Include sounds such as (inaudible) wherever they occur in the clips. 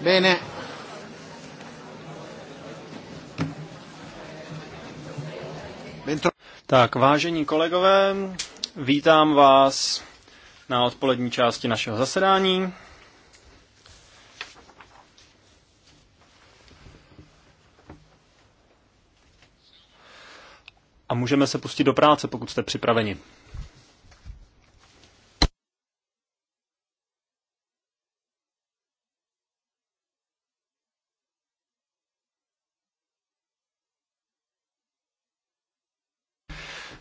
Bene. Tak, vážení kolegové, vítám vás na odpolední části našeho zasedání. A můžeme se pustit do práce, pokud jste připraveni.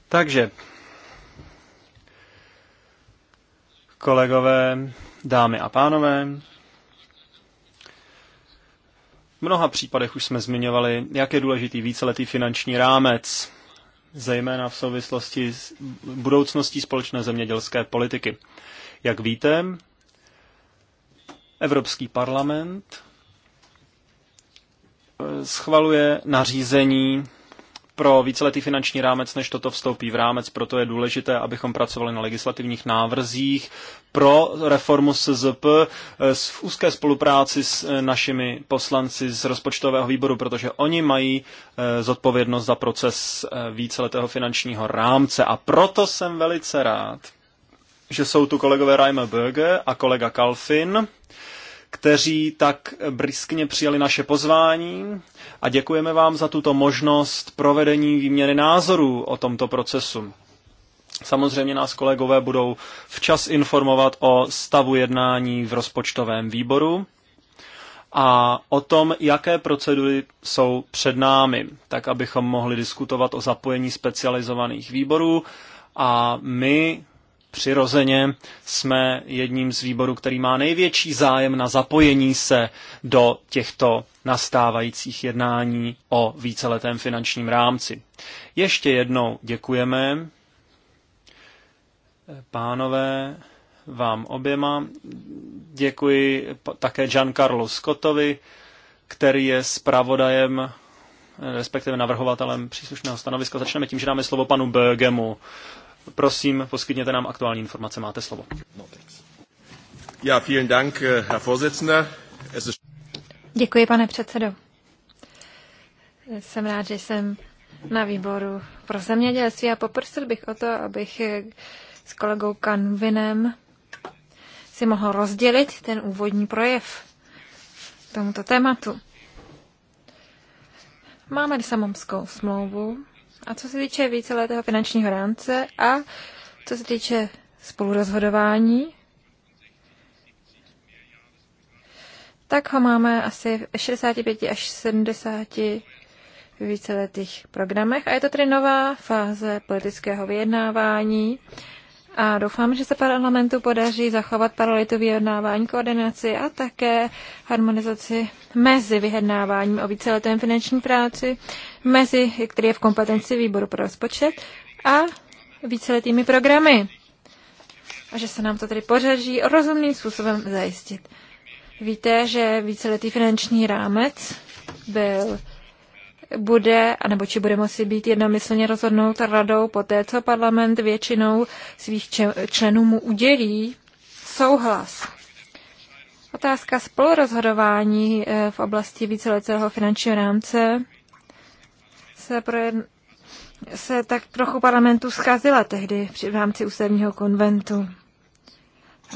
Takže, kolegové, dámy a pánové, v mnoha případech už jsme zmiňovali, jak je důležitý víceletý finanční rámec, zejména v souvislosti s budoucností společné zemědělské politiky. Jak víte, Evropský parlament eh, schvaluje nařízení pro víceletý finanční rámec, než toto vstoupí v rámec, proto je důležité, abychom pracovali na legislativních návrzích pro reformu SZP eh, v úzké spolupráci s eh, našimi poslanci z rozpočtového výboru, protože oni mají eh, zodpovědnost za proces víceletého finančního rámce a proto jsem velice rád, že jsou tu kolegové Reimer Berger a kolega Kalfin, kteří tak briskně přijali naše pozvání a děkujeme vám za tuto možnost provedení výměny názorů o tomto procesu. Samozřejmě nás kolegové budou včas informovat o stavu jednání v rozpočtovém výboru a o tom, jaké procedury jsou před námi, tak abychom mohli diskutovat o zapojení specializovaných výborů a my přirozeně jsme jedním z výborů, který má největší zájem na zapojení se do těchto nastávajících jednání o víceletém finančním rámci. Ještě jednou děkujeme. Pánové, vám oběma. Děkuji také Giancarlo Scottovi, který je zpravodajem respektive navrhovatelem příslušného stanoviska. Začneme tím, že dáme slovo panu Bergemu Prosím, poskytněte nám aktuální informace, máte slovo. Ja, vielen Dank, eh, Herr Vorsitzender. Es ist... Děkuji, pane předsedo. Jsem rád, že jsem na výboru pro zemědělství a poprosil bych o to, abych eh, s kolegou Kanvinem si mohl rozdělit ten úvodní projev tomuto tématu. Máme samomskou smlouvu, a co se týče víceletého finančního rámce a co se týče spolurozhodování, tak ho máme asi v 65 až 70 víceletých programech a je to tedy nová fáze politického vyjednávání a doufám, že se parlamentu podaří zachovat paralitu vyjednávání, koordinaci a také harmonizaci mezi vyjednáváním o víceletém finanční práci mezi, který je v kompetenci výboru pro rozpočet a víceletými programy. A že se nám to tedy pořeží rozumným způsobem zajistit. Víte, že víceletý finanční rámec byl bude, anebo či bude moci být jednomyslně rozhodnout radou té, co parlament většinou svých členů mu udělí souhlas. Otázka spolurozhodování eh, v oblasti víceletého finančního rámce se, projedn- se tak trochu parlamentu scházela tehdy v rámci ústavního konventu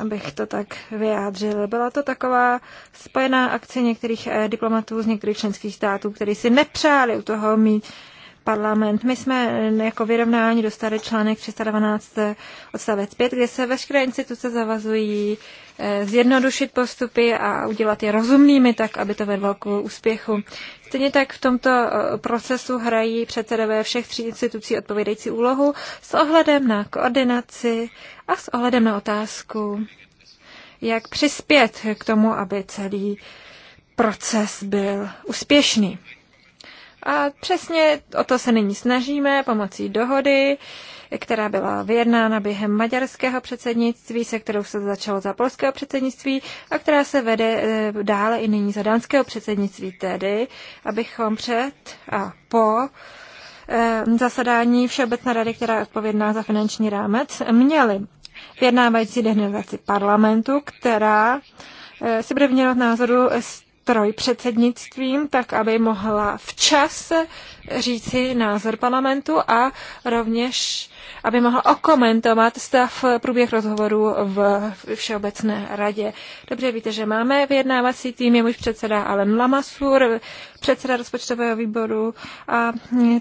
abych to tak vyjádřil. Byla to taková spojená akce některých eh, diplomatů z některých členských států, kteří si nepřáli u toho mít parlament. My jsme eh, jako vyrovnání dostali článek 312 eh, odstavec 5, kde se veškeré instituce zavazují Eh, zjednodušit postupy a udělat je rozumnými, tak aby to vedlo k úspěchu. Stejně tak v tomto eh, procesu hrají předsedové všech tří institucí odpovědající úlohu s ohledem na koordinaci a s ohledem na otázku, jak přispět k tomu, aby celý proces byl úspěšný. A přesně o to se nyní snažíme pomocí dohody, která byla vyjednána během maďarského předsednictví, se kterou se začalo za polského předsednictví a která se vede eh, dále i nyní za dánského předsednictví, tedy abychom před a po eh, zasadání Všeobecné rady, která je odpovědná za finanční rámec, měli vyjednávající delegaci parlamentu, která eh, si bude měnit názoru s trojpředsednictvím, tak aby mohla včas říci názor parlamentu a rovněž aby mohl okomentovat stav průběh rozhovoru v Všeobecné radě. Dobře víte, že máme vyjednávací tým, je můj předseda Alen Lamasur, předseda rozpočtového výboru a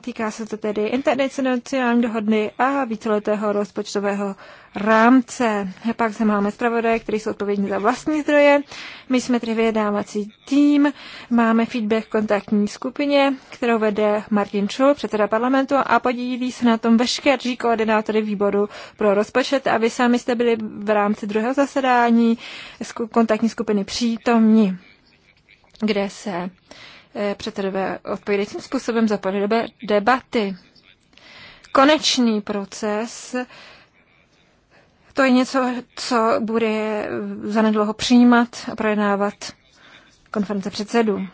týká se to tedy internacionální dohodny a víceletého rozpočtového rámce. Pak se máme zpravodaje, který jsou odpovědní za vlastní zdroje. My jsme tedy vyjednávací tým, máme feedback kontaktní skupině, kterou vede Martin Schul, předseda parlamentu a podílí se na tom veškerý koordinátory výboru pro rozpočet a vy sami jste byli v rámci druhého zasedání kontaktní skupiny přítomní, kde se eh, předsedové odpovědějícím způsobem zapadly do debaty. Konečný proces to je něco, co bude zanedlouho přijímat a projednávat konference předsedů.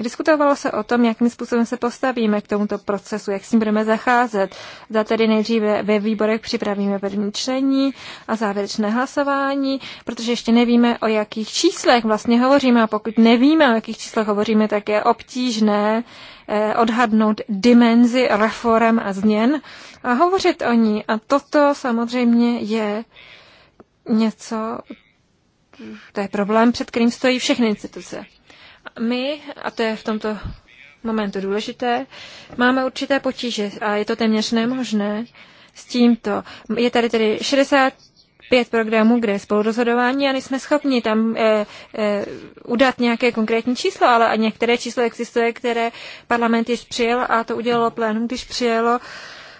Diskutovalo se o tom, jakým způsobem se postavíme k tomuto procesu, jak s ním budeme zacházet. Za tedy nejdříve ve výborech připravíme první čtení a závěrečné hlasování, protože ještě nevíme, o jakých číslech vlastně hovoříme a pokud nevíme, o jakých číslech hovoříme, tak je obtížné eh, odhadnout dimenzi reform a změn a hovořit o ní. A toto samozřejmě je něco, to je problém, před kterým stojí všechny instituce my, a to je v tomto momentu důležité, máme určité potíže a je to téměř nemožné s tímto. Je tady tedy 60 pět programů, kde je spolurozhodování a nejsme schopni tam e, e, udat nějaké konkrétní číslo, ale a některé číslo existuje, které parlament již přijel a to udělalo plénum, když přijelo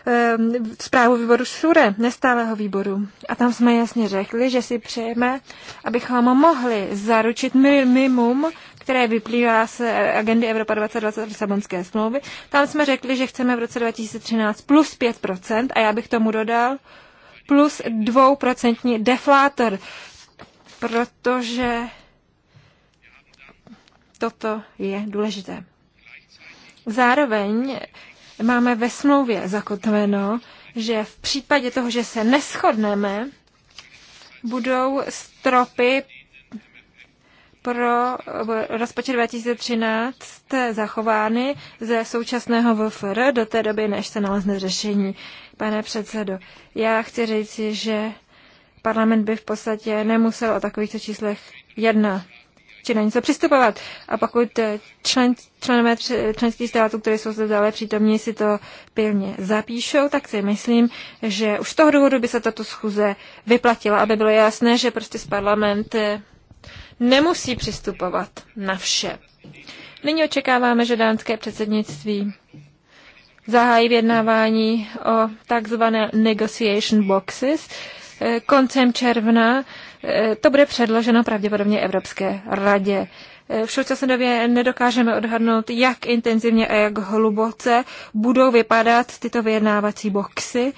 e, zprávu výboru SURE, nestálého výboru. A tam jsme jasně řekli, že si přejeme, abychom mohli zaručit minimum které vyplývá z agendy Evropa 2020 Lisabonské smlouvy. Tam jsme řekli, že chceme v roce 2013 plus 5% a já bych tomu dodal plus 2% deflátor, protože toto je důležité. Zároveň máme ve smlouvě zakotveno, že v případě toho, že se neschodneme, budou stropy pro eh, rozpočet 2013 zachovány ze současného VFR do té doby, než se nalezne řešení. Pane předsedo, já chci říci, že parlament by v podstatě nemusel o takovýchto číslech jedna či na něco přistupovat. A pokud eh, člen, členové členských států, které jsou zde dále přítomní, si to pilně zapíšou, tak si myslím, že už z toho důvodu by se tato schůze vyplatila, aby bylo jasné, že prostě z parlament nemusí přistupovat na vše. Nyní očekáváme, že dánské předsednictví zahájí vyjednávání o takzvané negotiation boxes eh, koncem června. Eh, to bude předloženo pravděpodobně Evropské radě. Eh, v současné době nedokážeme odhadnout, jak intenzivně a jak hluboce budou vypadat tyto vyjednávací boxy.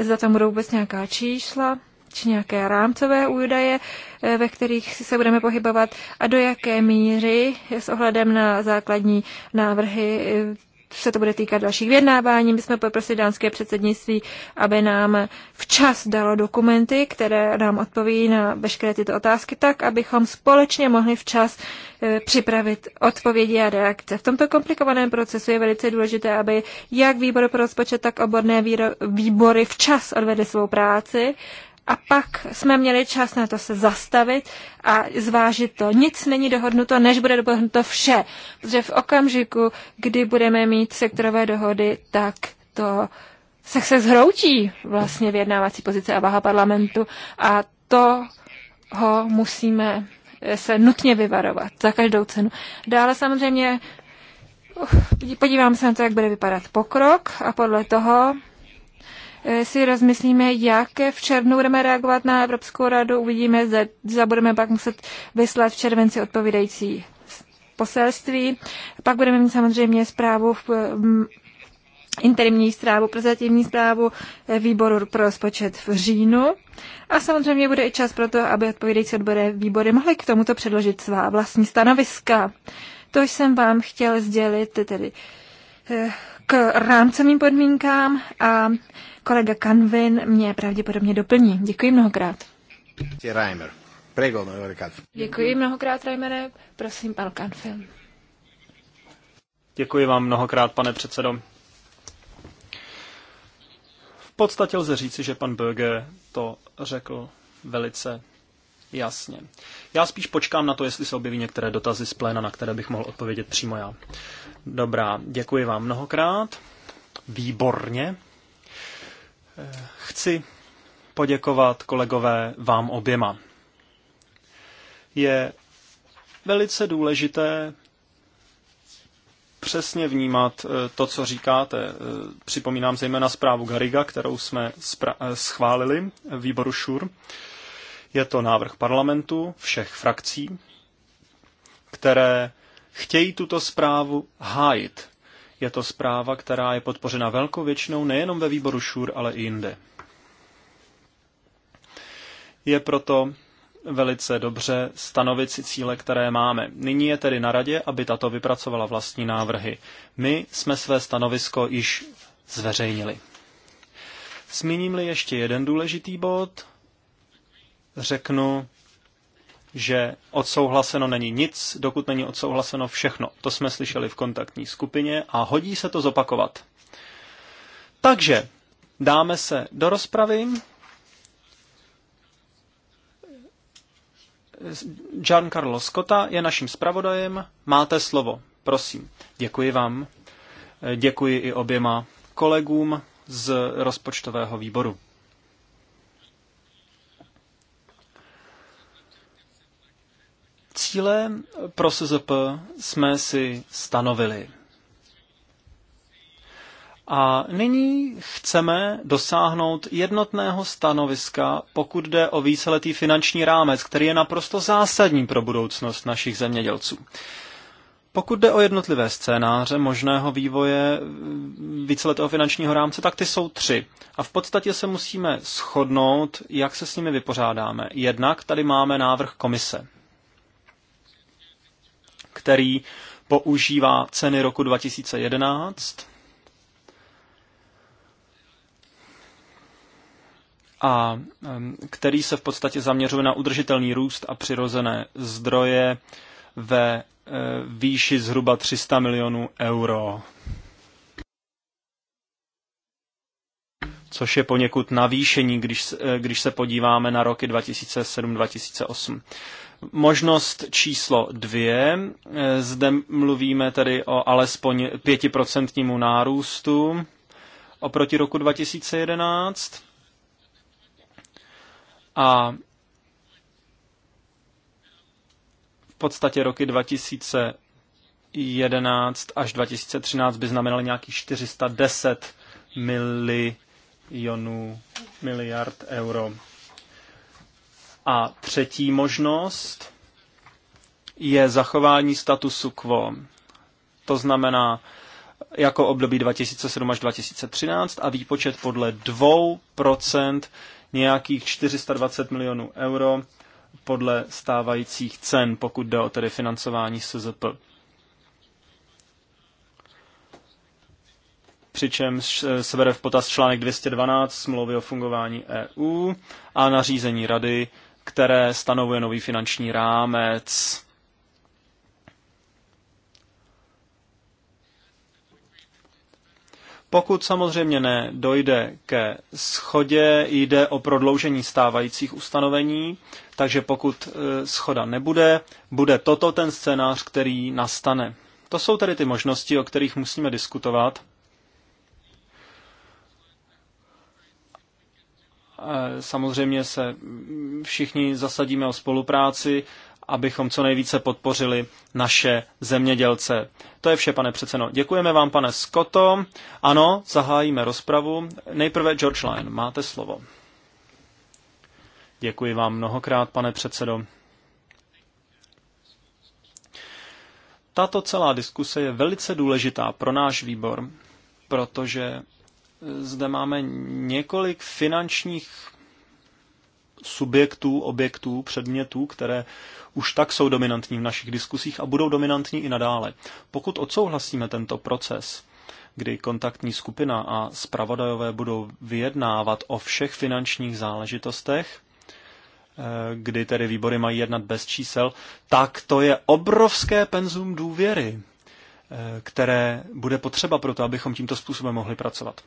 Zda tam budou vůbec nějaká čísla či nějaké rámcové údaje, eh, ve kterých se budeme pohybovat a do jaké míry s ohledem na základní návrhy eh, se to bude týkat dalších vyjednávání. My jsme poprosili dánské předsednictví, aby nám včas dalo dokumenty, které nám odpoví na veškeré tyto otázky, tak abychom společně mohli včas eh, připravit odpovědi a reakce. V tomto komplikovaném procesu je velice důležité, aby jak výbor pro rozpočet, tak oborné výbory včas odvedly svou práci a pak jsme měli čas na to se zastavit a zvážit to. Nic není dohodnuto, než bude dohodnuto vše. Protože v okamžiku, kdy budeme mít sektorové dohody, tak to se, se zhroutí vlastně vyjednávací pozice a váha parlamentu a to ho musíme se nutně vyvarovat za každou cenu. Dále samozřejmě podívám se na to, jak bude vypadat pokrok a podle toho Eh, si rozmyslíme, jak v červnu budeme reagovat na Evropskou radu. Uvidíme, zda budeme pak muset vyslat v červenci odpovídající poselství. Pak budeme mít samozřejmě zprávu v interimní zprávu, prozatímní zprávu eh, výboru pro rozpočet v říjnu. A samozřejmě bude i čas pro to, aby odpovědející odbory výbory mohly k tomuto předložit svá vlastní stanoviska. To jsem vám chtěl sdělit tedy eh, k rámcovým podmínkám a Kolega Kanvin mě pravděpodobně doplní. Děkuji mnohokrát. Reimer. Děkuji mnohokrát, Reimere. Prosím, pan Kanvin. Děkuji vám mnohokrát, pane předsedo. V podstatě lze říci, že pan Böge to řekl velice jasně. Já spíš počkám na to, jestli se objeví některé dotazy z pléna, na které bych mohl odpovědět přímo já. Dobrá, děkuji vám mnohokrát. Výborně. Chci poděkovat kolegové vám oběma. Je velice důležité přesně vnímat eh, to, co říkáte. Eh, připomínám zejména zprávu Gariga, kterou jsme eh, schválili výboru ŠUR. Je to návrh parlamentu všech frakcí, které chtějí tuto zprávu hájit. Je to zpráva, která je podpořena velkou většinou nejenom ve výboru ŠUR, ale i jinde. Je proto velice dobře stanovit si cíle, které máme. Nyní je tedy na radě, aby tato vypracovala vlastní návrhy. My jsme své stanovisko již zveřejnili. Zmíním-li ještě jeden důležitý bod, řeknu, že odsouhlaseno není nic, dokud není odsouhlaseno všechno. To jsme slyšeli v kontaktní skupině a hodí se to zopakovat. Takže dáme se do rozpravy. Giancarlo Scotta je naším zpravodajem. Máte slovo, prosím. Děkuji vám. Děkuji i oběma kolegům z rozpočtového výboru. Cíle pro SZP jsme si stanovili. A nyní chceme dosáhnout jednotného stanoviska, pokud jde o víceletý finanční rámec, který je naprosto zásadní pro budoucnost našich zemědělců. Pokud jde o jednotlivé scénáře možného vývoje víceletého finančního rámce, tak ty jsou tři. A v podstatě se musíme shodnout, jak se s nimi vypořádáme. Jednak tady máme návrh komise který používá ceny roku 2011 a který se v podstatě zaměřuje na udržitelný růst a přirozené zdroje ve e, výši zhruba 300 milionů euro. což je poněkud navýšení, když, e, když se podíváme na roky 2007-2008. Možnost číslo dvě, zde mluvíme tedy o alespoň pětiprocentnímu nárůstu oproti roku 2011. A v podstatě roky 2011 až 2013 by znamenaly nějakých 410 milionů miliard euro a třetí možnost je zachování statusu quo. To znamená jako období 2007 až 2013 a výpočet podle 2% nějakých 420 milionů euro podle stávajících cen, pokud jde o tedy financování SZP. přičemž eh, se bere v potaz článek 212 smlouvy o fungování EU a nařízení Rady které stanovuje nový finanční rámec. Pokud samozřejmě ne, dojde ke schodě, jde o prodloužení stávajících ustanovení, takže pokud e, schoda nebude, bude toto ten scénář, který nastane. To jsou tedy ty možnosti, o kterých musíme diskutovat Samozřejmě se všichni zasadíme o spolupráci, abychom co nejvíce podpořili naše zemědělce. To je vše, pane předseno. Děkujeme vám, pane Skoto. Ano, zahájíme rozpravu. Nejprve George Lyon, máte slovo. Děkuji vám mnohokrát, pane předsedo. Tato celá diskuse je velice důležitá pro náš výbor, protože zde máme několik finančních subjektů, objektů, předmětů, které už tak jsou dominantní v našich diskusích a budou dominantní i nadále. Pokud odsouhlasíme tento proces, kdy kontaktní skupina a zpravodajové budou vyjednávat o všech finančních záležitostech, eh, kdy tedy výbory mají jednat bez čísel, tak to je obrovské penzum důvěry, eh, které bude potřeba pro to, abychom tímto způsobem mohli pracovat.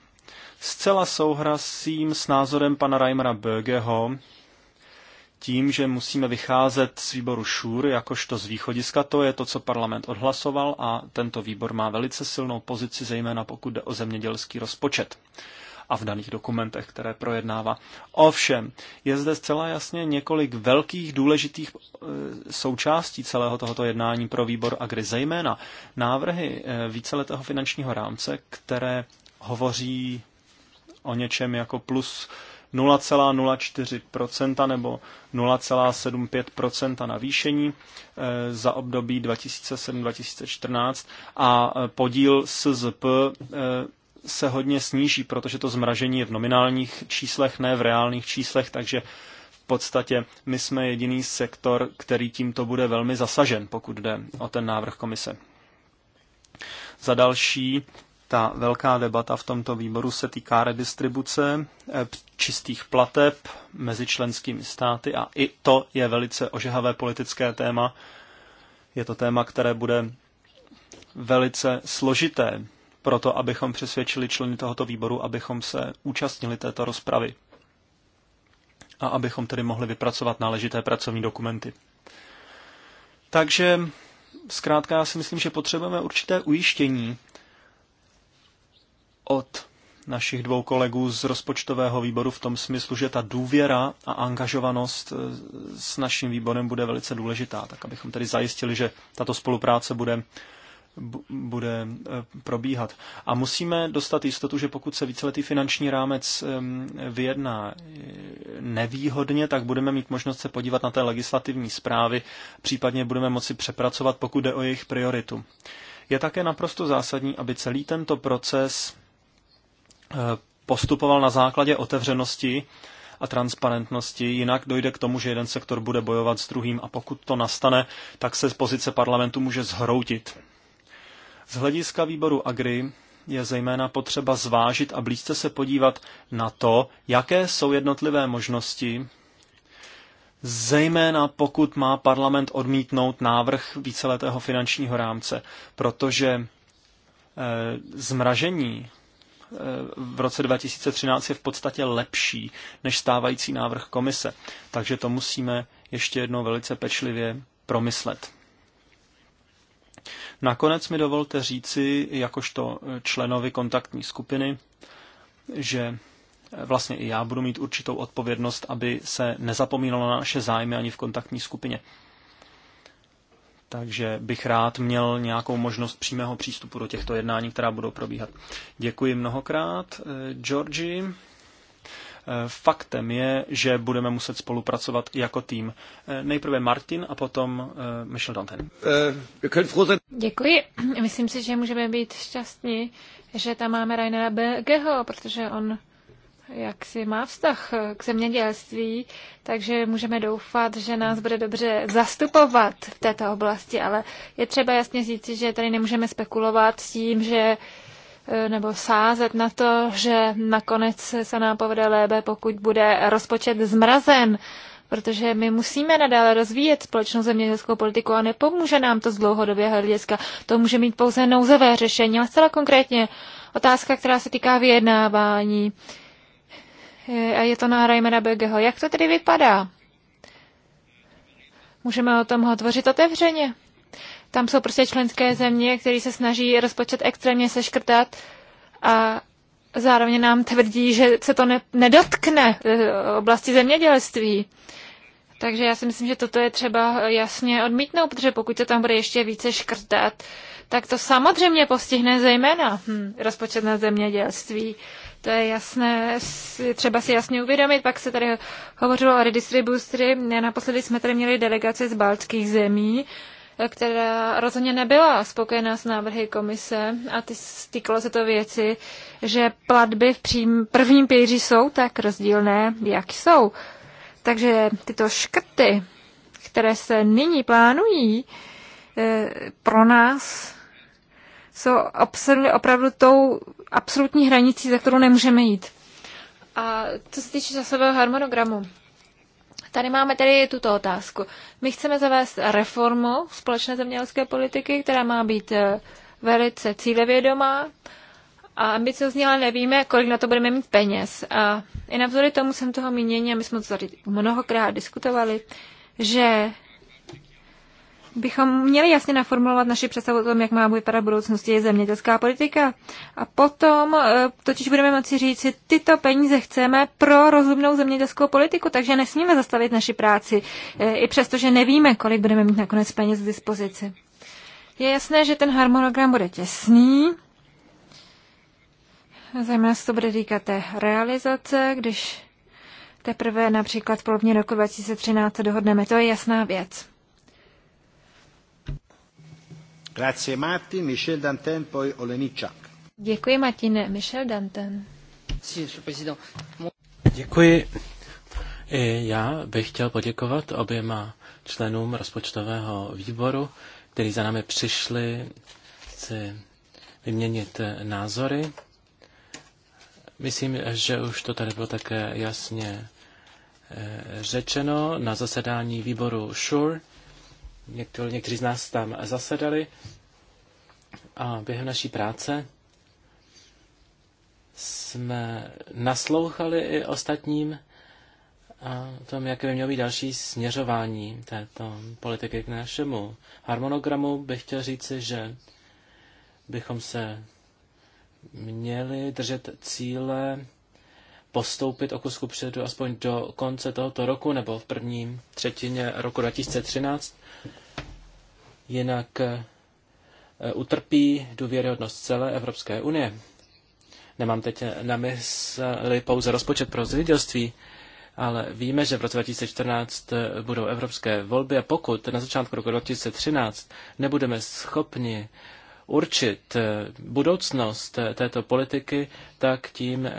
Zcela souhlasím s názorem pana Reimera Bögeho, tím, že musíme vycházet z výboru ŠUR jakožto z východiska, to je to, co parlament odhlasoval a tento výbor má velice silnou pozici, zejména pokud jde o zemědělský rozpočet a v daných dokumentech, které projednává. Ovšem, je zde zcela jasně několik velkých důležitých e, součástí celého tohoto jednání pro výbor Agri, zejména návrhy e, víceletého finančního rámce, které hovoří o něčem jako plus 0,04% nebo 0,75% navýšení eh, za období 2007-2014 a eh, podíl SZP eh, se hodně sníží, protože to zmražení je v nominálních číslech, ne v reálných číslech, takže v podstatě my jsme jediný sektor, který tímto bude velmi zasažen, pokud jde o ten návrh komise. Za další ta velká debata v tomto výboru se týká redistribuce eh, čistých plateb mezi členskými státy a i to je velice ožehavé politické téma. Je to téma, které bude velice složité proto, abychom přesvědčili členy tohoto výboru, abychom se účastnili této rozpravy a abychom tedy mohli vypracovat náležité pracovní dokumenty. Takže zkrátka já si myslím, že potřebujeme určité ujištění od našich dvou kolegů z rozpočtového výboru v tom smyslu, že ta důvěra a angažovanost eh, s naším výborem bude velice důležitá, tak abychom tedy zajistili, že tato spolupráce bude, bude eh, probíhat. A musíme dostat jistotu, že pokud se víceletý finanční rámec vyjedná eh, nevýhodně, tak budeme mít možnost se podívat na té legislativní zprávy, případně budeme moci přepracovat, pokud jde o jejich prioritu. Je také naprosto zásadní, aby celý tento proces postupoval na základě otevřenosti a transparentnosti, jinak dojde k tomu, že jeden sektor bude bojovat s druhým a pokud to nastane, tak se z pozice parlamentu může zhroutit. Z hlediska výboru Agri je zejména potřeba zvážit a blízce se podívat na to, jaké jsou jednotlivé možnosti, zejména pokud má parlament odmítnout návrh víceletého finančního rámce, protože e, zmražení v roce 2013 je v podstatě lepší než stávající návrh komise. Takže to musíme ještě jednou velice pečlivě promyslet. Nakonec mi dovolte říci, jakožto členovi kontaktní skupiny, že vlastně i já budu mít určitou odpovědnost, aby se nezapomínalo na naše zájmy ani v kontaktní skupině takže bych rád měl nějakou možnost přímého přístupu do těchto jednání, která budou probíhat. Děkuji mnohokrát, eh, Georgi. Eh, faktem je, že budeme muset spolupracovat jako tým. Eh, nejprve Martin a potom Michel Danten. Děkuji. Myslím si, že můžeme být šťastní, že tam máme Rainera Bergeho, protože on jak si má vztah k zemědělství, takže můžeme doufat, že nás bude dobře zastupovat v této oblasti, ale je třeba jasně říci, že tady nemůžeme spekulovat s tím, že e, nebo sázet na to, že nakonec se nám povede lépe, pokud bude rozpočet zmrazen, protože my musíme nadále rozvíjet společnou zemědělskou politiku a nepomůže nám to z dlouhodobého hlediska. To může mít pouze nouzové řešení, ale zcela konkrétně otázka, která se týká vyjednávání a je to na Raymana Belgeho. Jak to tedy vypadá? Můžeme o tom hovořit otevřeně. Tam jsou prostě členské země, které se snaží rozpočet extrémně seškrtat a zároveň nám tvrdí, že se to ne, nedotkne eh, oblasti zemědělství. Takže já si myslím, že toto je třeba jasně odmítnout, protože pokud se tam bude ještě více škrtat, tak to samozřejmě postihne zejména hm, rozpočet na zemědělství. Uh, to je jasné, třeba si jasně uvědomit. Pak se tady hovořilo o redistribuci. Naposledy jsme tady měli delegace z baltských zemí, která rozhodně nebyla spokojená s návrhy komise a ty stýkalo se to věci, že platby v přím, prvním pilíři jsou tak rozdílné, jak jsou. Takže tyto škrty, které se nyní plánují, eh, pro nás jsou opravdu tou absolutní hranicí, za kterou nemůžeme jít. A co se týče časového harmonogramu, tady máme tedy tuto otázku. My chceme zavést reformu společné zemědělské politiky, která má být eh, velice cílevědomá a ambiciozní, ale nevíme, kolik na to budeme mít peněz. A i navzory tomu jsem toho mínění, a my jsme to tady mnohokrát diskutovali, že bychom měli jasně naformulovat naši představu o tom, jak má vypadat v budoucnosti zemědělská politika. A potom e, totiž budeme moci říct, že tyto peníze chceme pro rozumnou zemědělskou politiku, takže nesmíme zastavit naši práci, e, i přesto, že nevíme, kolik budeme mít nakonec peněz k dispozici. Je jasné, že ten harmonogram bude těsný, Zajímá se to bude týkat té realizace, když teprve například v polovině roku 2013 dohodneme. To je jasná věc. Grazie Martin, Michel Danten, poi Oleničak. Děkuji Martine, Michel Danten. Děkuji. I já bych chtěl poděkovat oběma členům rozpočtového výboru, kteří za námi přišli si vyměnit názory. Myslím, že už to tady bylo také jasně eh, řečeno na zasedání výboru SURE Někdo, někteří z nás tam zasedali a během naší práce jsme naslouchali i ostatním a tom, jaké by mělo být další směřování této politiky k našemu harmonogramu, bych chtěl říci, že bychom se měli držet cíle postoupit o kusku předu aspoň do konce tohoto roku nebo v první třetině roku 2013. Jinak eh, utrpí důvěryhodnost celé Evropské unie. Nemám teď na mysli pouze rozpočet pro zemědělství, ale víme, že v roce 2014 eh, budou evropské volby a pokud na začátku roku 2013 nebudeme schopni určit eh, budoucnost této politiky, tak tím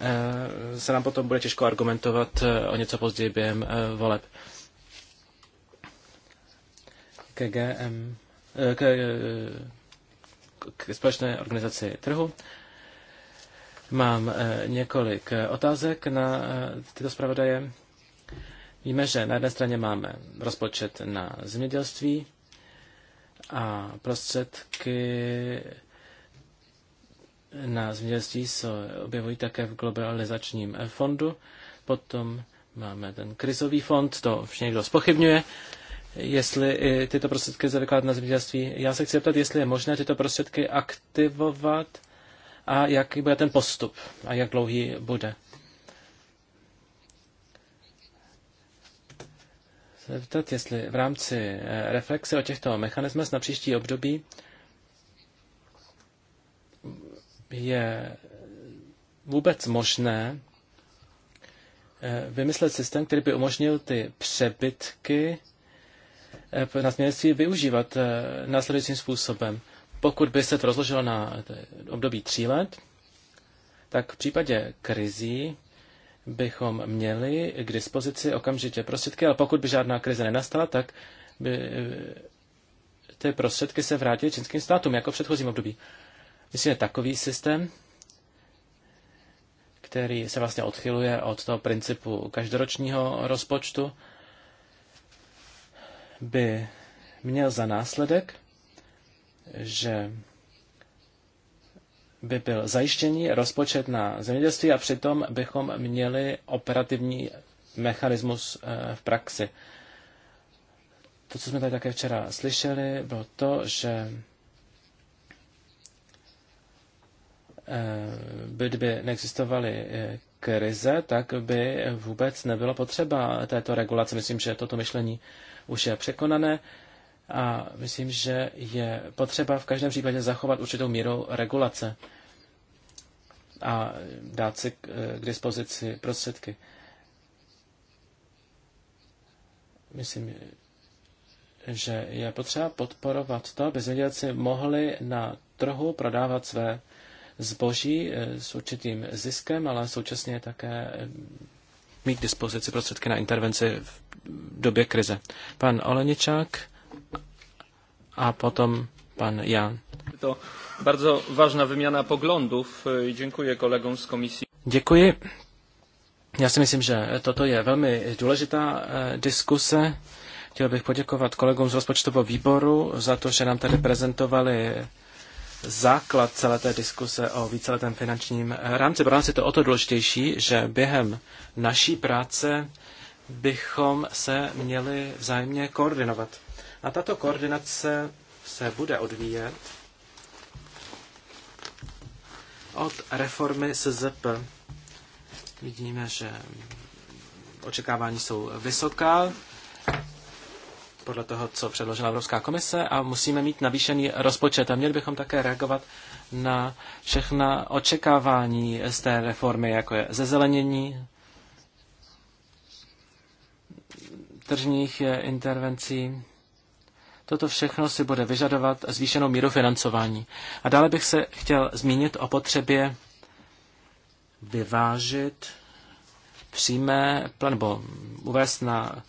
Eh, se nám potom bude těžko argumentovat eh, o něco později během eh, voleb. KGM, k, k společné organizaci trhu. Mám několik otázek na tyto zpravodaje. Víme, že na jedné straně máme rozpočet na zemědělství a prostředky na zemědělství se objevují také v globalizačním fondu. Potom máme ten krizový fond, to už někdo spochybňuje, jestli tyto prostředky lze vykládat na zemědělství. Já se chci zeptat, jestli je možné tyto prostředky aktivovat a jaký bude ten postup a jak dlouhý bude. Zeptat, jestli v rámci reflexe o těchto mechanismech na příští období je vůbec možné eh, vymyslet systém, který by umožnil ty přebytky eh, na směrnictví využívat eh, následujícím způsobem. Pokud by se to rozložilo na období tří let, tak v případě krizí bychom měli k dispozici okamžitě prostředky, ale pokud by žádná krize nenastala, tak by ty prostředky se vrátily čínským státům jako v předchozím období. Myslím, že takový systém, který se vlastně odchyluje od toho principu každoročního rozpočtu, by měl za následek, že by byl zajištěný rozpočet na zemědělství a přitom bychom měli operativní mechanismus eh, v praxi. To, co jsme tady také včera slyšeli, bylo to, že by, kdyby neexistovaly eh, krize, tak by vůbec nebylo potřeba této regulace. Myslím, že toto myšlení už je překonané a myslím, že je potřeba v každém případě zachovat určitou míru regulace a dát si k eh, dispozici prostředky. Myslím, že je potřeba podporovat to, aby zemědělci mohli na trhu prodávat své zboží eh, s určitým ziskem, ale současně také eh, mít k dispozici prostředky na intervenci v době krize. Pan Oleničák a potom pan Jan. To bardzo ważna wymiana poglądów. Dziękuję kolegom z komisji. Děkuji. Já si myslím, že toto je velmi důležitá eh, diskuse. Chtěl bych poděkovat kolegům z rozpočtového výboru za to, že nám tady prezentovali základ celé té diskuse o víceletém finančním rámci. Pro nás je to o to důležitější, že během naší práce bychom se měli vzájemně koordinovat. A tato koordinace se bude odvíjet od reformy SZP. Vidíme, že očekávání jsou vysoká podle toho, co předložila Evropská komise a musíme mít navýšený rozpočet. A měli bychom také reagovat na všechna očekávání z té reformy, jako je zezelenění, tržních eh, intervencí. Toto všechno si bude vyžadovat zvýšenou míru financování. A dále bych se chtěl zmínit o potřebě vyvážit přímé, nebo uvést na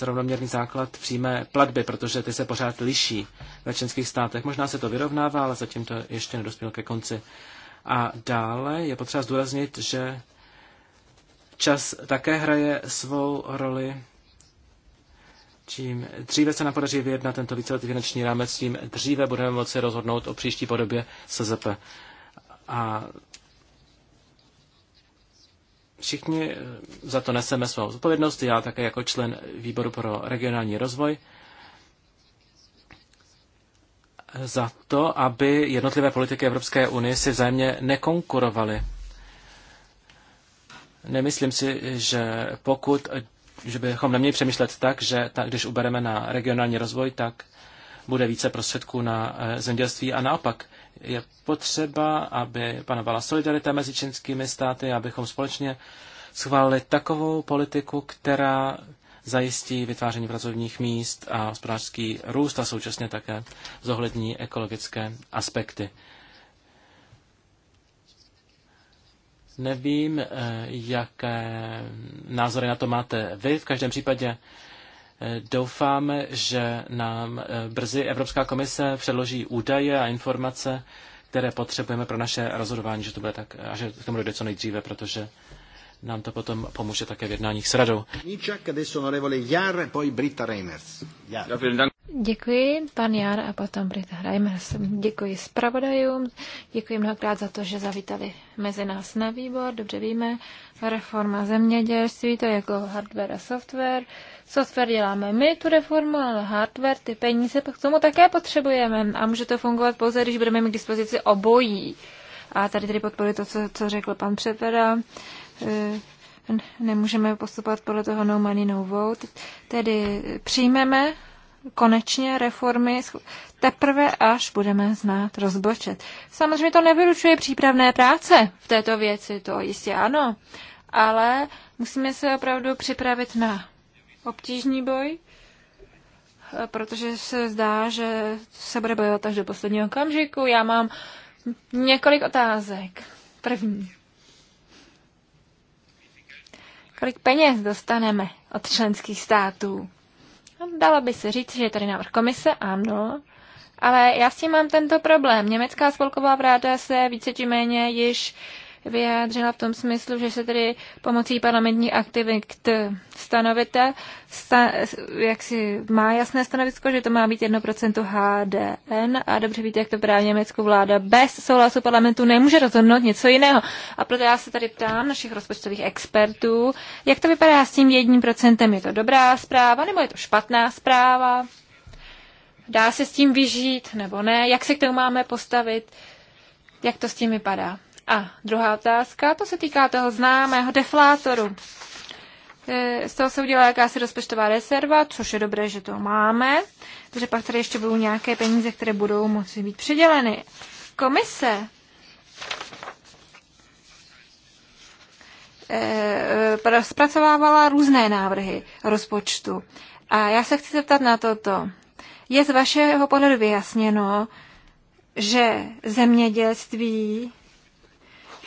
rovnoměrný základ přímé platby, protože ty se pořád liší ve členských státech. Možná se to vyrovnává, ale zatím to ještě nedospělo ke konci. A dále je potřeba zdůraznit, že čas také hraje svou roli. Čím dříve se nám podaří vyjednat tento víceletý finanční rámec, tím dříve budeme moci rozhodnout o příští podobě SZP. A Všichni eh, za to neseme svou zodpovědnost, já také jako člen výboru pro regionální rozvoj, za to, aby jednotlivé politiky Evropské unie si vzájemně nekonkurovaly. Nemyslím si, že pokud, že bychom neměli přemýšlet tak, že ta, když ubereme na regionální rozvoj, tak bude více prostředků na eh, zemědělství a naopak je potřeba, aby panovala solidarita mezi členskými státy, abychom společně schválili takovou politiku, která zajistí vytváření pracovních míst a hospodářský růst a současně také zohlední ekologické aspekty. Nevím, eh, jaké názory na to máte vy. V každém případě Doufáme, že nám eh, brzy Evropská komise předloží údaje a informace, které potřebujeme pro naše rozhodování, že to bude tak, a že k tomu dojde co nejdříve, protože nám to potom pomůže také v jednáních s radou. Níčak, Jar, poj Britta Reimers. Děkuji, pan Jar a potom Brita Reimers. Děkuji zpravodajům, děkuji mnohokrát za to, že zavítali mezi nás na výbor. Dobře víme, reforma zemědělství, to je jako hardware a software. Software děláme my, tu reformu, ale hardware, ty peníze k tomu také potřebujeme a může to fungovat pouze, když budeme mít k dispozici obojí. A tady tedy podporuji to, co, co řekl pan Přepeda e, nemůžeme postupovat podle toho no money, no vote. Tedy přijmeme konečně reformy teprve až budeme znát rozbočet. Samozřejmě to nevylučuje přípravné práce v této věci, to jistě ano, ale musíme se opravdu připravit na obtížný boj, protože se zdá, že se bude bojovat až do posledního okamžiku. Já mám několik otázek. První. Kolik peněz dostaneme od členských států? Dalo by se říct, že je tady návrh komise, ano, ale já s tím mám tento problém. Německá spolková vláda se více či méně již uh, vyjádřila v tom smyslu, že se tedy pomocí parlamentní aktivit stanovíte, sta, jak si má jasné stanovisko, že to má být 1% HDN a dobře víte, jak to právě německou vláda bez souhlasu parlamentu nemůže rozhodnout něco jiného. A proto já se tady ptám našich rozpočtových expertů, jak to vypadá s tím 1%, je to dobrá zpráva nebo je to špatná zpráva? Dá se s tím vyžít nebo ne? Jak se k tomu máme postavit? Jak to s tím vypadá? A druhá otázka, to se týká toho známého deflátoru. E, z toho se udělá jakási rozpočtová rezerva, což je dobré, že to máme, protože pak tady ještě budou nějaké peníze, které budou moci být přiděleny. Komise e, e, zpracovávala různé návrhy rozpočtu. A já se chci zeptat na toto. Je z vašeho pohledu vyjasněno, že zemědělství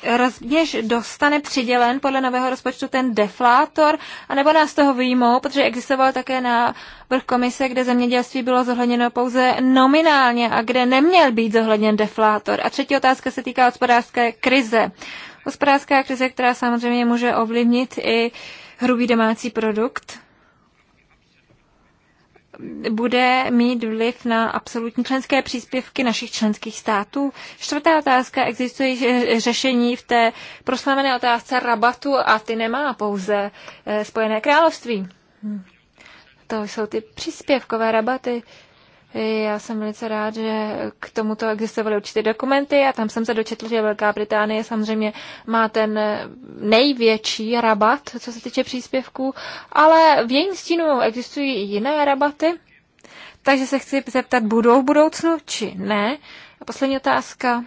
rovněž dostane přidělen podle nového rozpočtu ten deflátor, anebo nás toho výjmou, protože existoval také na vrch komise, kde zemědělství bylo zohledněno pouze nominálně a kde neměl být zohledněn deflátor. A třetí otázka se týká hospodářské krize. Hospodářská krize, která samozřejmě může ovlivnit i hrubý domácí produkt bude mít vliv na absolutní členské příspěvky našich členských států. Čtvrtá otázka, existuje řešení v té proslavené otázce rabatu a ty nemá pouze e, Spojené království. Hm. To jsou ty příspěvkové rabaty. Já jsem velice rád, že k tomuto existovaly určité dokumenty a tam jsem se dočetl, že Velká Británie samozřejmě má ten největší rabat, co se týče příspěvků, ale v jejím stínu existují i jiné rabaty, takže se chci zeptat, budou v budoucnu či ne. A poslední otázka.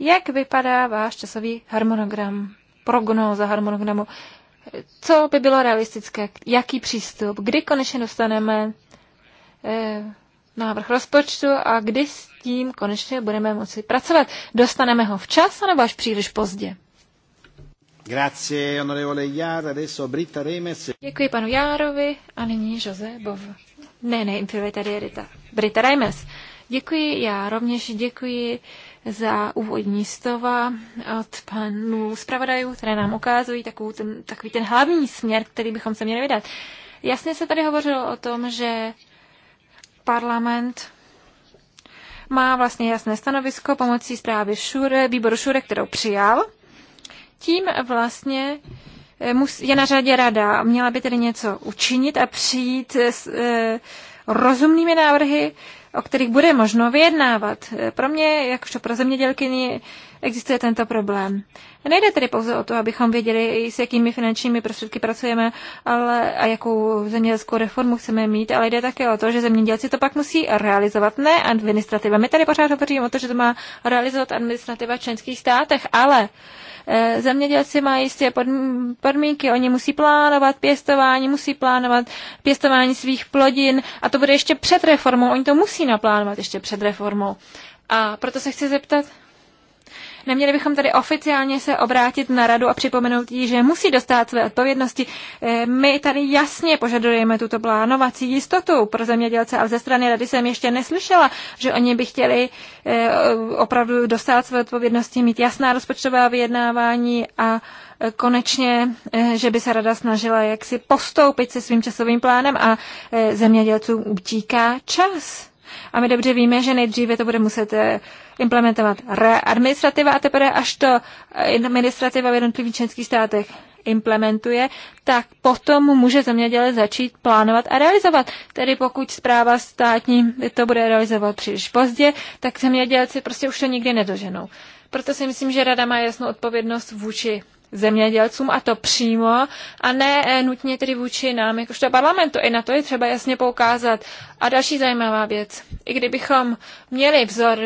Jak vypadá váš časový harmonogram, prognóza harmonogramu? Co by bylo realistické? Jaký přístup? Kdy konečně dostaneme E, návrh rozpočtu a kdy s tím konečně budeme moci pracovat. Dostaneme ho včas anebo až příliš pozdě? Grazie, onorevole Jár, adesso Britta Remes. Děkuji panu Járovi a nyní Jose Bov. Ne, ne, tady je Rita. Brita Remes. Děkuji, já rovněž děkuji za úvodní stova od panů zpravodajů, které nám ukazují ten, takový ten hlavní směr, který bychom se měli vydat. Jasně se tady hovořilo o tom, že parlament má vlastně jasné stanovisko pomocí zprávy šure, výboru Šure, kterou přijal. Tím vlastně eh, je na řadě rada. Měla by tedy něco učinit a přijít s eh, rozumnými návrhy, o kterých bude možno vyjednávat. Eh, pro mě, jakožto pro zemědělkyni, existuje tento problém. Nejde tedy pouze o to, abychom věděli, s jakými finančními prostředky pracujeme ale, a jakou zemědělskou reformu chceme mít, ale jde také o to, že zemědělci to pak musí realizovat, ne administrativa. My tady pořád hovoříme o to, že to má realizovat administrativa v členských státech, ale e, zemědělci mají jisté podmínky, oni musí plánovat pěstování, musí plánovat pěstování svých plodin a to bude ještě před reformou, oni to musí naplánovat ještě před reformou. A proto se chci zeptat, Neměli bychom tady oficiálně se obrátit na radu a připomenout jí, že musí dostat své odpovědnosti. Eh, my tady jasně požadujeme tuto plánovací jistotu pro zemědělce, ale ze strany rady jsem ještě neslyšela, že oni by chtěli eh, opravdu dostat své odpovědnosti, mít jasná rozpočtová vyjednávání a eh, konečně, že by se rada snažila jaksi postoupit se svým časovým plánem a zemědělcům utíká čas. A my dobře víme, že nejdříve to bude muset eh, implementovat administrativa a teprve až to eh, administrativa v jednotlivých členských státech implementuje, tak potom může zemědělec začít plánovat a realizovat. Tedy pokud zpráva státní to bude realizovat příliš pozdě, tak zemědělci prostě už to nikdy nedoženou. Proto si myslím, že rada má jasnou odpovědnost vůči zemědělcům a to přímo a ne eh, nutně tedy vůči nám, jakožto parlamentu. I na to je třeba jasně poukázat. A další zajímavá věc. I kdybychom měli vzor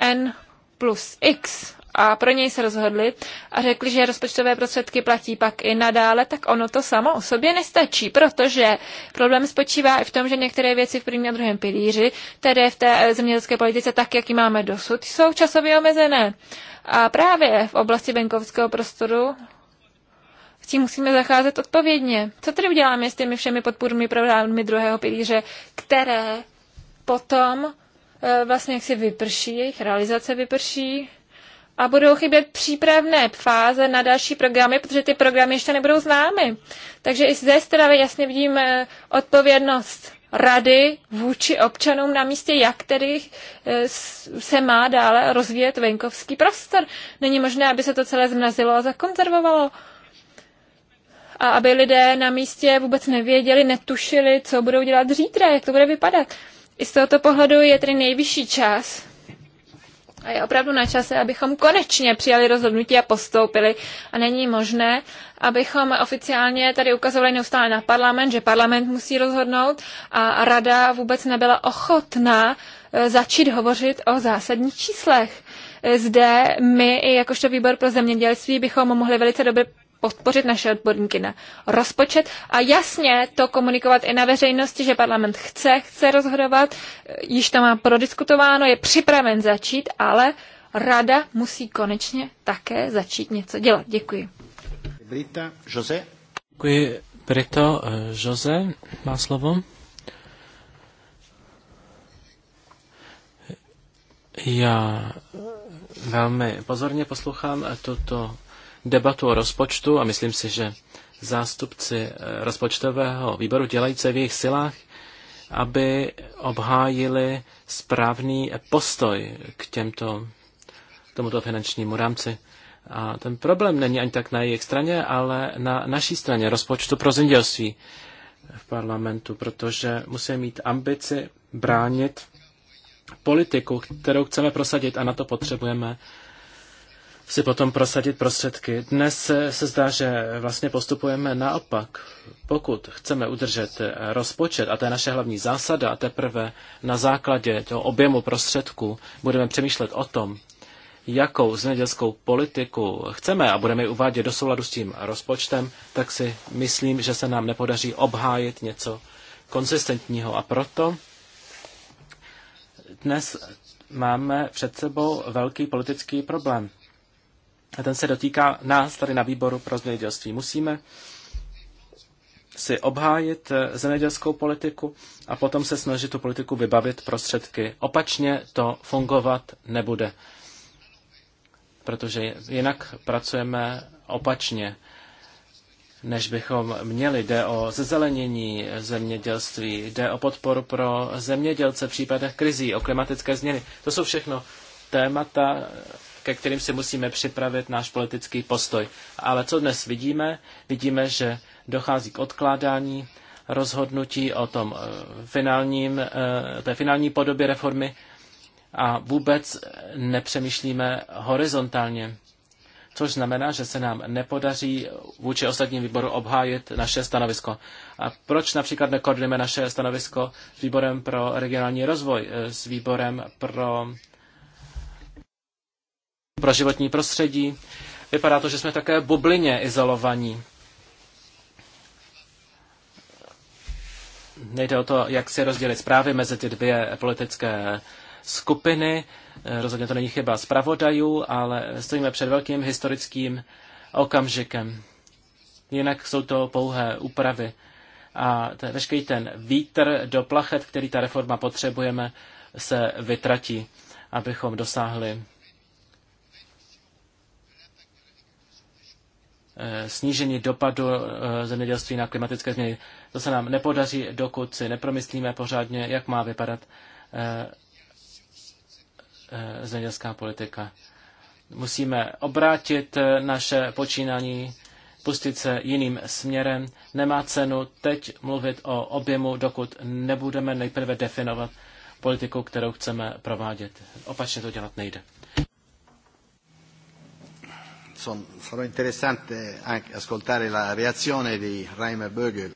N plus X, a pro něj se rozhodli a řekli, že rozpočtové prostředky platí pak i nadále, tak ono to samo o sobě nestačí, protože problém spočívá i v tom, že některé věci v prvním a druhém pilíři, tedy v té eh, zemědělské politice, tak jak ji máme dosud, jsou časově omezené. A právě v oblasti venkovského prostoru s tím musíme zacházet odpovědně. Co tedy uděláme s těmi všemi podpůrnými programy druhého pilíře, které potom eh, vlastně jak si vyprší, jejich realizace vyprší a budou chybět přípravné fáze na další programy, protože ty programy ještě nebudou známy. Takže i zde strany jasně vidím eh, odpovědnost rady vůči občanům na místě, jak tedy eh, se má dále rozvíjet venkovský prostor. Není možné, aby se to celé zmrazilo a zakonzervovalo. A aby lidé na místě vůbec nevěděli, netušili, co budou dělat zítra, jak to bude vypadat. I z tohoto pohledu je tedy nejvyšší čas, a je opravdu na čase, abychom konečně přijali rozhodnutí a postoupili. A není možné, abychom oficiálně tady ukazovali neustále na parlament, že parlament musí rozhodnout a rada vůbec nebyla ochotná eh, začít hovořit o zásadních číslech eh, zde my, jakožto výbor pro zemědělství, bychom mohli velice dobře podpořit naše odborníky na rozpočet a jasně to komunikovat i na veřejnosti, že parlament chce, chce rozhodovat, již to má prodiskutováno, je připraven začít, ale rada musí konečně také začít něco dělat. Děkuji. Brita, Jose. Děkuji. Brito, eh, Jose má slovo. Já velmi pozorně poslouchám tuto debatu o rozpočtu a myslím si, že zástupci eh, rozpočtového výboru dělají, co v jejich silách, aby obhájili správný postoj k těmto, tomuto finančnímu rámci. A ten problém není ani tak na jejich straně, ale na naší straně rozpočtu pro zemědělství v parlamentu, protože musíme mít ambici bránit politiku, kterou chceme prosadit a na to potřebujeme si potom prosadit prostředky. Dnes se zdá, že vlastně postupujeme naopak. Pokud chceme udržet rozpočet, a to je naše hlavní zásada, a teprve na základě toho objemu prostředků budeme přemýšlet o tom, jakou zemědělskou politiku chceme a budeme ji uvádět do souladu s tím rozpočtem, tak si myslím, že se nám nepodaří obhájit něco konsistentního. A proto dnes máme před sebou velký politický problém. A ten se dotýká nás tady na výboru pro zemědělství. Musíme si obhájit eh, zemědělskou politiku a potom se snažit tu politiku vybavit prostředky. Opačně to fungovat nebude, protože jinak pracujeme opačně, než bychom měli. Jde o zezelenění zemědělství, jde o podporu pro zemědělce v případech krizí, o klimatické změny. To jsou všechno témata, ke kterým si musíme připravit náš politický postoj. Ale co dnes vidíme? Vidíme, že dochází k odkládání rozhodnutí o tom eh, finálním, eh, té finální podobě reformy a vůbec nepřemýšlíme horizontálně. Což znamená, že se nám nepodaří vůči ostatním výboru obhájit naše stanovisko. A proč například nekoordinujeme naše stanovisko s výborem pro regionální rozvoj, eh, s výborem pro pro životní prostředí. Vypadá to, že jsme také bublině izolovaní. Nejde o to, jak si rozdělit zprávy mezi ty dvě politické skupiny. Rozhodně to není chyba zpravodajů, ale stojíme před velkým historickým okamžikem. Jinak jsou to pouhé úpravy. A ten, veškerý ten vítr do plachet, který ta reforma potřebujeme, se vytratí, abychom dosáhli Eh, snížení dopadu eh, zemědělství na klimatické změny. To se nám nepodaří, dokud si nepromyslíme pořádně, jak má vypadat eh, zemědělská politika. Musíme obrátit naše počínání, pustit se jiným směrem. Nemá cenu teď mluvit o objemu, dokud nebudeme nejprve definovat politiku, kterou chceme provádět. Opačně to dělat nejde insomma, sarà interessante anche ascoltare la reazione di Reimer Bögel.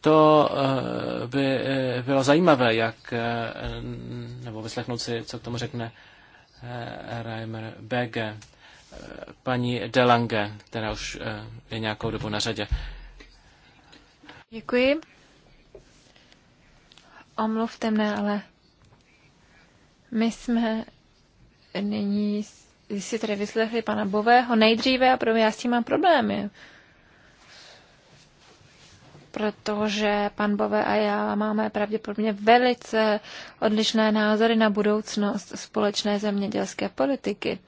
To eh, by eh, bylo zajímavé, jak, eh, nebo vyslechnout si, co k tomu řekne Reimer Böge, paní Delange, která už je nějakou dobu na řadě. Děkuji. Omluvte mne, ale my jsme nyní si tady vyslechli pana Bového nejdříve a pro mě já s tím mám problémy. Protože pan Bové a já máme pravděpodobně velice odlišné názory na budoucnost společné zemědělské politiky.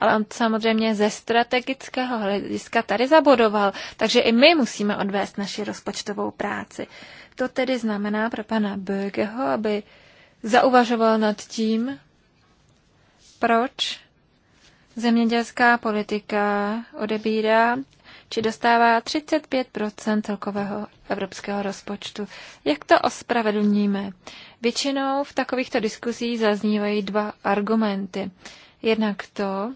Ale on samozřejmě ze strategického hlediska tady zabodoval, takže i my musíme odvést naši rozpočtovou práci. To tedy znamená pro pana Bögeho, aby zauvažoval nad tím, proč zemědělská politika odebírá či dostává 35 celkového evropského rozpočtu. Jak to ospravedlníme? Většinou v takovýchto diskuzích zaznívají dva argumenty. Jednak to,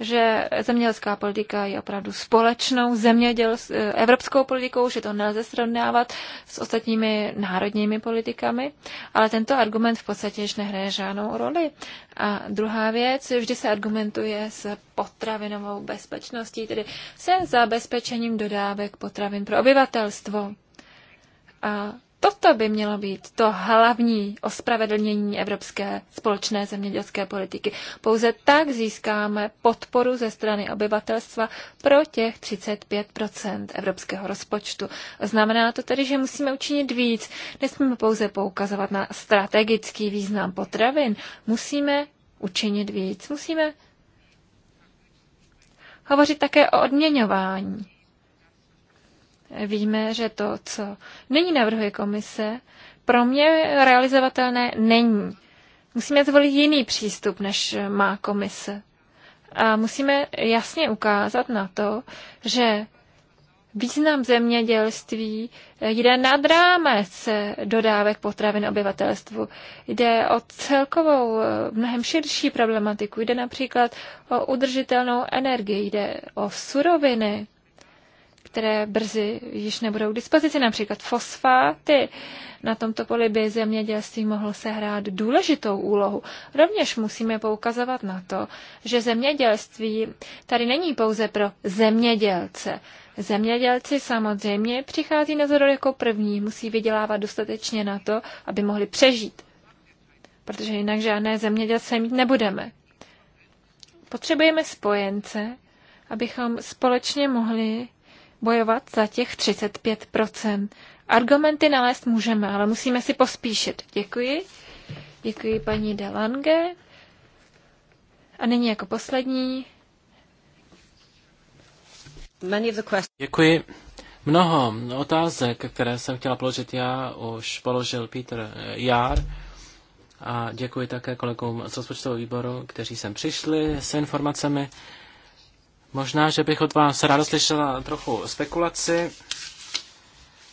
že zemědělská politika je opravdu společnou zeměděl, eh, evropskou politikou, že to nelze srovnávat s ostatními národními politikami, ale tento argument v podstatě již nehraje žádnou roli. A druhá věc, vždy se argumentuje s potravinovou bezpečností, tedy se zabezpečením dodávek potravin pro obyvatelstvo. A Toto by mělo být to hlavní ospravedlnění evropské společné zemědělské politiky. Pouze tak získáme podporu ze strany obyvatelstva pro těch 35 evropského rozpočtu. Znamená to tedy, že musíme učinit víc. Nesmíme pouze poukazovat na strategický význam potravin. Musíme učinit víc. Musíme hovořit také o odměňování víme, že to, co nyní navrhuje komise, pro mě realizovatelné není. Musíme zvolit jiný přístup, než má komise. A musíme jasně ukázat na to, že význam zemědělství jde nad rámec dodávek potravin obyvatelstvu. Jde o celkovou, mnohem širší problematiku. Jde například o udržitelnou energii, jde o suroviny, které brzy již nebudou k dispozici, například fosfáty. Na tomto poli by zemědělství mohlo sehrát důležitou úlohu. Rovněž musíme poukazovat na to, že zemědělství tady není pouze pro zemědělce. Zemědělci samozřejmě přichází na zrod jako první, musí vydělávat dostatečně na to, aby mohli přežít. Protože jinak žádné zemědělce mít nebudeme. Potřebujeme spojence, abychom společně mohli bojovat za těch 35 Argumenty nalézt můžeme, ale musíme si pospíšit. Děkuji. Děkuji paní Delange. A nyní jako poslední. Děkuji. Mnoho otázek, které jsem chtěla položit já, už položil Peter Jár. A děkuji také kolegům z rozpočtového výboru, kteří sem přišli s informacemi. Možná, že bych od vás ráda slyšela trochu spekulaci.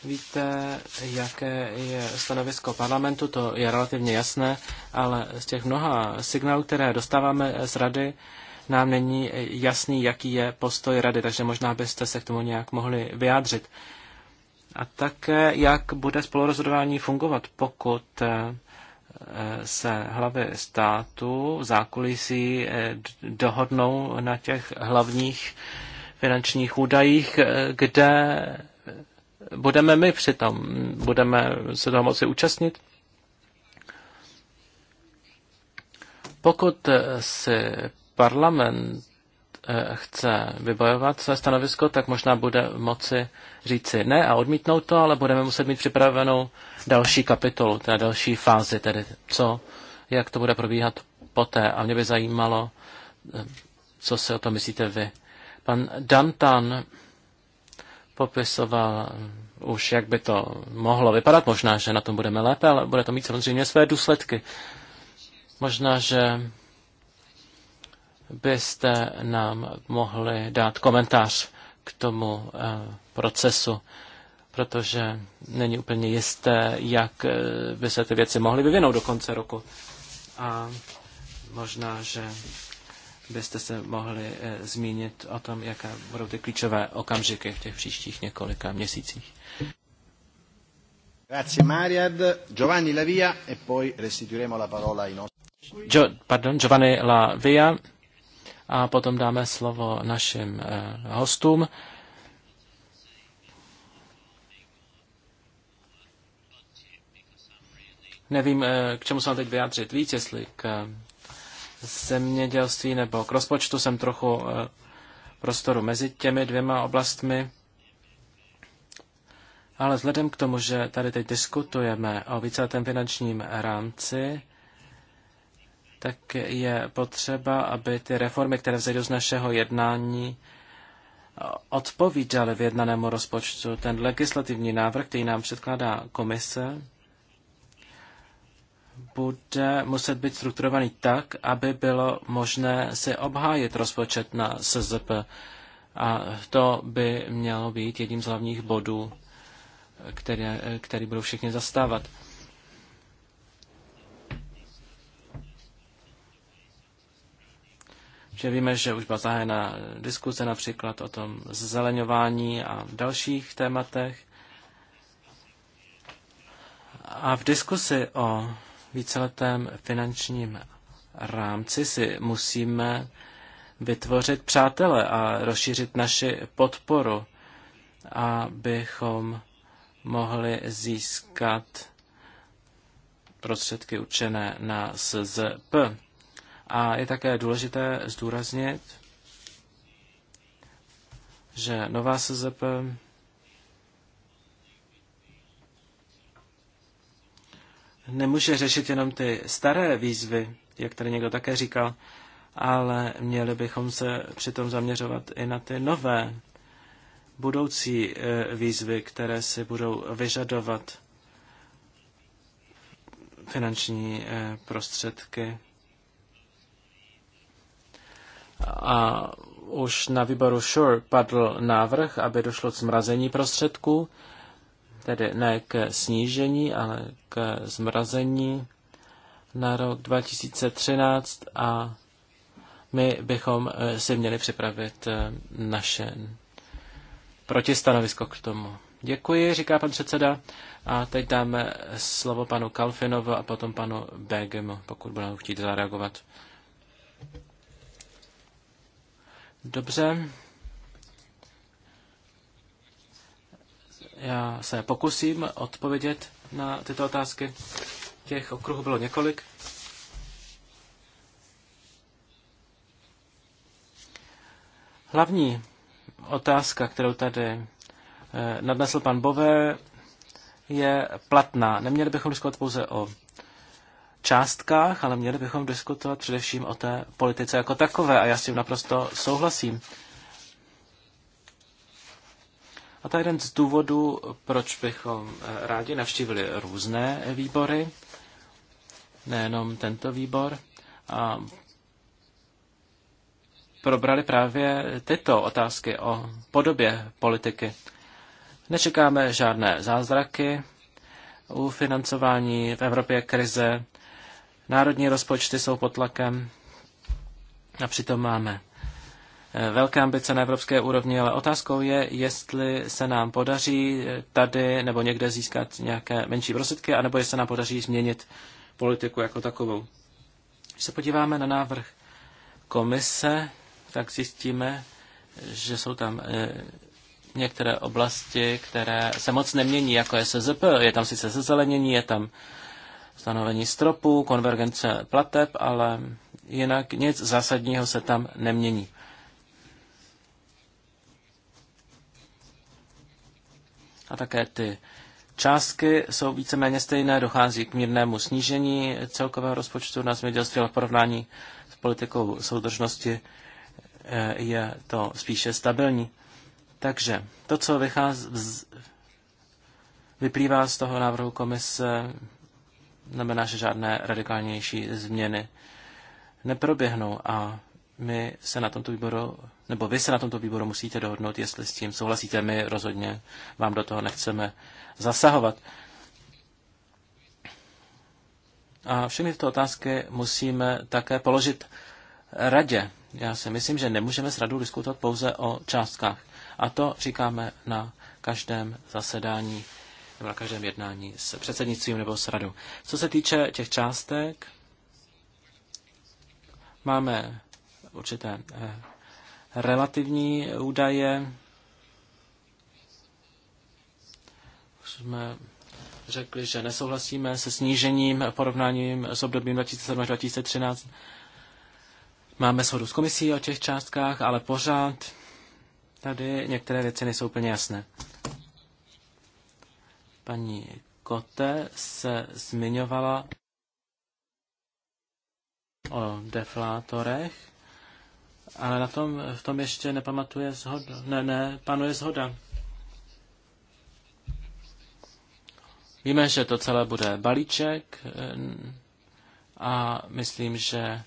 Víte, jaké je stanovisko parlamentu, to je relativně jasné, ale z těch mnoha signálů, které dostáváme z rady, nám není jasný, jaký je postoj rady, takže možná byste se k tomu nějak mohli vyjádřit. A také, jak bude spolurozhodování fungovat, pokud eh, se hlavy státu v zákulisí eh, dohodnou na těch hlavních finančních údajích, eh, kde budeme my přitom, budeme se toho moci účastnit. Pokud eh, si parlament Eh, chce vybojovat své stanovisko, tak možná bude moci říci ne a odmítnout to, ale budeme muset mít připravenou další kapitolu, teda další fázi, tedy co, jak to bude probíhat poté. A mě by zajímalo, eh, co si o to myslíte vy. Pan Dantan popisoval už, jak by to mohlo vypadat. Možná, že na tom budeme lépe, ale bude to mít samozřejmě své důsledky. Možná, že byste nám mohli dát komentář k tomu eh, procesu, protože není úplně jisté, jak eh, by se ty věci mohly vyvinout do konce roku. A možná, že byste se mohli eh, zmínit o tom, jaké budou ty klíčové okamžiky v těch příštích několika měsících. Grazie Mariad. Giovanni Lavia e poi restituiremo la parola ai nostri. Gio, pardon, Giovanni Lavia a potom dáme slovo našim eh, hostům. Nevím, eh, k čemu se mám teď vyjádřit víc, jestli k eh, zemědělství nebo k rozpočtu. Jsem trochu prostoru mezi těmi dvěma oblastmi. Ale vzhledem k tomu, že tady teď diskutujeme o víceletém finančním rámci, tak je potřeba, aby ty reformy, které vzejdou z našeho jednání, odpovídaly v jednanému rozpočtu. Ten legislativní návrh, který nám předkládá komise, bude muset být strukturovaný tak, aby bylo možné si obhájit rozpočet na SZP. A to by mělo být jedním z hlavních bodů, které, který budou všichni zastávat. že víme, že už byla zahájena diskuze například o tom zeleňování a dalších tématech. A v diskusi o víceletém finančním rámci si musíme vytvořit přátele a rozšířit naši podporu, abychom mohli získat prostředky učené na SZP. A je také důležité zdůraznit, že nová SZP nemůže řešit jenom ty staré výzvy, jak tady někdo také říkal, ale měli bychom se přitom zaměřovat i na ty nové budoucí e, výzvy, které si budou vyžadovat finanční e, prostředky a už na výboru Shore padl návrh, aby došlo k zmrazení prostředků, tedy ne k snížení, ale k zmrazení na rok 2013 a my bychom eh, si měli připravit eh, naše protistanovisko k tomu. Děkuji, říká pan předseda. A teď dáme slovo panu Kalfinovu a potom panu Begemu, pokud budou chtít zareagovat. Dobře. Já se pokusím odpovědět na tyto otázky. Těch okruhů bylo několik. Hlavní otázka, kterou tady eh, nadnesl pan Bové, je platná. Neměli bychom diskutovat pouze o částkách, ale měli bychom diskutovat především o té politice jako takové a já s tím naprosto souhlasím. A to je jeden z důvodů, proč bychom eh, rádi navštívili různé výbory, nejenom tento výbor, a probrali právě tyto otázky o podobě politiky. Nečekáme žádné zázraky u financování v Evropě krize Národní rozpočty jsou pod tlakem a přitom máme eh, velké ambice na evropské úrovni, ale otázkou je, jestli se nám podaří eh, tady nebo někde získat nějaké menší prostředky, anebo jestli se nám podaří změnit politiku jako takovou. Když se podíváme na návrh komise, tak zjistíme, že jsou tam eh, některé oblasti, které se moc nemění, jako je SZP. Je tam sice zezelenění, je tam stanovení stropů, konvergence plateb, ale jinak nic zásadního se tam nemění. A také ty částky jsou víceméně stejné, dochází k mírnému snížení celkového rozpočtu na zemědělství, ale v porovnání s politikou soudržnosti eh, je to spíše stabilní. Takže to, co vychází, vyplývá z toho návrhu komise, znamená, že žádné radikálnější změny neproběhnou a my se na tomto výboru, nebo vy se na tomto výboru musíte dohodnout, jestli s tím souhlasíte. My rozhodně vám do toho nechceme zasahovat. A všechny tyto otázky musíme také položit radě. Já si myslím, že nemůžeme s radou diskutovat pouze o částkách. A to říkáme na každém zasedání nebo na každém jednání s předsednictvím nebo s radou. Co se týče těch částek, máme určité eh, relativní údaje. jsme řekli, že nesouhlasíme se snížením porovnáním s obdobím 2007 2013. Máme shodu s komisí o těch částkách, ale pořád tady některé věci nejsou úplně jasné. Paní Kote se zmiňovala o deflátorech, ale na tom, v tom ještě nepamatuje zhoda. Ne, ne, panuje zhoda. Víme, že to celé bude balíček eh, a myslím, že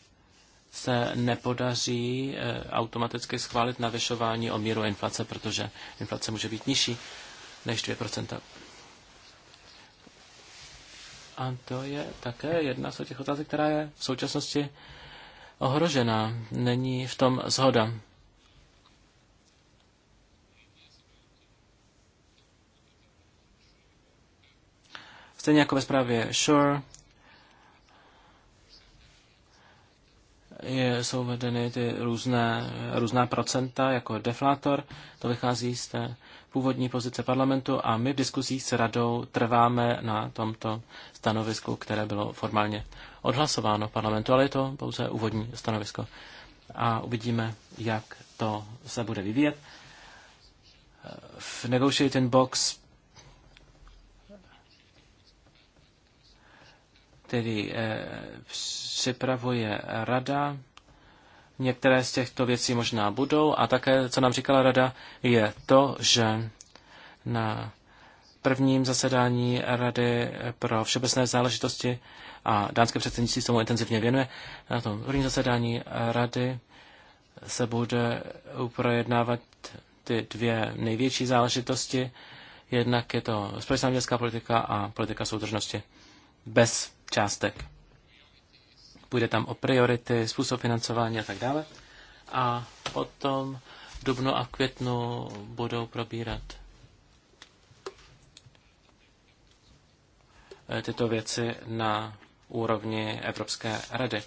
se nepodaří eh, automaticky schválit navyšování o míru inflace, protože inflace může být nižší než 2%. A to je také jedna z těch otázek, která je v současnosti ohrožená. Není v tom zhoda. Stejně jako ve zprávě Shore je, jsou vedeny ty různé, různá procenta jako deflátor. To vychází z té původní pozice parlamentu a my v diskuzích s radou trváme na tomto stanovisku, které bylo formálně odhlasováno v parlamentu, ale je to pouze úvodní stanovisko. A uvidíme, jak to se bude vyvíjet. V Negotiating Box tedy eh, připravuje rada, Některé z těchto věcí možná budou a také, co nám říkala rada, je to, že na prvním zasedání Rady pro všeobecné záležitosti a dánské předsednictví se tomu intenzivně věnuje. Na tom prvním zasedání Rady se bude projednávat ty dvě největší záležitosti. Jednak je to společná městská politika a politika soudržnosti bez částek půjde tam o priority, způsob financování a tak dále. A potom v dubnu a v květnu budou probírat eh, tyto věci na úrovni Evropské rady.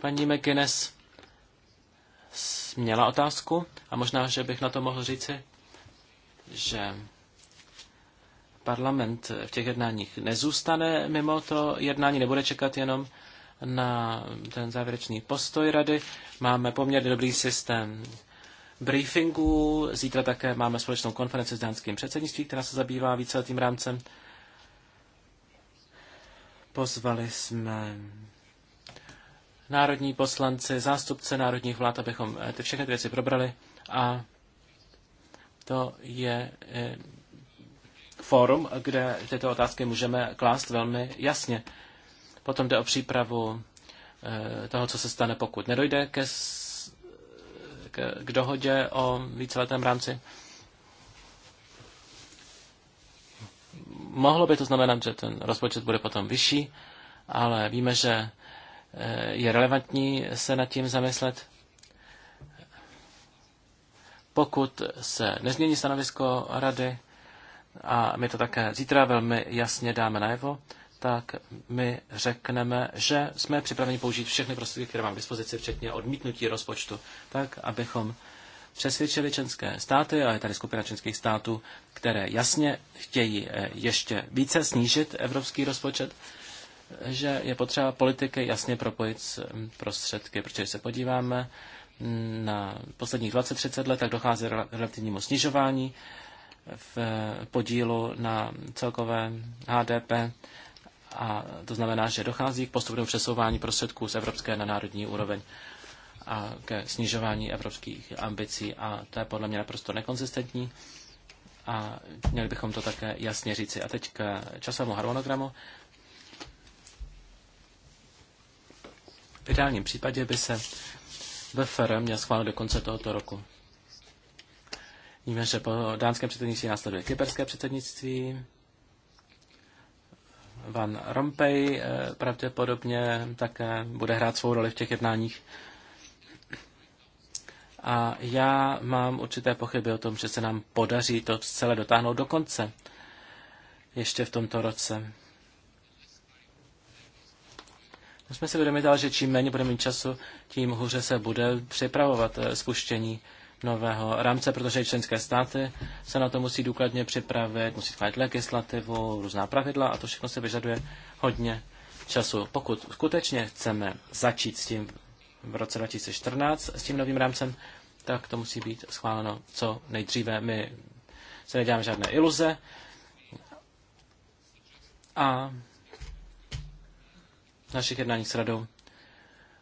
Paní McGuinness měla otázku a možná, že bych na to mohl říci, že parlament v těch jednáních nezůstane mimo to jednání, nebude čekat jenom na ten závěrečný postoj rady. Máme poměrně dobrý systém briefingů. Zítra také máme společnou konferenci s dánským předsednictvím, která se zabývá víceletým rámcem. Pozvali jsme národní poslanci, zástupce národních vlád, abychom eh, ty všechny ty věci probrali. A to je eh, fórum, kde tyto otázky můžeme klást velmi jasně. Potom jde o přípravu eh, toho, co se stane, pokud nedojde ke, ke, k dohodě o víceletém rámci. Mohlo by to znamenat, že ten rozpočet bude potom vyšší, ale víme, že eh, je relevantní se nad tím zamyslet. Pokud se nezmění stanovisko rady, a my to také zítra velmi jasně dáme najevo, tak my řekneme, že jsme připraveni použít všechny prostředky, které mám k dispozici, včetně odmítnutí rozpočtu, tak, abychom přesvědčili členské státy, a je tady skupina členských států, které jasně chtějí eh, ještě více snížit evropský rozpočet, že je potřeba politiky jasně propojit s hm, prostředky, protože když se podíváme hm, na posledních 20-30 let, tak dochází k relativnímu snižování v eh, podílu na celkové HDP a to znamená, že dochází k postupnému přesouvání prostředků z evropské na národní úroveň a ke snižování evropských ambicí a to je podle mě naprosto nekonzistentní a měli bychom to také jasně říci. A teď k časovému harmonogramu. V ideálním případě by se VFR měl schválit do konce tohoto roku. Víme, že po dánském předsednictví následuje kyperské předsednictví, Van Rompuy eh, pravděpodobně také bude hrát svou roli v těch jednáních. A já mám určité pochyby o tom, že se nám podaří to celé dotáhnout do konce ještě v tomto roce. Musíme si uvědomit ale, že čím méně budeme mít času, tím hůře se bude připravovat eh, spuštění nového rámce, protože členské státy se na to musí důkladně připravit, musí schválit legislativu, různá pravidla a to všechno se vyžaduje hodně času. Pokud skutečně chceme začít s tím v roce 2014, s tím novým rámcem, tak to musí být schváleno co nejdříve. My se neděláme žádné iluze a našich jednání s radou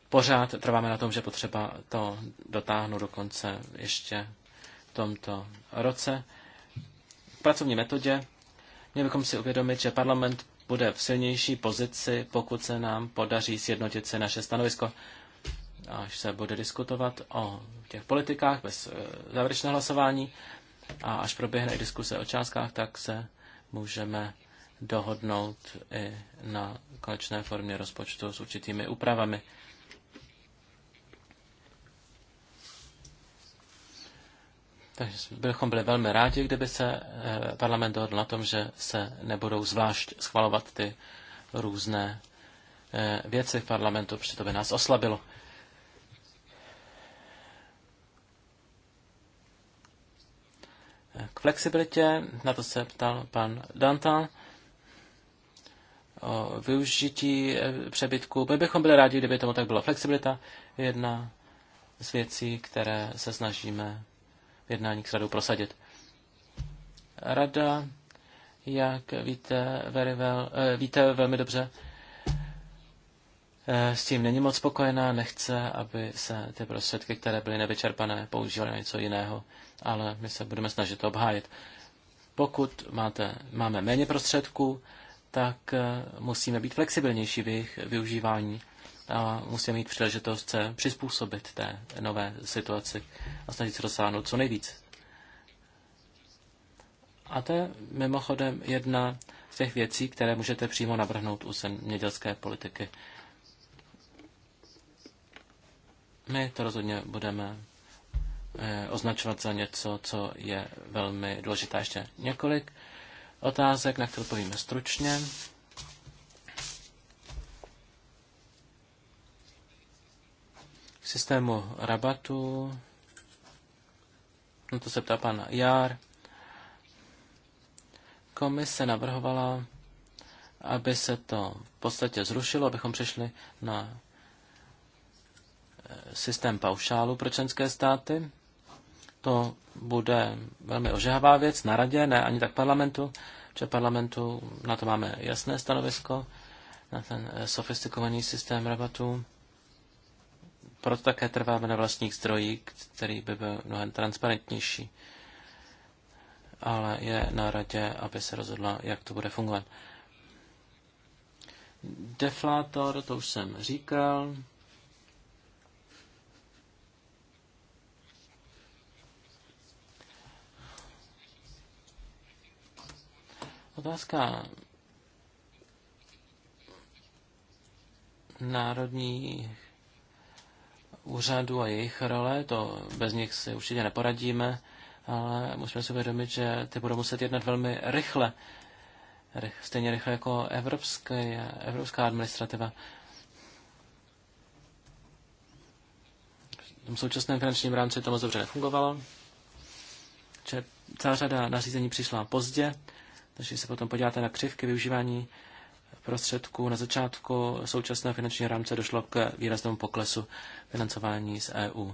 pořád trváme na tom, že potřeba to dotáhnout do konce ještě v tomto roce. V pracovní metodě měli bychom si uvědomit, že parlament bude v silnější pozici, pokud se nám podaří sjednotit se naše stanovisko, až se bude diskutovat o těch politikách bez eh, závěrečného hlasování a až proběhne i diskuse o částkách, tak se můžeme dohodnout i na konečné formě rozpočtu s určitými úpravami. Takže bychom byli velmi rádi, kdyby se eh, parlament dohodl na tom, že se nebudou zvlášť schvalovat ty různé eh, věci v parlamentu, protože to by nás oslabilo. Eh, k flexibilitě, na to se ptal pan Dantan, o využití přebytku. My bychom byli rádi, kdyby tomu tak byla flexibilita. Jedna z věcí, které se snažíme v jednáních s radou prosadit. Rada, jak víte, very well, eh, víte velmi dobře, eh, s tím není moc spokojená, nechce, aby se ty prostředky, které byly nevyčerpané, používaly na něco jiného, ale my se budeme snažit to obhájit. Pokud máte, máme méně prostředků, tak eh, musíme být flexibilnější v jejich využívání a musíme mít příležitost se přizpůsobit té nové situaci a snažit se dosáhnout co nejvíc. A to je mimochodem jedna z těch věcí, které můžete přímo navrhnout u zemědělské politiky. My to rozhodně budeme eh, označovat za něco, co je velmi důležité. Ještě několik otázek, na které odpovíme stručně. K systému rabatu, no to se ptá pan Jár, komise navrhovala, aby se to v podstatě zrušilo, abychom přešli na eh, systém paušálu pro členské státy. To bude velmi ožehavá věc na radě, ne ani tak parlamentu, protože parlamentu na to máme jasné stanovisko, na ten eh, sofistikovaný systém rabatů. Proto také trváme na vlastních zdrojích, který by byl mnohem transparentnější. Ale je na radě, aby se rozhodla, jak to bude fungovat. Deflátor, to už jsem říkal. Otázka národních úřadů a jejich role, to bez nich si určitě neporadíme, ale musíme si uvědomit, že ty budou muset jednat velmi rychle, stejně rychle jako evropské, evropská administrativa. V tom současném finančním rámci to moc dobře nefungovalo, že celá řada nařízení přišla pozdě, takže se potom podíváte na křivky využívání prostředků. Na začátku současného finančního rámce došlo k výraznému poklesu financování z EU.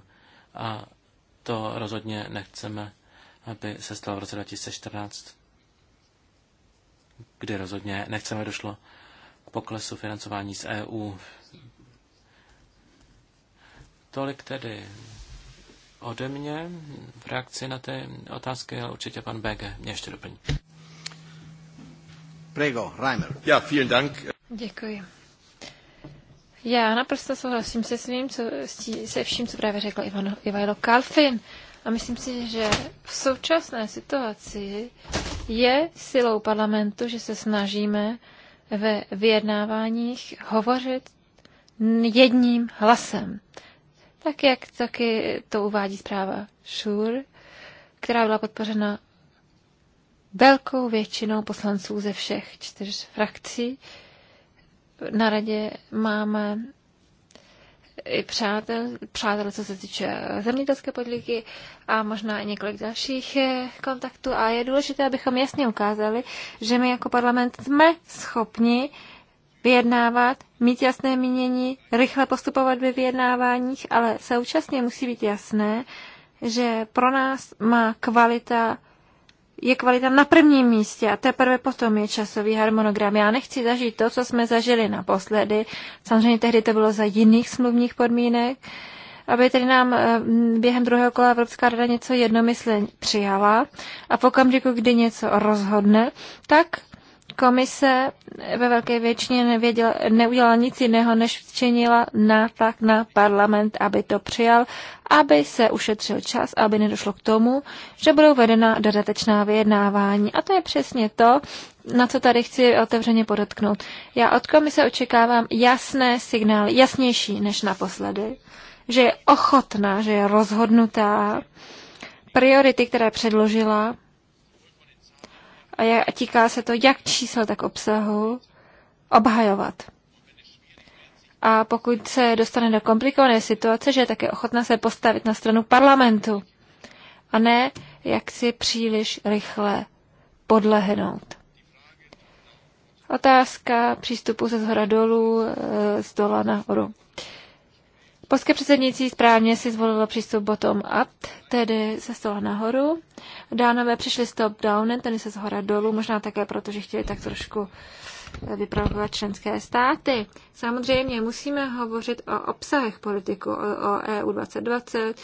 A to rozhodně nechceme, aby se stalo v roce 2014, kdy rozhodně nechceme došlo k poklesu financování z EU. Tolik tedy ode mě v reakci na ty otázky, ale určitě pan BG mě ještě doplní. Prego, Reimer. Ja, vielen Dank. Děkuji. Já naprosto souhlasím se svým, co, se vším, co právě řekl Ivan, Ivajlo Kalfin. A myslím si, že v současné situaci je silou parlamentu, že se snažíme ve vyjednáváních hovořit jedním hlasem. Tak, jak taky to uvádí zpráva Šur, která byla podpořena velkou většinou poslanců ze všech čtyř frakcí. Na radě máme i přátel, přátel, co se týče zemědělské podniky a možná i několik dalších eh, kontaktů. A je důležité, abychom jasně ukázali, že my jako parlament jsme schopni vyjednávat, mít jasné mínění, rychle postupovat ve vyjednáváních, ale současně musí být jasné, že pro nás má kvalita je kvalita na prvním místě a teprve potom je časový harmonogram. Já nechci zažít to, co jsme zažili naposledy. Samozřejmě tehdy to bylo za jiných smluvních podmínek, aby tedy nám eh, během druhého kola Evropská rada něco jednomyslně přijala a v okamžiku, kdy něco rozhodne, tak Komise ve velké většině nevěděla, neudělala nic jiného, než včinila nátlak na parlament, aby to přijal, aby se ušetřil čas, aby nedošlo k tomu, že budou vedena dodatečná vyjednávání. A to je přesně to, na co tady chci otevřeně podotknout. Já od komise očekávám jasné signály, jasnější než naposledy, že je ochotná, že je rozhodnutá priority, které předložila, a je, týká se to jak čísel, tak obsahu, obhajovat. A pokud se dostane do komplikované situace, že je také ochotná se postavit na stranu parlamentu a ne jak si příliš rychle podlehnout. Otázka přístupu ze zhora dolů, e, z dola nahoru. Polské předsednicí správně si zvolilo přístup bottom-up, tedy se stola nahoru. Dánové přišli s top down, tedy se zhora dolů, možná také proto, že chtěli tak trošku vypravovat členské státy. Samozřejmě musíme hovořit o obsahech politiku, o, o EU 2020,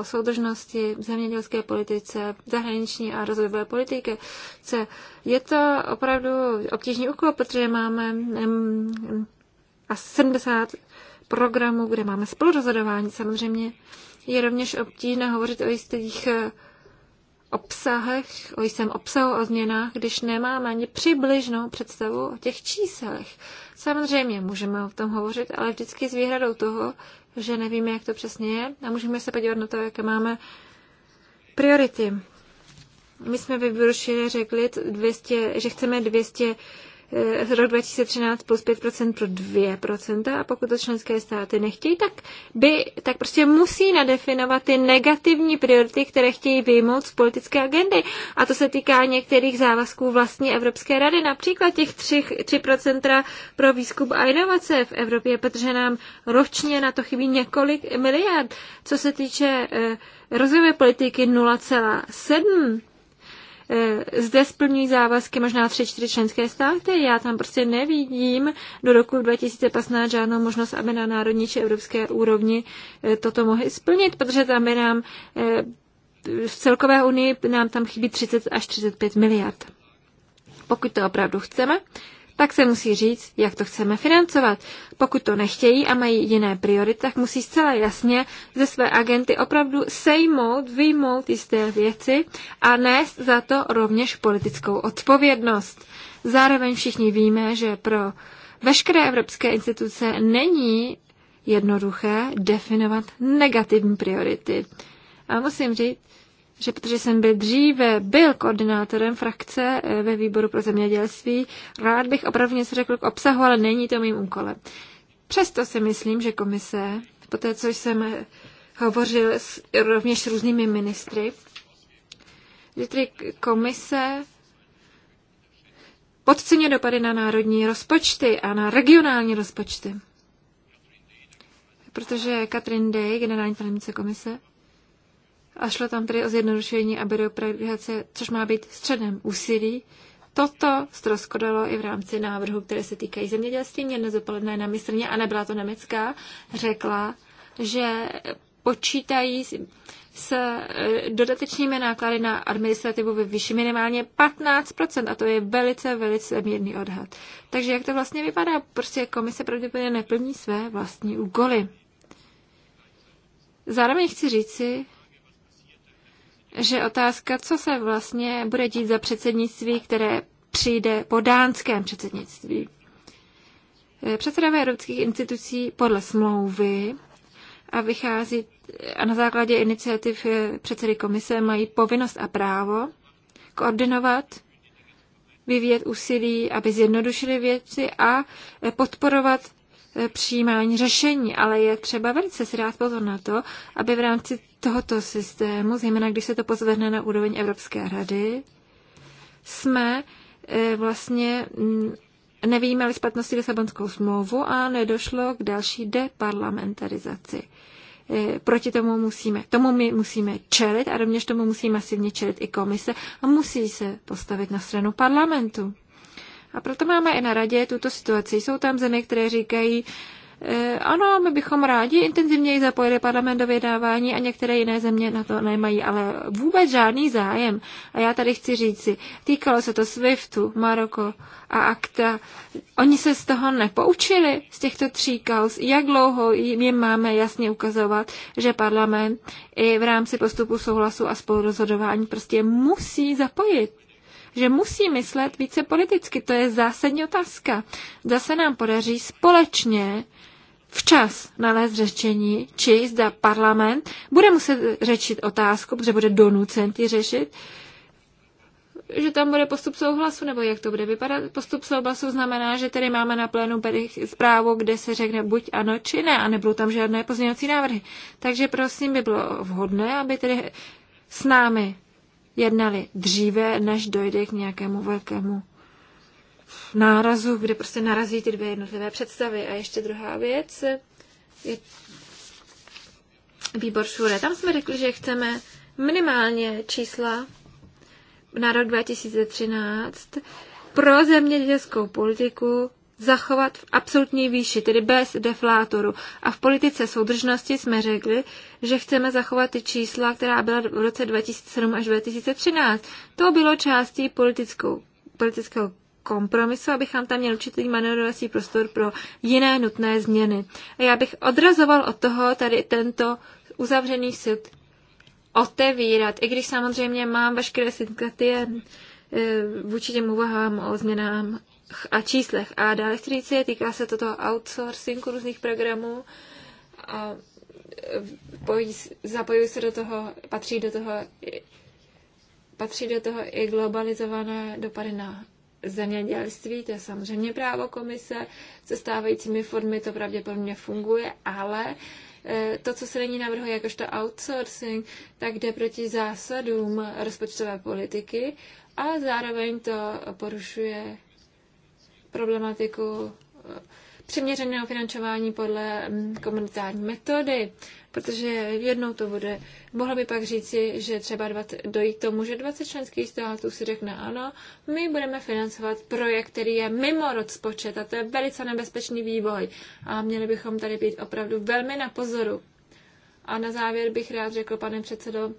o soudržnosti, zemědělské politice, zahraniční a rozvojové politiky. Je to opravdu obtížný úkol, protože máme mm, a 70 programu, kde máme spolurozhodování. Samozřejmě je rovněž obtížné hovořit o jistých eh, obsahech, o jistém obsahu, o změnách, když nemáme ani přibližnou představu o těch číselech. Samozřejmě můžeme o tom hovořit, ale vždycky s výhradou toho, že nevíme, jak to přesně je a můžeme se podívat na to, jaké máme priority. My jsme vybrušili, řekli, 200, že chceme 200 Eh, rok 2013 plus 5% pro 2% a pokud to členské státy nechtějí, tak, by, tak prostě musí nadefinovat ty negativní priority, které chtějí vyjmout z politické agendy. A to se týká některých závazků vlastní Evropské rady, například těch 3, 3% pro výzkum a inovace v Evropě, protože nám ročně na to chybí několik miliard. Co se týče eh, rozvojové politiky 0,7 Eh, zde splňují závazky možná tři, čtyři členské státy. Já tam prostě nevidím do roku 2015 žádnou možnost, aby na národní či evropské úrovni eh, toto mohli splnit, protože tam by nám eh, v celkové unii nám tam chybí 30 až 35 miliard. Pokud to opravdu chceme, tak se musí říct, jak to chceme financovat. Pokud to nechtějí a mají jiné priority, tak musí zcela jasně ze své agenty opravdu sejmout, vyjmout jisté věci a nést za to rovněž politickou odpovědnost. Zároveň všichni víme, že pro veškeré evropské instituce není jednoduché definovat negativní priority. A musím říct, že protože jsem byl dříve byl koordinátorem frakce eh, ve výboru pro zemědělství, rád bych opravdu něco řekl k obsahu, ale není to mým úkolem. Přesto si myslím, že komise, po té, co jsem hovořil s, rovněž s různými ministry, že tedy komise podceně dopady na národní rozpočty a na regionální rozpočty. Protože Katrin Day, generální tajemnice komise, a šlo tam tedy o zjednodušení a byrokratizace, což má být středem úsilí. Toto stroskotalo i v rámci návrhu, které se týkají zemědělství. Mě dnes dopoledne na mistrně, a nebyla to nemecká, řekla, že počítají s e, dodatečnými náklady na administrativu ve výši minimálně 15%, a to je velice, velice mírný odhad. Takže jak to vlastně vypadá? Prostě komise pravděpodobně neplní své vlastní úkoly. Zároveň chci říci, že otázka, co se vlastně bude dít za předsednictví, které přijde po dánském předsednictví. Eh, předsedové evropských institucí podle smlouvy a vychází a na základě iniciativ eh, předsedy komise mají povinnost a právo koordinovat, vyvíjet úsilí, aby zjednodušili věci a eh, podporovat přijímání řešení, ale je třeba velice si dát pozor na to, aby v rámci tohoto systému, zejména když se to pozvedne na úroveň Evropské rady, jsme eh, vlastně mm, nevýjímali z Lisabonskou smlouvu a nedošlo k další deparlamentarizaci. Eh, proti tomu musíme, tomu my musíme čelit a rovněž tomu musí masivně čelit i komise a musí se postavit na stranu parlamentu. A proto máme i na radě tuto situaci. Jsou tam země, které říkají, Eh, ano, my bychom rádi intenzivněji zapojili parlament do vydávání a některé jiné země na to nemají, ale vůbec žádný zájem. A já tady chci říci, týkalo se to SWIFTu, Maroko a ACTA. Oni se z toho nepoučili, z těchto tří kaus. Jak dlouho jim máme jasně ukazovat, že parlament i v rámci postupu souhlasu a spolurozhodování prostě musí zapojit že musí myslet více politicky. To je zásadní otázka. Zase nám podaří společně včas nalézt řešení, či zda parlament bude muset řečit otázku, protože bude donucen ty řešit, že tam bude postup souhlasu, nebo jak to bude vypadat. Postup souhlasu znamená, že tady máme na plénu zprávu, kde se řekne buď ano, či ne, a nebudou tam žádné pozměňovací návrhy. Takže prosím, by bylo vhodné, aby tedy s námi jednali dříve, než dojde k nějakému velkému v nárazu, kde prostě narazí ty dvě jednotlivé představy. A ještě druhá věc je výbor šure. Tam jsme řekli, že chceme minimálně čísla na rok 2013 pro zemědělskou politiku zachovat v absolutní výši, tedy bez deflátoru. A v politice soudržnosti jsme řekli, že chceme zachovat ty čísla, která byla v roce 2007 až 2013. To bylo částí politickou, politického kompromisu, abychom tam měli určitý manévrovací prostor pro jiné nutné změny. A já bych odrazoval od toho tady tento uzavřený sud otevírat, i když samozřejmě mám veškeré sympatie eh, vůči těm uvahám o změnách a číslech. A dále chci říct, týká se toto outsourcingu různých programů a eh, zapojují se do toho, patří do toho patří do toho i globalizované dopady na zemědělství, to je samozřejmě právo komise, se stávajícími formy to pravděpodobně funguje, ale eh, to, co se není navrhuje jakožto outsourcing, tak jde proti zásadům rozpočtové politiky a zároveň to porušuje problematiku eh, přiměřeného financování podle mm, komunitární metody, protože jednou to bude. Mohla by pak říci, že třeba 20, dojít k tomu, že 20 členských států si řekne ano, my budeme financovat projekt, který je mimo rozpočet a to je velice nebezpečný vývoj a měli bychom tady být opravdu velmi na pozoru. A na závěr bych rád řekl, pane předsedo,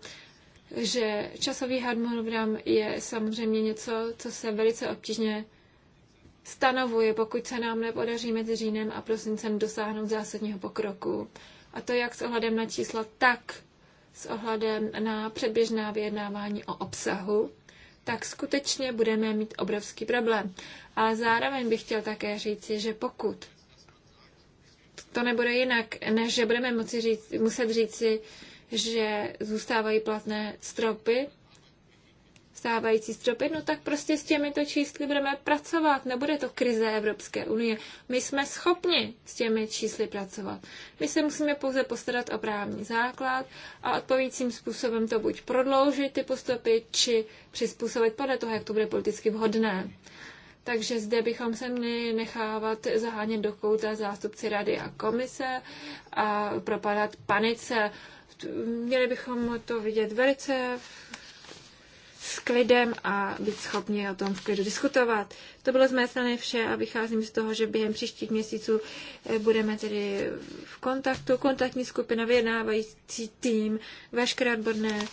že časový harmonogram je samozřejmě něco, co se velice obtížně stanovuje, pokud se nám nepodaří mezi říjnem a prosincem dosáhnout zásadního pokroku. A to jak s ohledem na čísla, tak s ohledem na předběžná vyjednávání o obsahu, tak skutečně budeme mít obrovský problém. Ale zároveň bych chtěl také říci, že pokud to nebude jinak, než že budeme moci říct, muset říci, že zůstávají platné stropy, stávající stropy, no tak prostě s těmito čísly budeme pracovat. Nebude to krize Evropské unie. My jsme schopni s těmi čísly pracovat. My se musíme pouze postarat o právní základ a odpovícím způsobem to buď prodloužit ty postupy, či přizpůsobit podle toho, jak to bude politicky vhodné. Takže zde bychom se měli nechávat zahánět do kouta zástupci rady a komise a propadat panice. Měli bychom to vidět velice v s klidem a být schopni o tom v klidu diskutovat. To bylo z mé strany vše a vycházím z toho, že během příštích měsíců eh, budeme tedy v kontaktu, kontaktní skupina, vyjednávající tým, veškeré odborné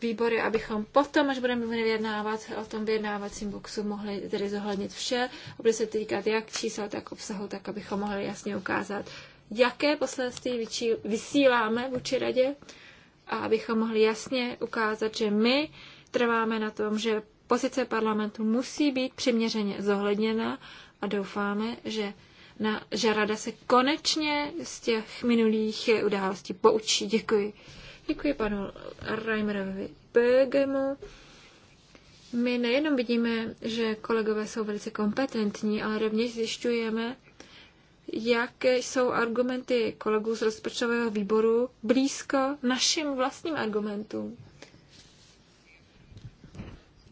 výbory, abychom potom, až budeme vyjednávat o tom vyjednávacím boxu, mohli tedy zohlednit vše a bude se týkat jak čísel, tak obsahu, tak abychom mohli jasně ukázat, jaké poselství vysíláme vůči radě a abychom mohli jasně ukázat, že my trváme na tom, že pozice parlamentu musí být přiměřeně zohledněna a doufáme, že, na, že rada se konečně z těch minulých událostí poučí. Děkuji. Děkuji panu Reimerovi Bögemu. My nejenom vidíme, že kolegové jsou velice kompetentní, ale rovněž zjišťujeme, jaké jsou argumenty kolegů z rozpočtového výboru blízko našim vlastním argumentům.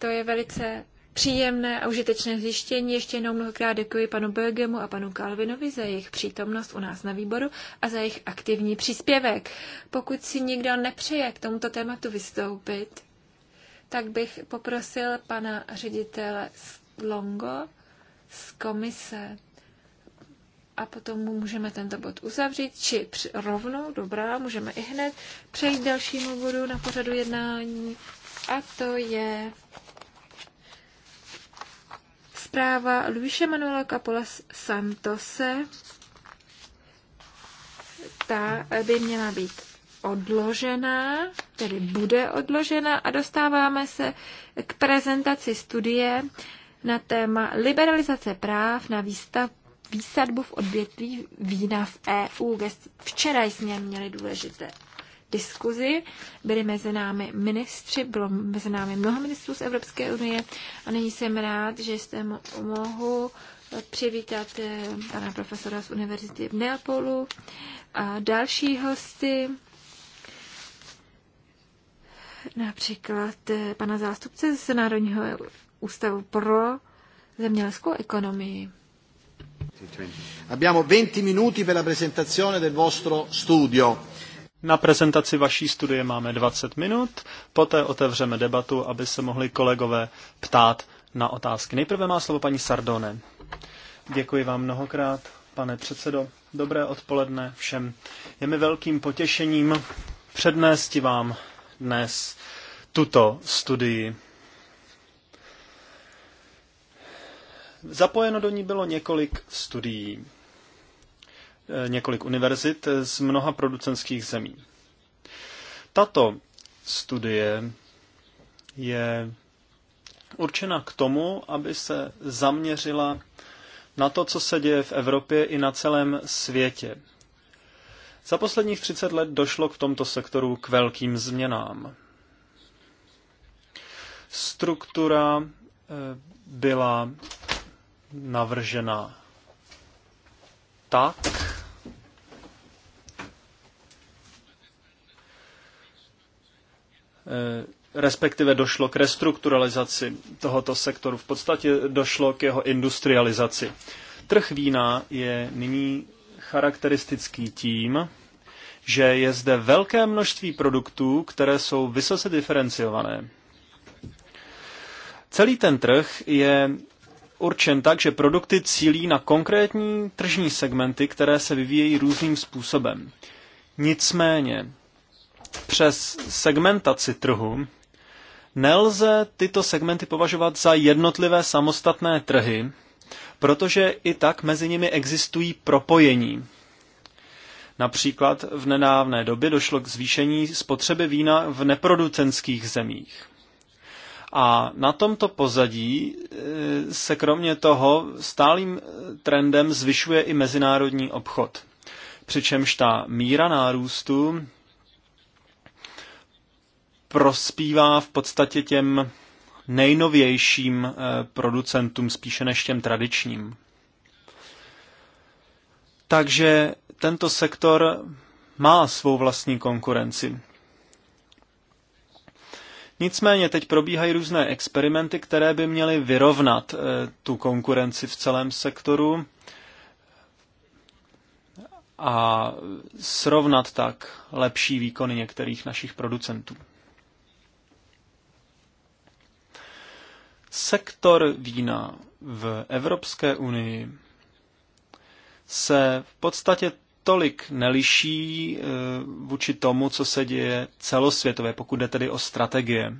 To je velice příjemné a užitečné zjištění. Ještě jednou mnohokrát děkuji panu Belgemu a panu Kalvinovi za jejich přítomnost u nás na výboru a za jejich aktivní příspěvek. Pokud si nikdo nepřeje k tomuto tématu vystoupit, tak bych poprosil pana ředitele Longo z komise a potom můžeme tento bod uzavřít, či rovnou, dobrá, můžeme i hned přejít dalšímu bodu na pořadu jednání a to je Zpráva Luise Manuela Capola Santose, ta by měla být odložená, tedy bude odložena a dostáváme se k prezentaci studie na téma liberalizace práv na výstav, výsadbu v odvětví vína v EU. Včera jsme měli důležité diskuzi. Byli mezi námi ministři, bylo mezi námi mnoho ministrů z Evropské unie a nyní jsem rád, že jste mohu přivítat eh, pana profesora z Univerzity v Neapolu a další hosty, například eh, pana zástupce z Národního ústavu pro zemědělskou ekonomii. Abbiamo 20 minuti per la presentazione del vostro studio. Na prezentaci vaší studie máme 20 minut, poté otevřeme debatu, aby se mohli kolegové ptát na otázky. Nejprve má slovo paní Sardone. Děkuji vám mnohokrát, pane předsedo. Dobré odpoledne všem. Je mi velkým potěšením přednést vám dnes tuto studii. Zapojeno do ní bylo několik studií několik univerzit z mnoha producenských zemí. Tato studie je určena k tomu, aby se zaměřila na to, co se děje v Evropě i na celém světě. Za posledních 30 let došlo k tomto sektoru k velkým změnám. Struktura eh, byla navržena tak, Eh, respektive došlo k restrukturalizaci tohoto sektoru. V podstatě došlo k jeho industrializaci. Trh vína je nyní charakteristický tím, že je zde velké množství produktů, které jsou vysoce diferenciované. Celý ten trh je určen tak, že produkty cílí na konkrétní tržní segmenty, které se vyvíjejí různým způsobem. Nicméně, přes segmentaci trhu nelze tyto segmenty považovat za jednotlivé samostatné trhy, protože i tak mezi nimi existují propojení. Například v nedávné době došlo k zvýšení spotřeby vína v neproducenských zemích. A na tomto pozadí e, se kromě toho stálým trendem zvyšuje i mezinárodní obchod. Přičemž ta míra nárůstu prospívá v podstatě těm nejnovějším eh, producentům spíše než těm tradičním. Takže tento sektor má svou vlastní konkurenci. Nicméně teď probíhají různé experimenty, které by měly vyrovnat eh, tu konkurenci v celém sektoru a srovnat tak lepší výkony některých našich producentů. Sektor vína v Evropské unii se v podstatě tolik neliší eh, vůči tomu, co se děje celosvětově, pokud jde tedy o strategie.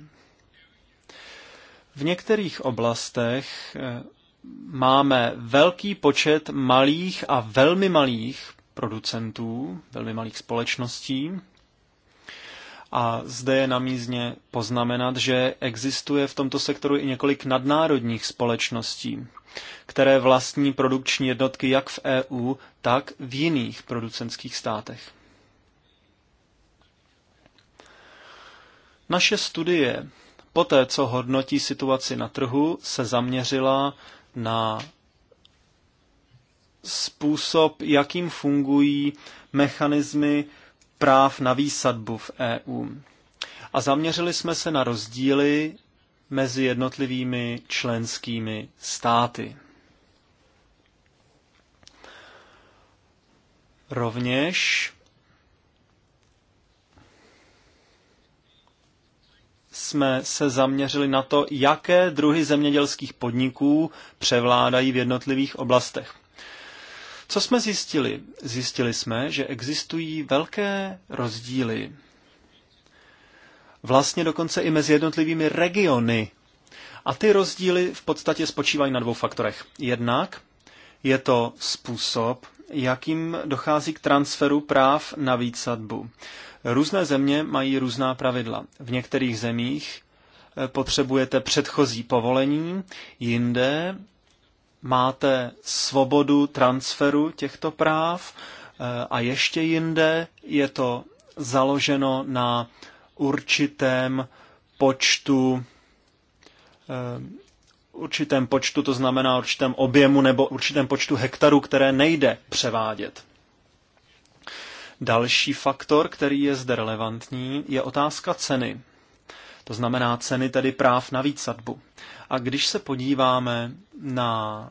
V některých oblastech eh, máme velký počet malých a velmi malých producentů, velmi malých společností, a zde je na mízně poznamenat, že existuje v tomto sektoru i několik nadnárodních společností, které vlastní produkční jednotky jak v EU, tak v jiných producentských státech. Naše studie, poté co hodnotí situaci na trhu, se zaměřila na způsob, jakým fungují mechanismy práv na výsadbu v EU. A zaměřili jsme se na rozdíly mezi jednotlivými členskými státy. Rovněž jsme se zaměřili na to, jaké druhy zemědělských podniků převládají v jednotlivých oblastech. Co jsme zjistili? Zjistili jsme, že existují velké rozdíly. Vlastně dokonce i mezi jednotlivými regiony. A ty rozdíly v podstatě spočívají na dvou faktorech. Jednak je to způsob, jakým dochází k transferu práv na výsadbu. Různé země mají různá pravidla. V některých zemích eh, potřebujete předchozí povolení, jinde máte svobodu transferu těchto práv eh, a ještě jinde je to založeno na určitém počtu eh, určitém počtu, to znamená určitém objemu nebo určitém počtu hektarů, které nejde převádět. Další faktor, který je zde relevantní, je otázka ceny. To znamená ceny tedy práv na výsadbu. A když se podíváme na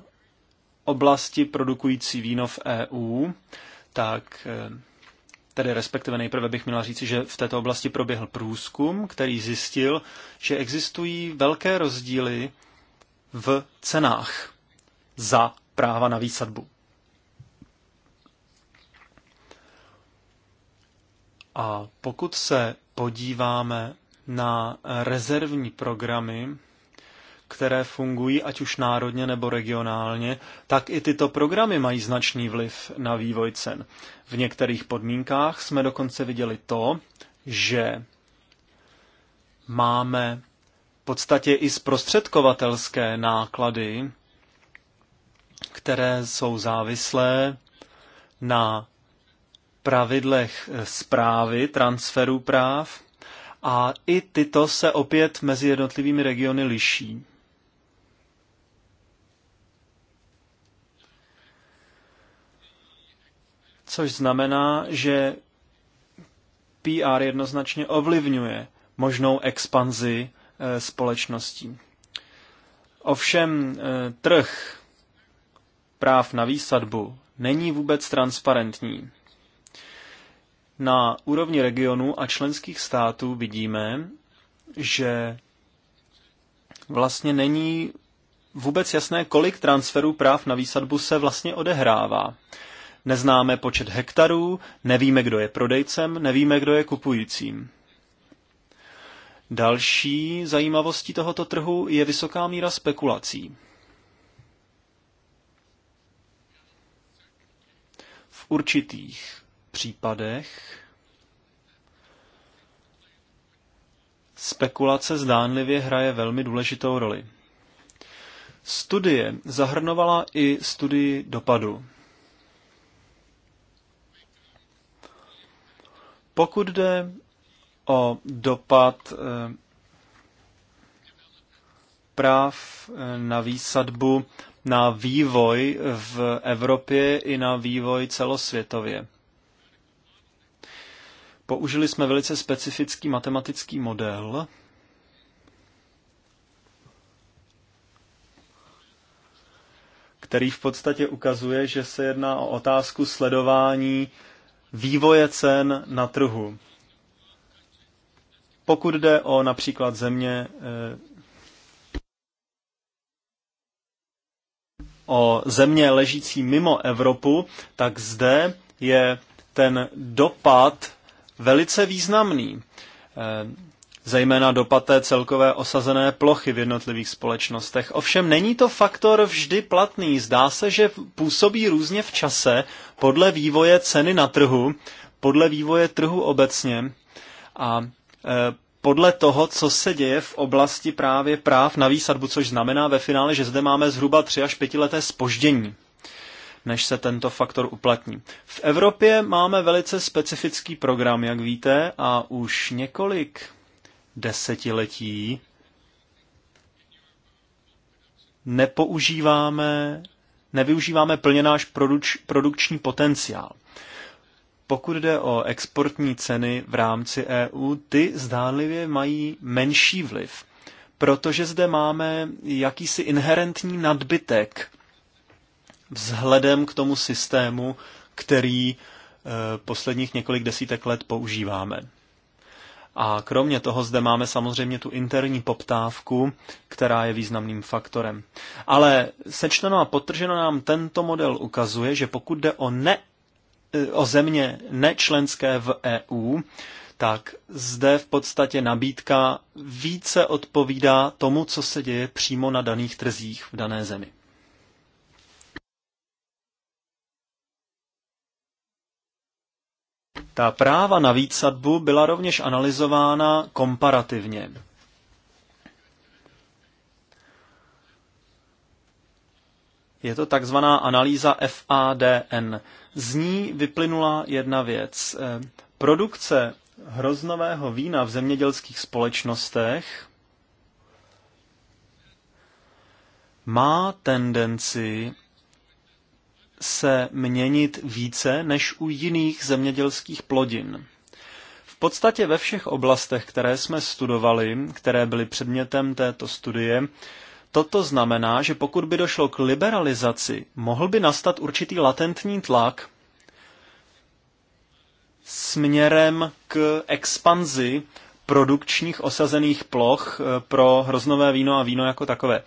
oblasti produkující víno v EU, tak eh, tedy respektive nejprve bych měla říci, že v této oblasti proběhl průzkum, který zjistil, že existují velké rozdíly v cenách za práva na výsadbu. A pokud se podíváme na rezervní programy, které fungují ať už národně nebo regionálně, tak i tyto programy mají značný vliv na vývoj cen. V některých podmínkách jsme dokonce viděli to, že máme v podstatě i zprostředkovatelské náklady, které jsou závislé na pravidlech zprávy transferu práv a i tyto se opět mezi jednotlivými regiony liší. Což znamená, že PR jednoznačně ovlivňuje možnou expanzi e, společností. Ovšem e, trh práv na výsadbu není vůbec transparentní na úrovni regionu a členských států vidíme, že vlastně není vůbec jasné, kolik transferů práv na výsadbu se vlastně odehrává. Neznáme počet hektarů, nevíme, kdo je prodejcem, nevíme, kdo je kupujícím. Další zajímavostí tohoto trhu je vysoká míra spekulací. V určitých případech spekulace zdánlivě hraje velmi důležitou roli. Studie zahrnovala i studii dopadu. Pokud jde o dopad eh, práv eh, na výsadbu na vývoj v Evropě i na vývoj celosvětově. Použili jsme velice specifický matematický model, který v podstatě ukazuje, že se jedná o otázku sledování vývoje cen na trhu. Pokud jde o například země, eh, o země ležící mimo Evropu, tak zde je ten dopad velice významný. Eh, zejména dopad té celkové osazené plochy v jednotlivých společnostech. Ovšem není to faktor vždy platný. Zdá se, že působí různě v čase podle vývoje ceny na trhu, podle vývoje trhu obecně a eh, podle toho, co se děje v oblasti právě práv na výsadbu, což znamená ve finále, že zde máme zhruba 3 až 5 leté spoždění než se tento faktor uplatní. V Evropě máme velice specifický program, jak víte, a už několik desetiletí nepoužíváme, nevyužíváme plně náš produč, produkční potenciál. Pokud jde o exportní ceny v rámci EU, ty zdánlivě mají menší vliv, protože zde máme jakýsi inherentní nadbytek vzhledem k tomu systému, který eh, posledních několik desítek let používáme. A kromě toho zde máme samozřejmě tu interní poptávku, která je významným faktorem. Ale sečteno a potrženo nám tento model ukazuje, že pokud jde o, ne, eh, o země nečlenské v EU, tak zde v podstatě nabídka více odpovídá tomu, co se děje přímo na daných trzích v dané zemi. Ta práva na výsadbu byla rovněž analyzována komparativně. Je to takzvaná analýza FADN. Z ní vyplynula jedna věc. Eh, produkce hroznového vína v zemědělských společnostech má tendenci se měnit více než u jiných zemědělských plodin. V podstatě ve všech oblastech, které jsme studovali, které byly předmětem této studie, toto znamená, že pokud by došlo k liberalizaci, mohl by nastat určitý latentní tlak směrem k expanzi produkčních osazených ploch eh, pro hroznové víno a víno jako takové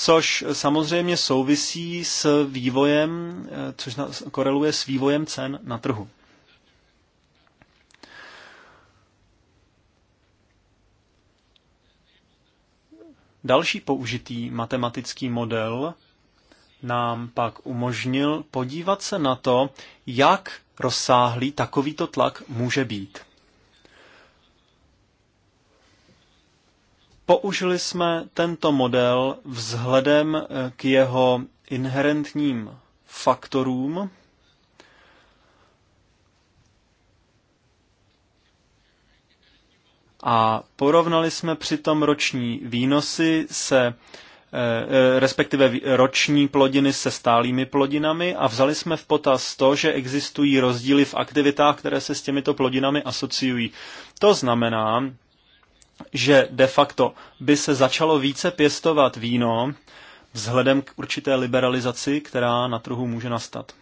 což samozřejmě souvisí s vývojem, eh, což koreluje s vývojem cen na trhu. Další použitý matematický model nám pak umožnil podívat se na to, jak rozsáhlý takovýto tlak může být. Použili jsme tento model vzhledem eh, k jeho inherentním faktorům, a porovnali jsme přitom roční výnosy se eh, eh, respektive roční plodiny se stálými plodinami a vzali jsme v potaz to, že existují rozdíly v aktivitách, které se s těmito plodinami asociují. To znamená, že de facto by se začalo více pěstovat víno vzhledem k určité liberalizaci, která na trhu může nastat.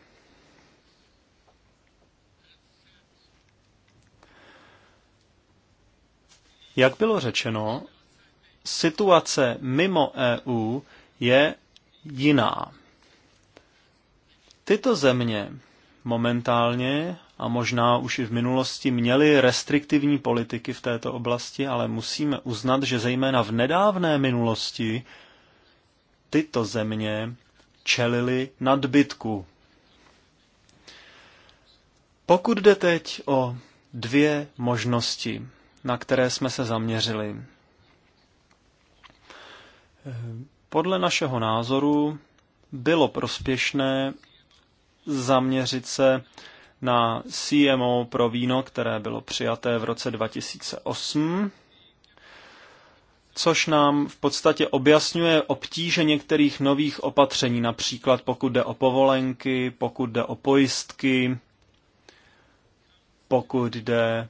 Jak bylo řečeno, situace mimo EU je jiná. Tyto země momentálně a možná už i v minulosti měli restriktivní politiky v této oblasti, ale musíme uznat, že zejména v nedávné minulosti tyto země čelili nadbytku. Pokud jde teď o dvě možnosti, na které jsme se zaměřili. Podle našeho názoru bylo prospěšné zaměřit se na CMO pro víno, které bylo přijaté v roce 2008, což nám v podstatě objasňuje obtíže některých nových opatření, například pokud jde o povolenky, pokud jde o pojistky, pokud jde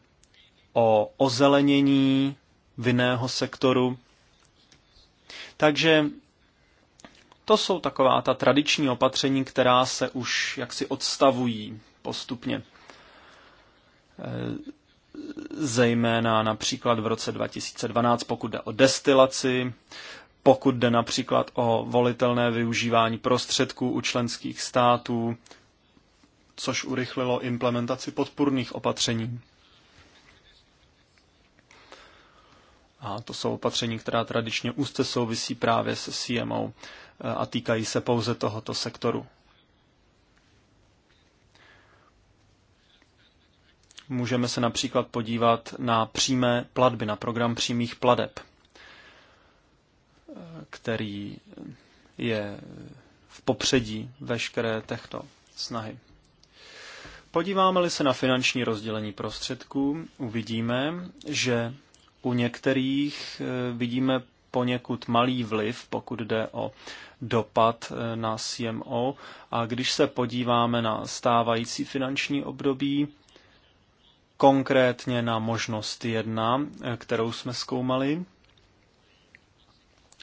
o ozelenění vinného sektoru. Takže to jsou taková ta tradiční opatření, která se už jaksi odstavují postupně. E, zejména například v roce 2012, pokud jde o destilaci, pokud jde například o volitelné využívání prostředků u členských států, což urychlilo implementaci podpůrných opatření. A to jsou opatření, která tradičně úzce souvisí právě se CMO e, a týkají se pouze tohoto sektoru. Můžeme se například podívat na přímé platby, na program přímých plateb, který je v popředí veškeré těchto snahy. Podíváme-li se na finanční rozdělení prostředků, uvidíme, že u některých eh, vidíme poněkud malý vliv, pokud jde o dopad eh, na CMO. A když se podíváme na stávající finanční období, konkrétně na možnost jedna, eh, kterou jsme zkoumali.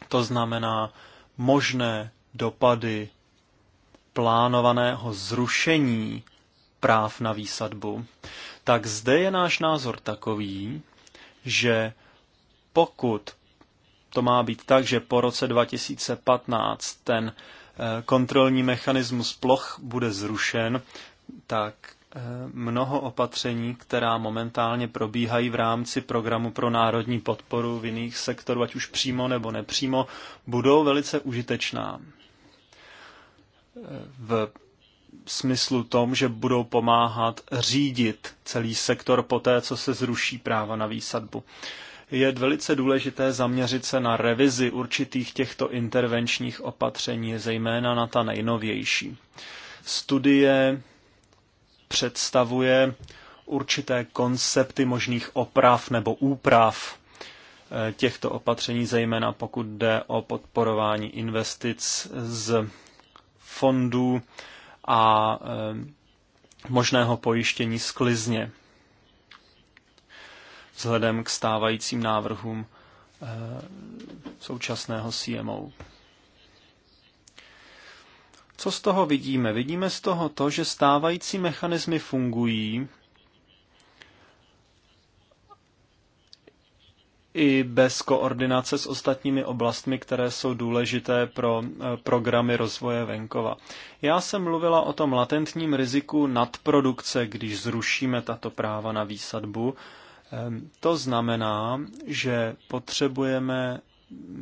To znamená možné dopady plánovaného zrušení práv na výsadbu, tak zde je náš názor takový, že pokud to má být tak, že po roce 2015 ten eh, kontrolní mechanismus ploch bude zrušen, tak mnoho opatření, která momentálně probíhají v rámci programu pro národní podporu v jiných sektorů, ať už přímo nebo nepřímo, budou velice užitečná. V smyslu tom, že budou pomáhat řídit celý sektor po té, co se zruší práva na výsadbu. Je velice důležité zaměřit se na revizi určitých těchto intervenčních opatření, zejména na ta nejnovější. Studie představuje určité koncepty možných oprav nebo úprav eh, těchto opatření, zejména pokud jde o podporování investic z fondů a eh, možného pojištění sklizně vzhledem k stávajícím návrhům eh, současného CMO. Co z toho vidíme? Vidíme z toho to, že stávající mechanismy fungují i bez koordinace s ostatními oblastmi, které jsou důležité pro eh, programy rozvoje venkova. Já jsem mluvila o tom latentním riziku nadprodukce, když zrušíme tato práva na výsadbu. Ehm, to znamená, že potřebujeme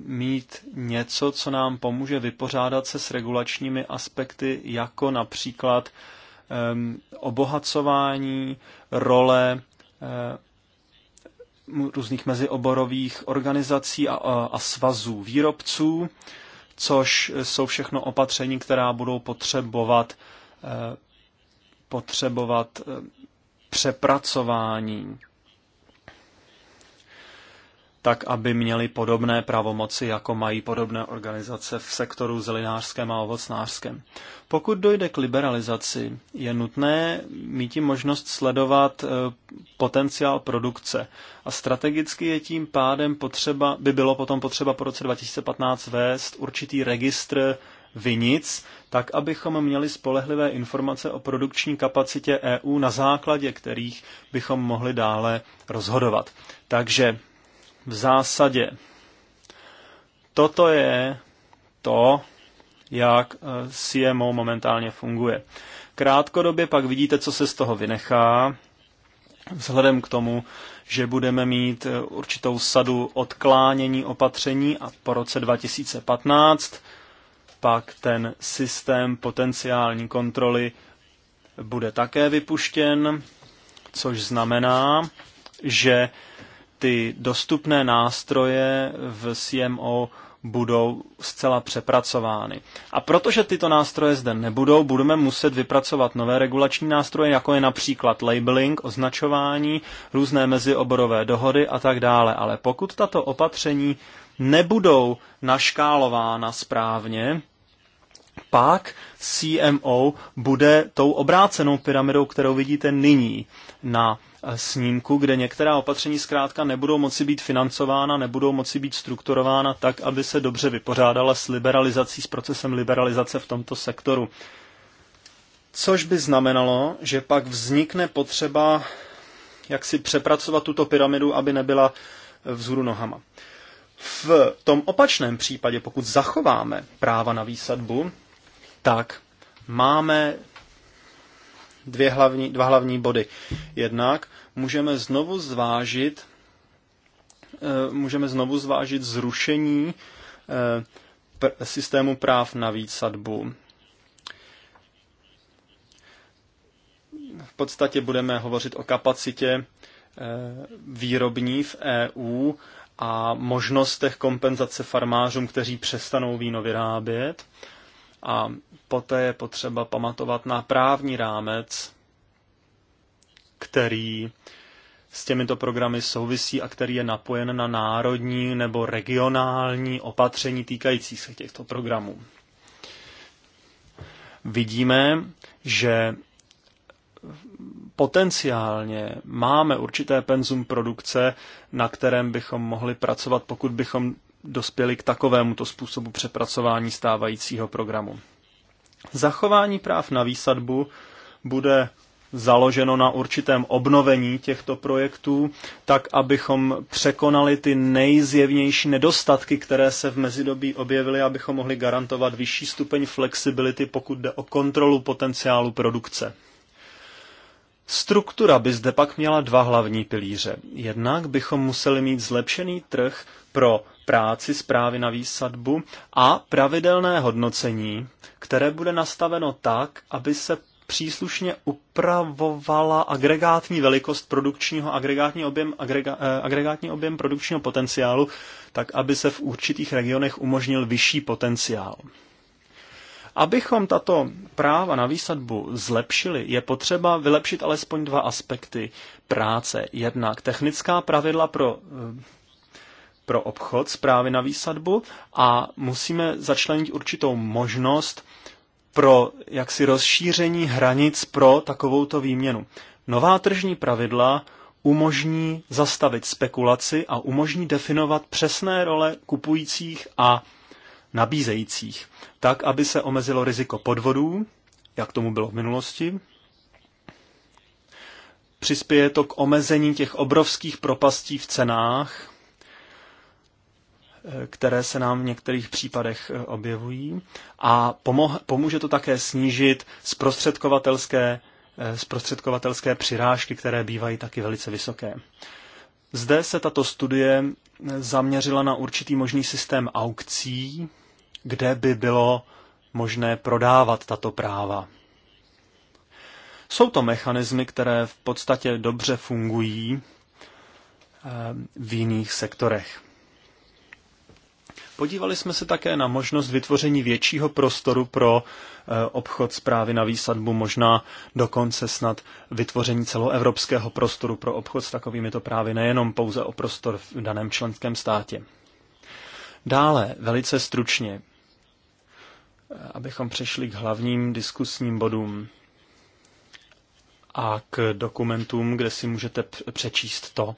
mít něco, co nám pomůže vypořádat se s regulačními aspekty, jako například um, obohacování role um, různých mezioborových organizací a, a, a svazů výrobců, což jsou všechno opatření, která budou potřebovat potřebovat přepracování tak aby měli podobné pravomoci, jako mají podobné organizace v sektoru zelinářském a ovocnářském. Pokud dojde k liberalizaci, je nutné mít možnost sledovat eh, potenciál produkce a strategicky je tím pádem potřeba, by bylo potom potřeba po roce 2015 vést určitý registr vinic, tak abychom měli spolehlivé informace o produkční kapacitě EU, na základě kterých bychom mohli dále rozhodovat. Takže v zásadě. Toto je to, jak eh, CMO momentálně funguje. Krátkodobě pak vidíte, co se z toho vynechá, vzhledem k tomu, že budeme mít eh, určitou sadu odklánění opatření a po roce 2015 pak ten systém potenciální kontroly bude také vypuštěn, což znamená, že ty dostupné nástroje v CMO budou zcela přepracovány. A protože tyto nástroje zde nebudou, budeme muset vypracovat nové regulační nástroje, jako je například labeling, označování, různé mezioborové dohody a tak dále. Ale pokud tato opatření nebudou naškálována správně, pak CMO bude tou obrácenou pyramidou, kterou vidíte nyní na snímku, kde některá opatření zkrátka nebudou moci být financována, nebudou moci být strukturována tak, aby se dobře vypořádala s liberalizací, s procesem liberalizace v tomto sektoru. Což by znamenalo, že pak vznikne potřeba jak si přepracovat tuto pyramidu, aby nebyla eh, vzhůru nohama. V tom opačném případě, pokud zachováme práva na výsadbu, tak máme dvě hlavní, dva hlavní body. Jednak můžeme znovu zvážit, eh, můžeme znovu zvážit zrušení eh, systému práv na výsadbu. V podstatě budeme hovořit o kapacitě eh, výrobní v EU a možnostech kompenzace farmářům, kteří přestanou víno vyrábět. A poté je potřeba pamatovat na právní rámec, který s těmito programy souvisí a který je napojen na národní nebo regionální opatření týkající se těchto programů. Vidíme, že potenciálně máme určité penzum produkce, na kterém bychom mohli pracovat, pokud bychom dospěli k takovémuto způsobu přepracování stávajícího programu. Zachování práv na výsadbu bude založeno na určitém obnovení těchto projektů, tak abychom překonali ty nejzjevnější nedostatky, které se v mezidobí objevily, abychom mohli garantovat vyšší stupeň flexibility, pokud jde o kontrolu potenciálu produkce. Struktura by zde pak měla dva hlavní pilíře. Jednak bychom museli mít zlepšený trh pro práci zprávy na výsadbu a pravidelné hodnocení, které bude nastaveno tak, aby se příslušně upravovala agregátní velikost produkčního, agregátní objem, agrega, eh, agregátní objem produkčního potenciálu, tak aby se v určitých regionech umožnil vyšší potenciál. Abychom tato práva na výsadbu zlepšili, je potřeba vylepšit alespoň dva aspekty práce. Jednak technická pravidla pro eh, pro obchod zprávy na výsadbu a musíme začlenit určitou možnost pro jaksi rozšíření hranic pro takovouto výměnu. Nová tržní pravidla umožní zastavit spekulaci a umožní definovat přesné role kupujících a nabízejících, tak, aby se omezilo riziko podvodů, jak tomu bylo v minulosti. Přispěje to k omezení těch obrovských propastí v cenách, které se nám v některých případech eh, objevují a pomůže to také snížit zprostředkovatelské, eh, zprostředkovatelské přirážky, které bývají taky velice vysoké. Zde se tato studie eh, zaměřila na určitý možný systém aukcí, kde by bylo možné prodávat tato práva. Jsou to mechanismy, které v podstatě dobře fungují v jiných sektorech. Podívali jsme se také na možnost vytvoření většího prostoru pro eh, obchod zprávy na výsadbu, možná dokonce snad vytvoření celoevropského prostoru pro obchod s to právy, nejenom pouze o prostor v daném členském státě. Dále, velice stručně, eh, abychom přešli k hlavním diskusním bodům a k dokumentům, kde si můžete přečíst to,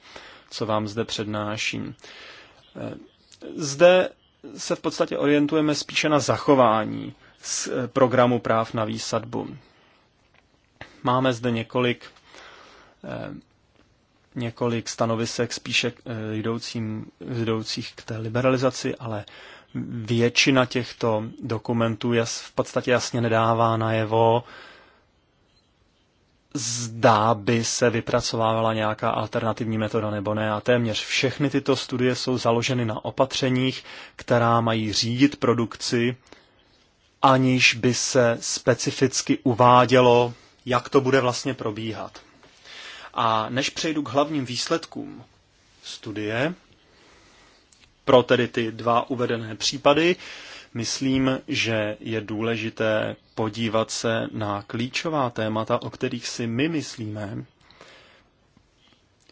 co vám zde přednáším. Eh, zde se v podstatě orientujeme spíše na zachování z eh, programu práv na výsadbu. Máme zde několik, eh, několik stanovisek spíše eh, jdoucím, jdoucích k té liberalizaci, ale většina těchto dokumentů je v podstatě jasně nedává najevo, zdá by se vypracovávala nějaká alternativní metoda nebo ne. A téměř všechny tyto studie jsou založeny na opatřeních, která mají řídit produkci, aniž by se specificky uvádělo, jak to bude vlastně probíhat. A než přejdu k hlavním výsledkům studie, pro tedy ty dva uvedené případy, Myslím, že je důležité podívat se na klíčová témata, o kterých si my myslíme,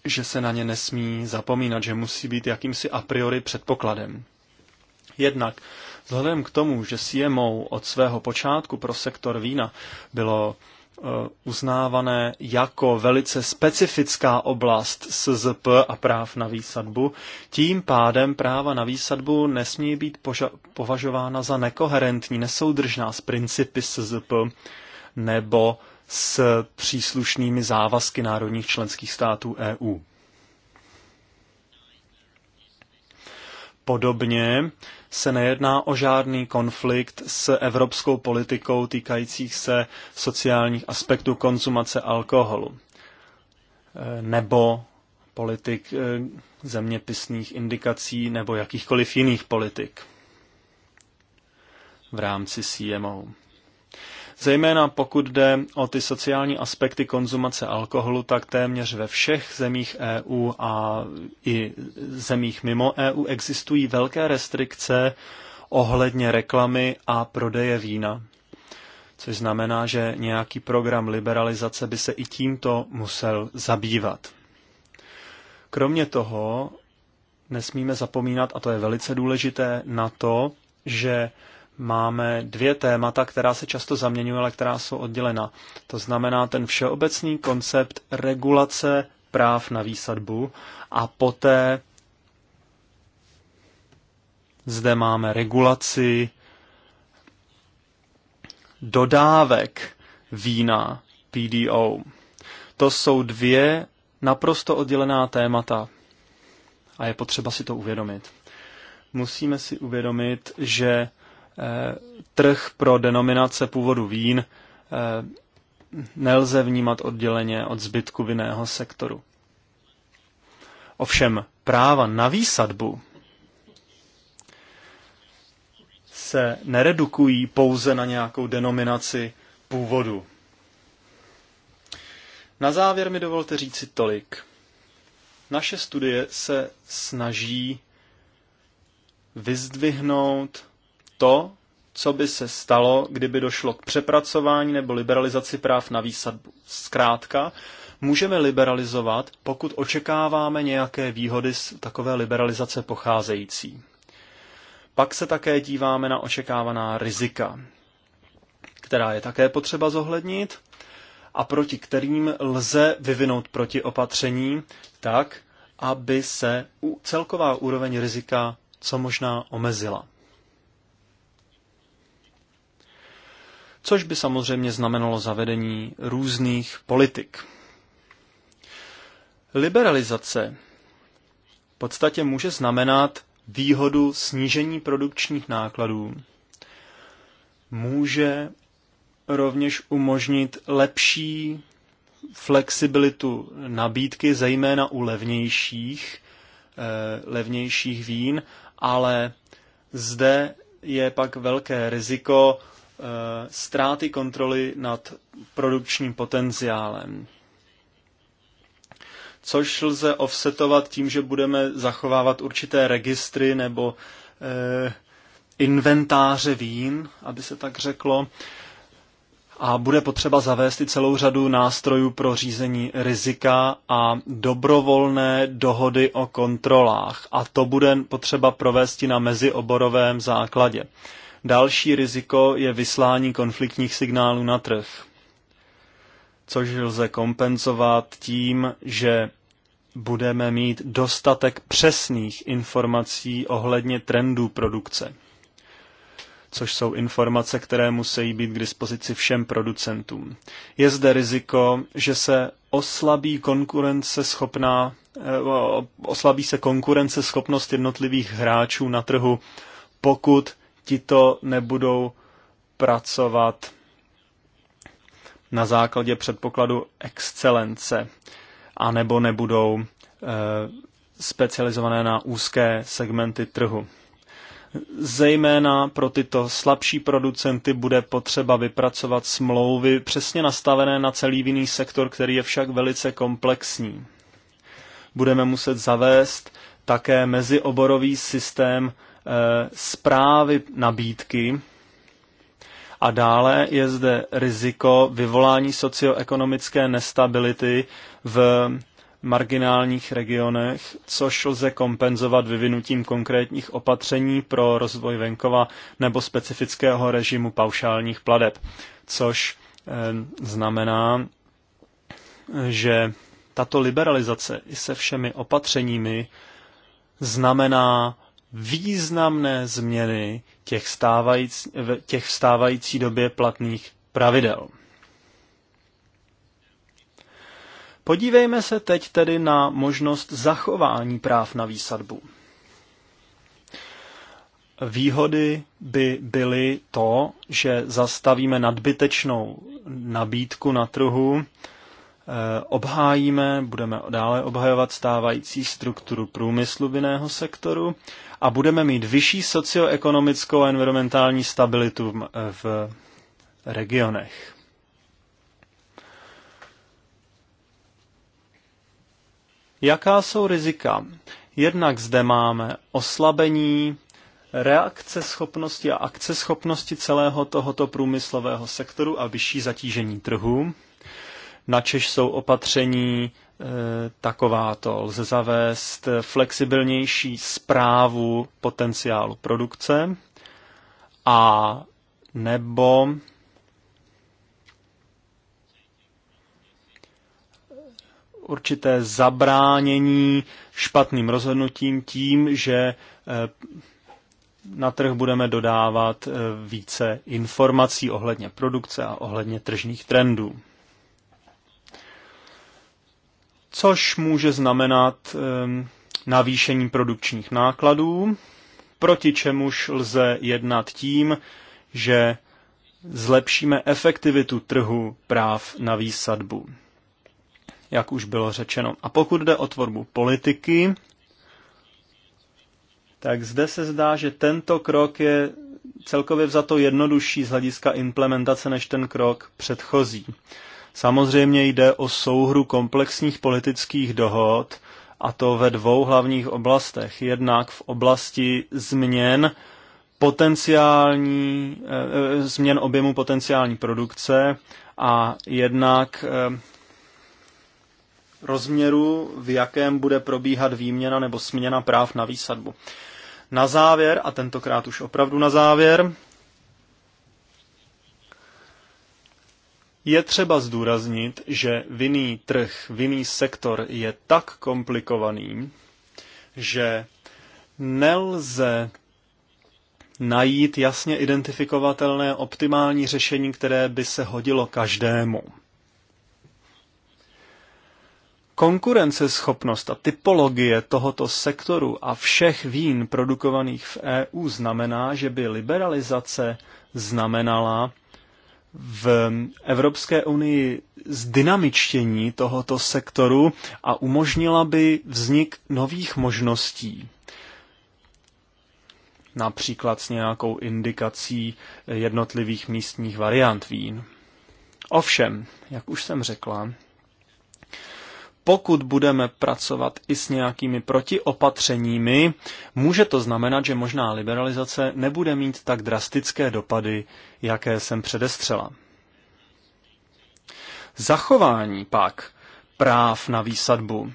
že se na ně nesmí zapomínat, že musí být jakýmsi a priori předpokladem. Jednak vzhledem k tomu, že CMO od svého počátku pro sektor vína bylo Eh, uznávané jako velice specifická oblast SZP a práv na výsadbu. Tím pádem práva na výsadbu nesmí být považována za nekoherentní, nesoudržná s principy SZP nebo s příslušnými závazky národních členských států EU. Podobně se nejedná o žádný konflikt s evropskou politikou týkajících se sociálních aspektů konzumace alkoholu e, nebo politik e, zeměpisných indikací nebo jakýchkoliv jiných politik v rámci CMO. Zejména pokud jde o ty sociální aspekty konzumace alkoholu, tak téměř ve všech zemích EU a i zemích mimo EU existují velké restrikce ohledně reklamy a prodeje vína. Což znamená, že nějaký program liberalizace by se i tímto musel zabývat. Kromě toho nesmíme zapomínat, a to je velice důležité, na to, že máme dvě témata, která se často zaměňují, ale která jsou oddělena. To znamená ten všeobecný koncept regulace práv na výsadbu a poté zde máme regulaci dodávek vína PDO. To jsou dvě naprosto oddělená témata a je potřeba si to uvědomit. Musíme si uvědomit, že Eh, trh pro denominace původu vín eh, nelze vnímat odděleně od zbytku vinného sektoru. Ovšem práva na výsadbu se neredukují pouze na nějakou denominaci původu. Na závěr mi dovolte říci tolik. Naše studie se snaží vyzdvihnout to, co by se stalo, kdyby došlo k přepracování nebo liberalizaci práv na výsadbu. Zkrátka, můžeme liberalizovat, pokud očekáváme nějaké výhody z takové liberalizace pocházející. Pak se také díváme na očekávaná rizika, která je také potřeba zohlednit a proti kterým lze vyvinout protiopatření tak, aby se celková úroveň rizika co možná omezila. což by samozřejmě znamenalo zavedení různých politik. Liberalizace v podstatě může znamenat výhodu snížení produkčních nákladů. Může rovněž umožnit lepší flexibilitu nabídky, zejména u levnějších, eh, levnějších vín, ale zde je pak velké riziko Eh, ztráty kontroly nad produkčním potenciálem. Což lze offsetovat tím, že budeme zachovávat určité registry nebo eh, inventáře vín, aby se tak řeklo, a bude potřeba zavést i celou řadu nástrojů pro řízení rizika a dobrovolné dohody o kontrolách. A to bude potřeba provést i na mezioborovém základě. Další riziko je vyslání konfliktních signálů na trh, což lze kompenzovat tím, že budeme mít dostatek přesných informací ohledně trendů produkce, což jsou informace, které musí být k dispozici všem producentům. Je zde riziko, že se oslabí konkurence schopná, eh, oslabí se konkurenceschopnost jednotlivých hráčů na trhu, pokud tito nebudou pracovat na základě předpokladu excelence, anebo nebudou e, specializované na úzké segmenty trhu. Zejména pro tyto slabší producenty bude potřeba vypracovat smlouvy přesně nastavené na celý jiný sektor, který je však velice komplexní. Budeme muset zavést také mezioborový systém Eh, zprávy nabídky a dále je zde riziko vyvolání socioekonomické nestability v marginálních regionech, což lze kompenzovat vyvinutím konkrétních opatření pro rozvoj venkova nebo specifického režimu paušálních pladeb, což eh, znamená, že tato liberalizace i se všemi opatřeními znamená významné změny těch, stávajíc, těch stávající době platných pravidel. Podívejme se teď tedy na možnost zachování práv na výsadbu. Výhody by byly to, že zastavíme nadbytečnou nabídku na trhu, Eh, obhájíme, budeme dále obhajovat stávající strukturu průmyslu jiného sektoru a budeme mít vyšší socioekonomickou a environmentální stabilitu v eh, regionech. Jaká jsou rizika? Jednak zde máme oslabení reakce schopnosti a akce schopnosti celého tohoto průmyslového sektoru a vyšší zatížení trhu načež jsou opatření eh, takováto. Lze zavést flexibilnější zprávu potenciálu produkce a nebo určité zabránění špatným rozhodnutím tím, že eh, na trh budeme dodávat eh, více informací ohledně produkce a ohledně tržních trendů což může znamenat ehm, navýšení produkčních nákladů, proti čemuž lze jednat tím, že zlepšíme efektivitu trhu práv na výsadbu, jak už bylo řečeno. A pokud jde o tvorbu politiky, tak zde se zdá, že tento krok je celkově vzato jednodušší z hlediska implementace než ten krok předchozí. Samozřejmě jde o souhru komplexních politických dohod, a to ve dvou hlavních oblastech. Jednak v oblasti změn potenciální, eh, eh, změn objemu potenciální produkce a jednak eh, rozměru, v jakém bude probíhat výměna nebo směna práv na výsadbu. Na závěr, a tentokrát už opravdu na závěr, Je třeba zdůraznit, že vinný trh, vinný sektor je tak komplikovaný, že nelze najít jasně identifikovatelné optimální řešení, které by se hodilo každému. Konkurenceschopnost a typologie tohoto sektoru a všech vín produkovaných v EU znamená, že by liberalizace znamenala v Evropské unii zdynamičtění tohoto sektoru a umožnila by vznik nových možností. Například s nějakou indikací jednotlivých místních variant vín. Ovšem, jak už jsem řekla, pokud budeme pracovat i s nějakými protiopatřeními, může to znamenat, že možná liberalizace nebude mít tak drastické dopady, jaké jsem předestřela. Zachování pak práv na výsadbu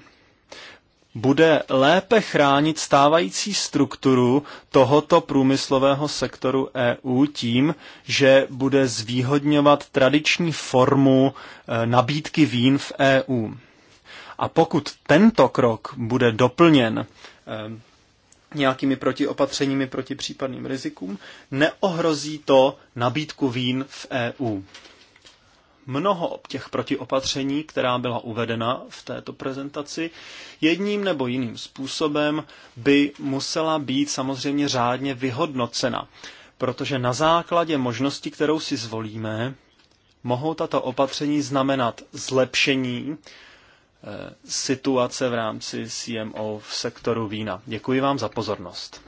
bude lépe chránit stávající strukturu tohoto průmyslového sektoru EU tím, že bude zvýhodňovat tradiční formu eh, nabídky vín v EU. A pokud tento krok bude doplněn eh, nějakými protiopatřeními proti případným rizikům, neohrozí to nabídku vín v EU. Mnoho těch protiopatření, která byla uvedena v této prezentaci, jedním nebo jiným způsobem by musela být samozřejmě řádně vyhodnocena, protože na základě možnosti, kterou si zvolíme, mohou tato opatření znamenat zlepšení Eh, situace v rámci CMO v sektoru vína. Děkuji vám za pozornost.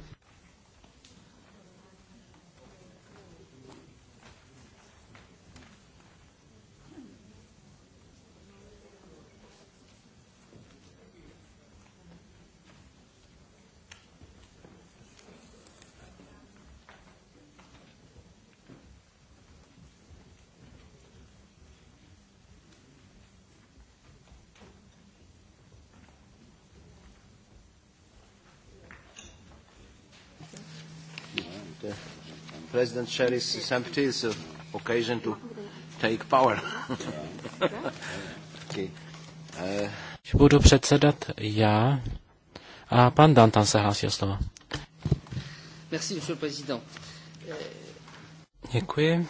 President Shelley's is empty. It's an occasion to take power. (laughs) okay. uh, Budu předsedat já a pan Dantan se hlásí o slovo. Merci, monsieur le président. Děkuji.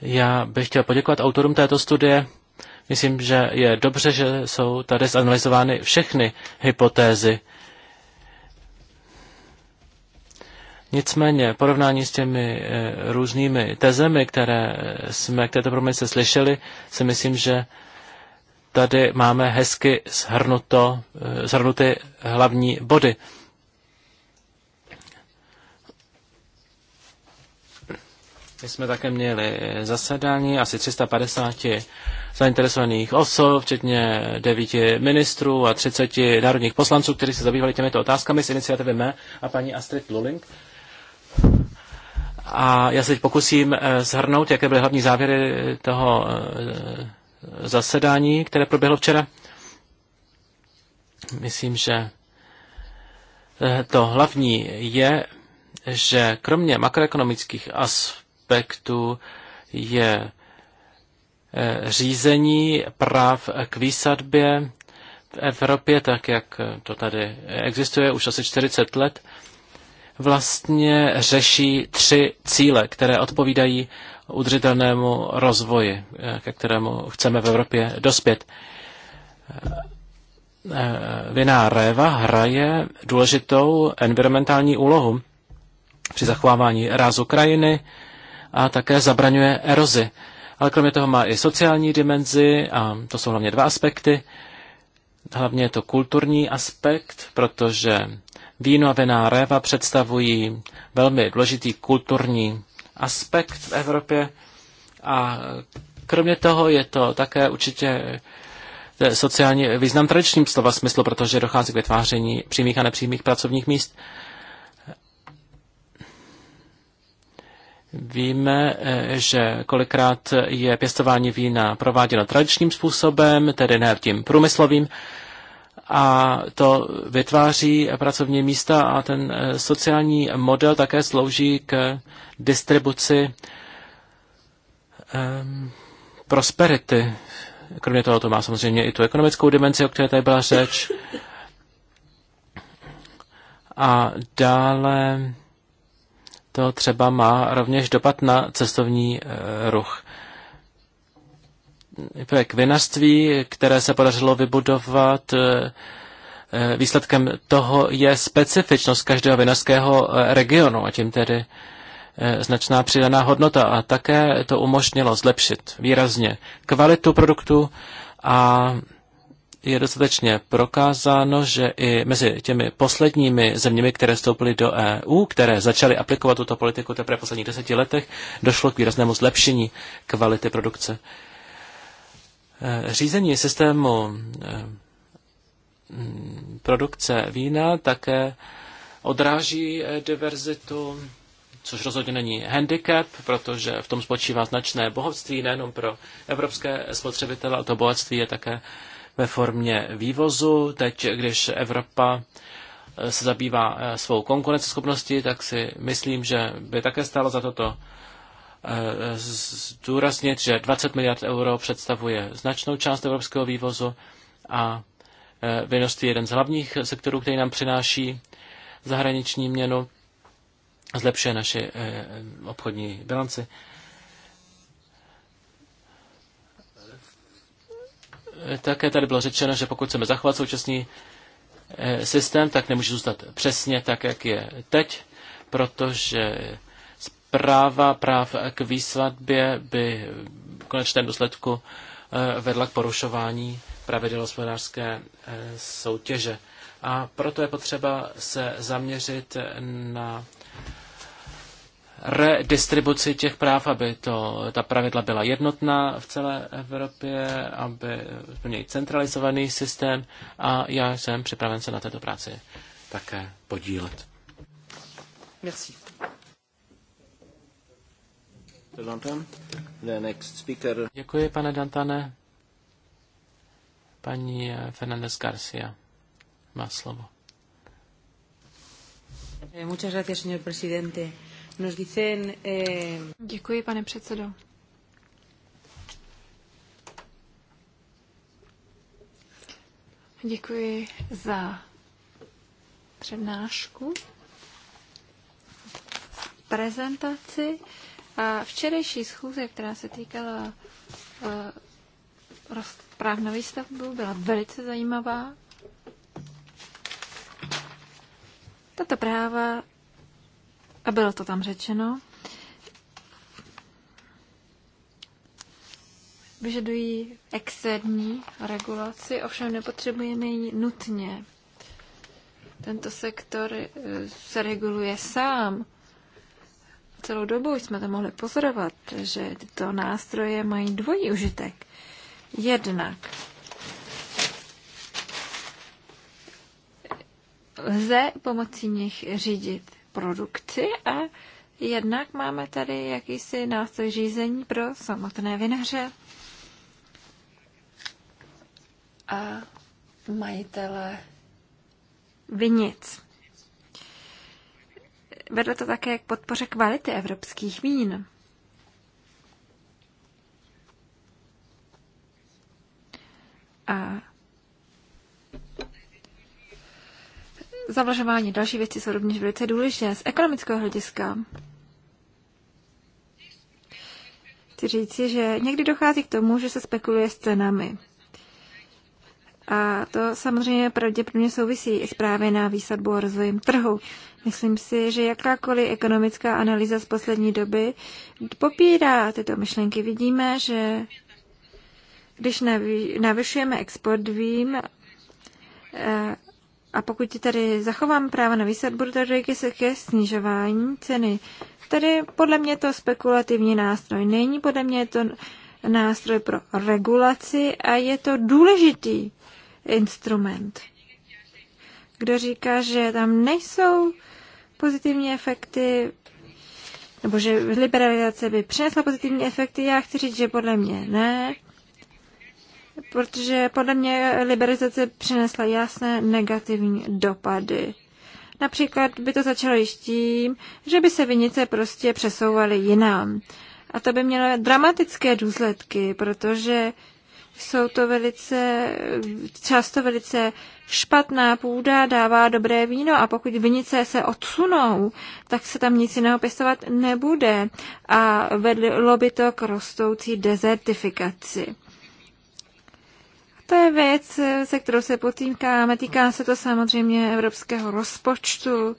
Já bych chtěl poděkovat autorům této studie. Myslím, že je dobře, že jsou tady zanalizovány všechny hypotézy Nicméně porovnání s těmi eh, různými tezemi, které jsme k této problematice slyšeli, si myslím, že tady máme hezky shrnuto, eh, shrnuty hlavní body. My jsme také měli eh, zasedání asi 350 zainteresovaných osob, včetně devíti ministrů a 30 národních poslanců, kteří se zabývali těmito otázkami z iniciativy mé a paní Astrid Luling. A já se teď pokusím zhrnout, eh, jaké byly hlavní závěry eh, toho eh, zasedání, které proběhlo včera. Myslím, že to hlavní je, že kromě makroekonomických aspektů je řízení práv k výsadbě v Evropě, tak jak to tady existuje už asi 40 let, vlastně řeší tři cíle, které odpovídají udržitelnému rozvoji, eh, ke kterému chceme v Evropě dospět. Eh, Vina réva hraje důležitou environmentální úlohu při zachovávání rázu krajiny a také zabraňuje erozi. Ale kromě toho má i sociální dimenzi a to jsou hlavně dva aspekty. Hlavně je to kulturní aspekt, protože Víno a vená réva představují velmi důležitý kulturní aspekt v Evropě a kromě toho je to také určitě eh, sociální význam tradičním slova smyslu, protože dochází k vytváření přímých a nepřímých pracovních míst. Víme, eh, že kolikrát je pěstování vína prováděno tradičním způsobem, tedy ne tím průmyslovým, a to vytváří pracovní místa a ten eh, sociální model také slouží k distribuci um, prosperity. Kromě toho to má samozřejmě i tu ekonomickou dimenzi, o které tady byla řeč. A dále to třeba má rovněž dopad na cestovní eh, ruch vinařství, které se podařilo vybudovat. Eh, eh, výsledkem toho je specifičnost každého vinařského eh, regionu a tím tedy značná přidaná hodnota a také to umožnilo zlepšit výrazně kvalitu produktu a je dostatečně prokázáno, že i mezi těmi posledními zeměmi, které vstoupily do EU, které začaly aplikovat tuto politiku teprve v posledních deseti letech, došlo k výraznému zlepšení kvality produkce. Eh, řízení systému eh, mm, produkce vína také odráží eh, diverzitu, což rozhodně není handicap, protože v tom spočívá značné bohatství nejenom pro evropské spotřebitele, a to bohatství je také ve formě vývozu. Teď, když Evropa se zabývá svou konkurenceschopností, tak si myslím, že by také stálo za toto zdůraznit, že 20 miliard euro představuje značnou část evropského vývozu a e, vynost je jeden z hlavních sektorů, který nám přináší zahraniční měnu a zlepšuje naše obchodní bilanci. Také tady bylo řečeno, že pokud chceme zachovat současný e, systém, tak nemůže zůstat přesně tak, jak je teď, protože práva, práv k výsvatbě by v konečném důsledku eh, vedla k porušování pravidel hospodářské eh, soutěže. A proto je potřeba se zaměřit na redistribuci těch práv, aby to, ta pravidla byla jednotná v celé Evropě, aby byl měli centralizovaný systém a já jsem připraven se na této práci také podílet. Merci. Mr. Danton. The next speaker. Děkuji, pane Dantane. Paní eh, Fernández Garcia má slovo. Eh, muchas gracias, señor presidente. Nos dicen, eh... Děkuji, pane předsedo. Děkuji za přednášku, prezentaci. A včerejší schůze, která se týkala uh, práv na výstavbu, byla velice zajímavá. Tato práva, a bylo to tam řečeno, vyžadují externí regulaci, ovšem nepotřebujeme ji nutně. Tento sektor eh, se reguluje sám celou dobu jsme to mohli pozorovat, že tyto nástroje mají dvojí užitek. Jednak lze pomocí nich řídit produkci a jednak máme tady jakýsi nástroj řízení pro samotné vinaře a majitele vinic. Vedlo to také k podpoře kvality evropských vín. A zavlažování další věci jsou rovněž velice důležité z ekonomického hlediska. Chci říci, že někdy dochází k tomu, že se spekuluje s cenami. A to samozřejmě pravděpodobně souvisí i s právě na výsadbu a rozvojem trhu. Myslím si, že jakákoliv ekonomická analýza z poslední doby popírá tyto myšlenky. Vidíme, že když navyšujeme export, vím, eh, a pokud tady zachovám právo na výsadbu, to dojde se ke snižování ceny. Tady podle mě to spekulativní nástroj. Není podle mě to nástroj pro regulaci a je to důležitý instrument. Kdo říká, že tam nejsou pozitivní efekty, nebo že liberalizace by přinesla pozitivní efekty, já chci říct, že podle mě ne, protože podle mě liberalizace přinesla jasné negativní dopady. Například by to začalo již tím, že by se vinice prostě přesouvaly jinam. A to by mělo dramatické důsledky, protože jsou to velice, často velice špatná půda, dává dobré víno a pokud vinice se odsunou, tak se tam nic jiného pěstovat nebude a vedlo by to k rostoucí dezertifikaci. To je věc, se kterou se potýkáme. Týká se to samozřejmě evropského rozpočtu.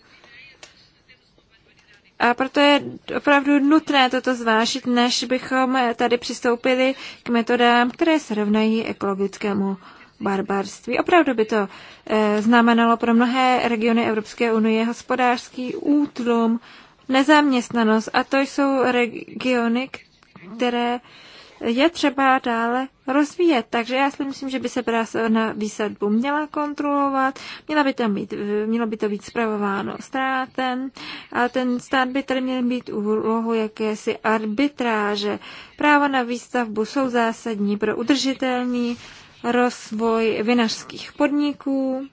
A proto je opravdu nutné toto zvážit, než bychom tady přistoupili k metodám, které se rovnají ekologickému barbarství. Opravdu by to e, znamenalo pro mnohé regiony Evropské unie hospodářský útlum, nezaměstnanost. A to jsou regiony, které je třeba dále rozvíjet. Takže já si myslím, že by se práce na výsadbu měla kontrolovat, měla by tam být, mělo by to být zpravováno státem, ale ten stát by tady měl být úlohu jakési arbitráže. Práva na výstavbu jsou zásadní pro udržitelný rozvoj vinařských podniků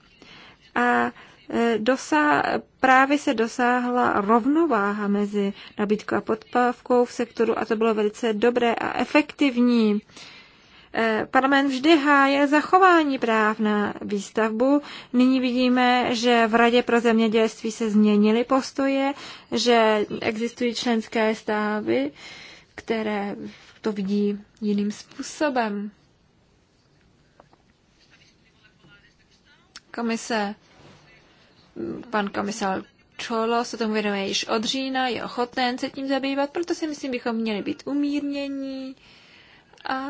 a Eh, dosa právě se dosáhla rovnováha mezi nabídkou a podpávkou v sektoru a to bylo velice dobré a efektivní. Eh, parlament vždy háje zachování práv na výstavbu. Nyní vidíme, že v Radě pro zemědělství se změnily postoje, že existují členské stávy, které to vidí jiným způsobem. Komise Pan komisar Čolo se tomu věnuje již od října, je ochoten se tím zabývat, proto si myslím, bychom měli být umírnění a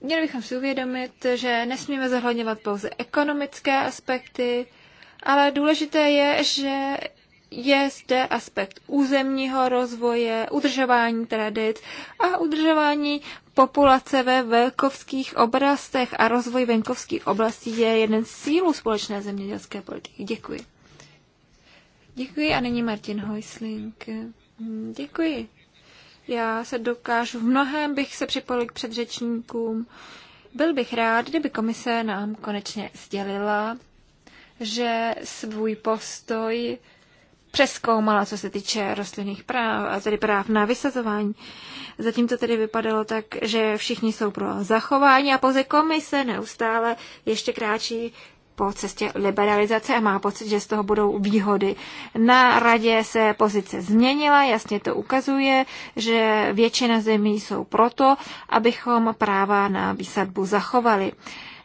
měli bychom si uvědomit, že nesmíme zahledňovat pouze ekonomické aspekty, ale důležité je, že je zde aspekt územního rozvoje, udržování tradic a udržování populace ve velkovských oblastech a rozvoj venkovských oblastí je jeden z cílů společné zemědělské politiky. Děkuji. Děkuji a nyní Martin Hojslink. Děkuji. Já se dokážu, v mnohem bych se připojil k předřečníkům. Byl bych rád, kdyby komise nám konečně sdělila, že svůj postoj přeskoumala, co se týče rostlinných práv, a tedy práv na vysazování. Zatím to tedy vypadalo tak, že všichni jsou pro zachování a pouze komise neustále ještě kráčí po cestě liberalizace a má pocit, že z toho budou výhody. Na radě se pozice změnila, jasně to ukazuje, že většina zemí jsou proto, abychom práva na výsadbu zachovali.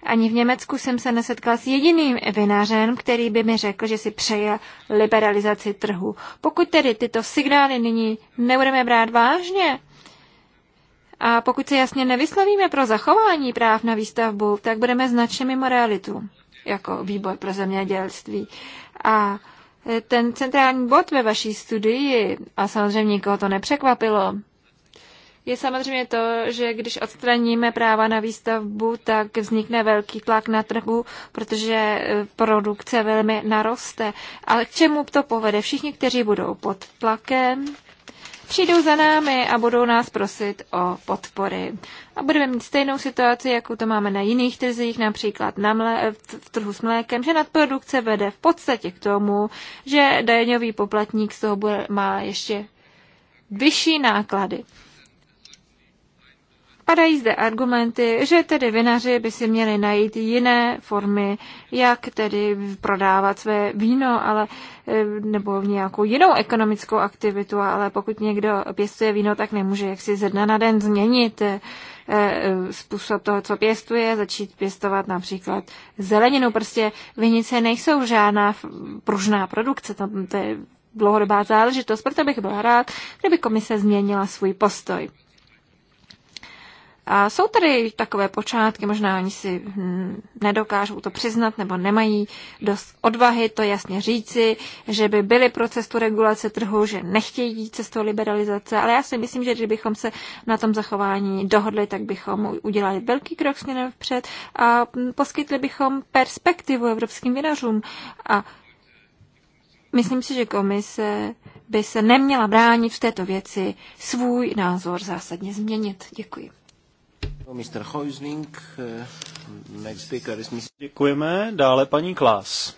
Ani v Německu jsem se nesetkal s jediným vinařem, který by mi řekl, že si přeje liberalizaci trhu. Pokud tedy tyto signály nyní nebudeme brát vážně, a pokud se jasně nevyslovíme pro zachování práv na výstavbu, tak budeme značně mimo realitu, jako výbor pro zemědělství. A e, ten centrální bod ve vaší studii, a samozřejmě nikoho to nepřekvapilo, je samozřejmě to, že když odstraníme práva na výstavbu, tak vznikne velký tlak na trhu, protože eh, produkce velmi naroste. Ale k čemu to povede? Všichni, kteří budou pod tlakem, přijdou za námi a budou nás prosit o podpory. A budeme mít stejnou situaci, jakou to máme na jiných trzích, například na mle- eh, v trhu s mlékem, že nadprodukce vede v podstatě k tomu, že daňový poplatník z toho bude, má ještě vyšší náklady. Padají zde argumenty, že tedy vinaři by si měli najít jiné formy, jak tedy prodávat své víno, ale eh, nebo nějakou jinou ekonomickou aktivitu, ale pokud někdo pěstuje víno, tak nemůže jaksi ze dne na den změnit eh, eh, způsob toho, co pěstuje, začít pěstovat například zeleninu. Prostě vinice nejsou žádná pružná produkce, tam to je dlouhodobá záležitost, proto bych byla rád, kdyby komise změnila svůj postoj. A jsou tady takové počátky, možná oni si hm, nedokážou to přiznat nebo nemají dost odvahy to jasně říci, že by byli pro cestu regulace trhu, že nechtějí cestou liberalizace, ale já si myslím, že kdybychom se na tom zachování dohodli, tak bychom udělali velký krok směrem vpřed a hm, poskytli bychom perspektivu evropským vinařům. A myslím si, že komise by se neměla bránit v této věci svůj názor zásadně změnit. Děkuji. Eh, next speaker Děkujeme. Dále paní Klás.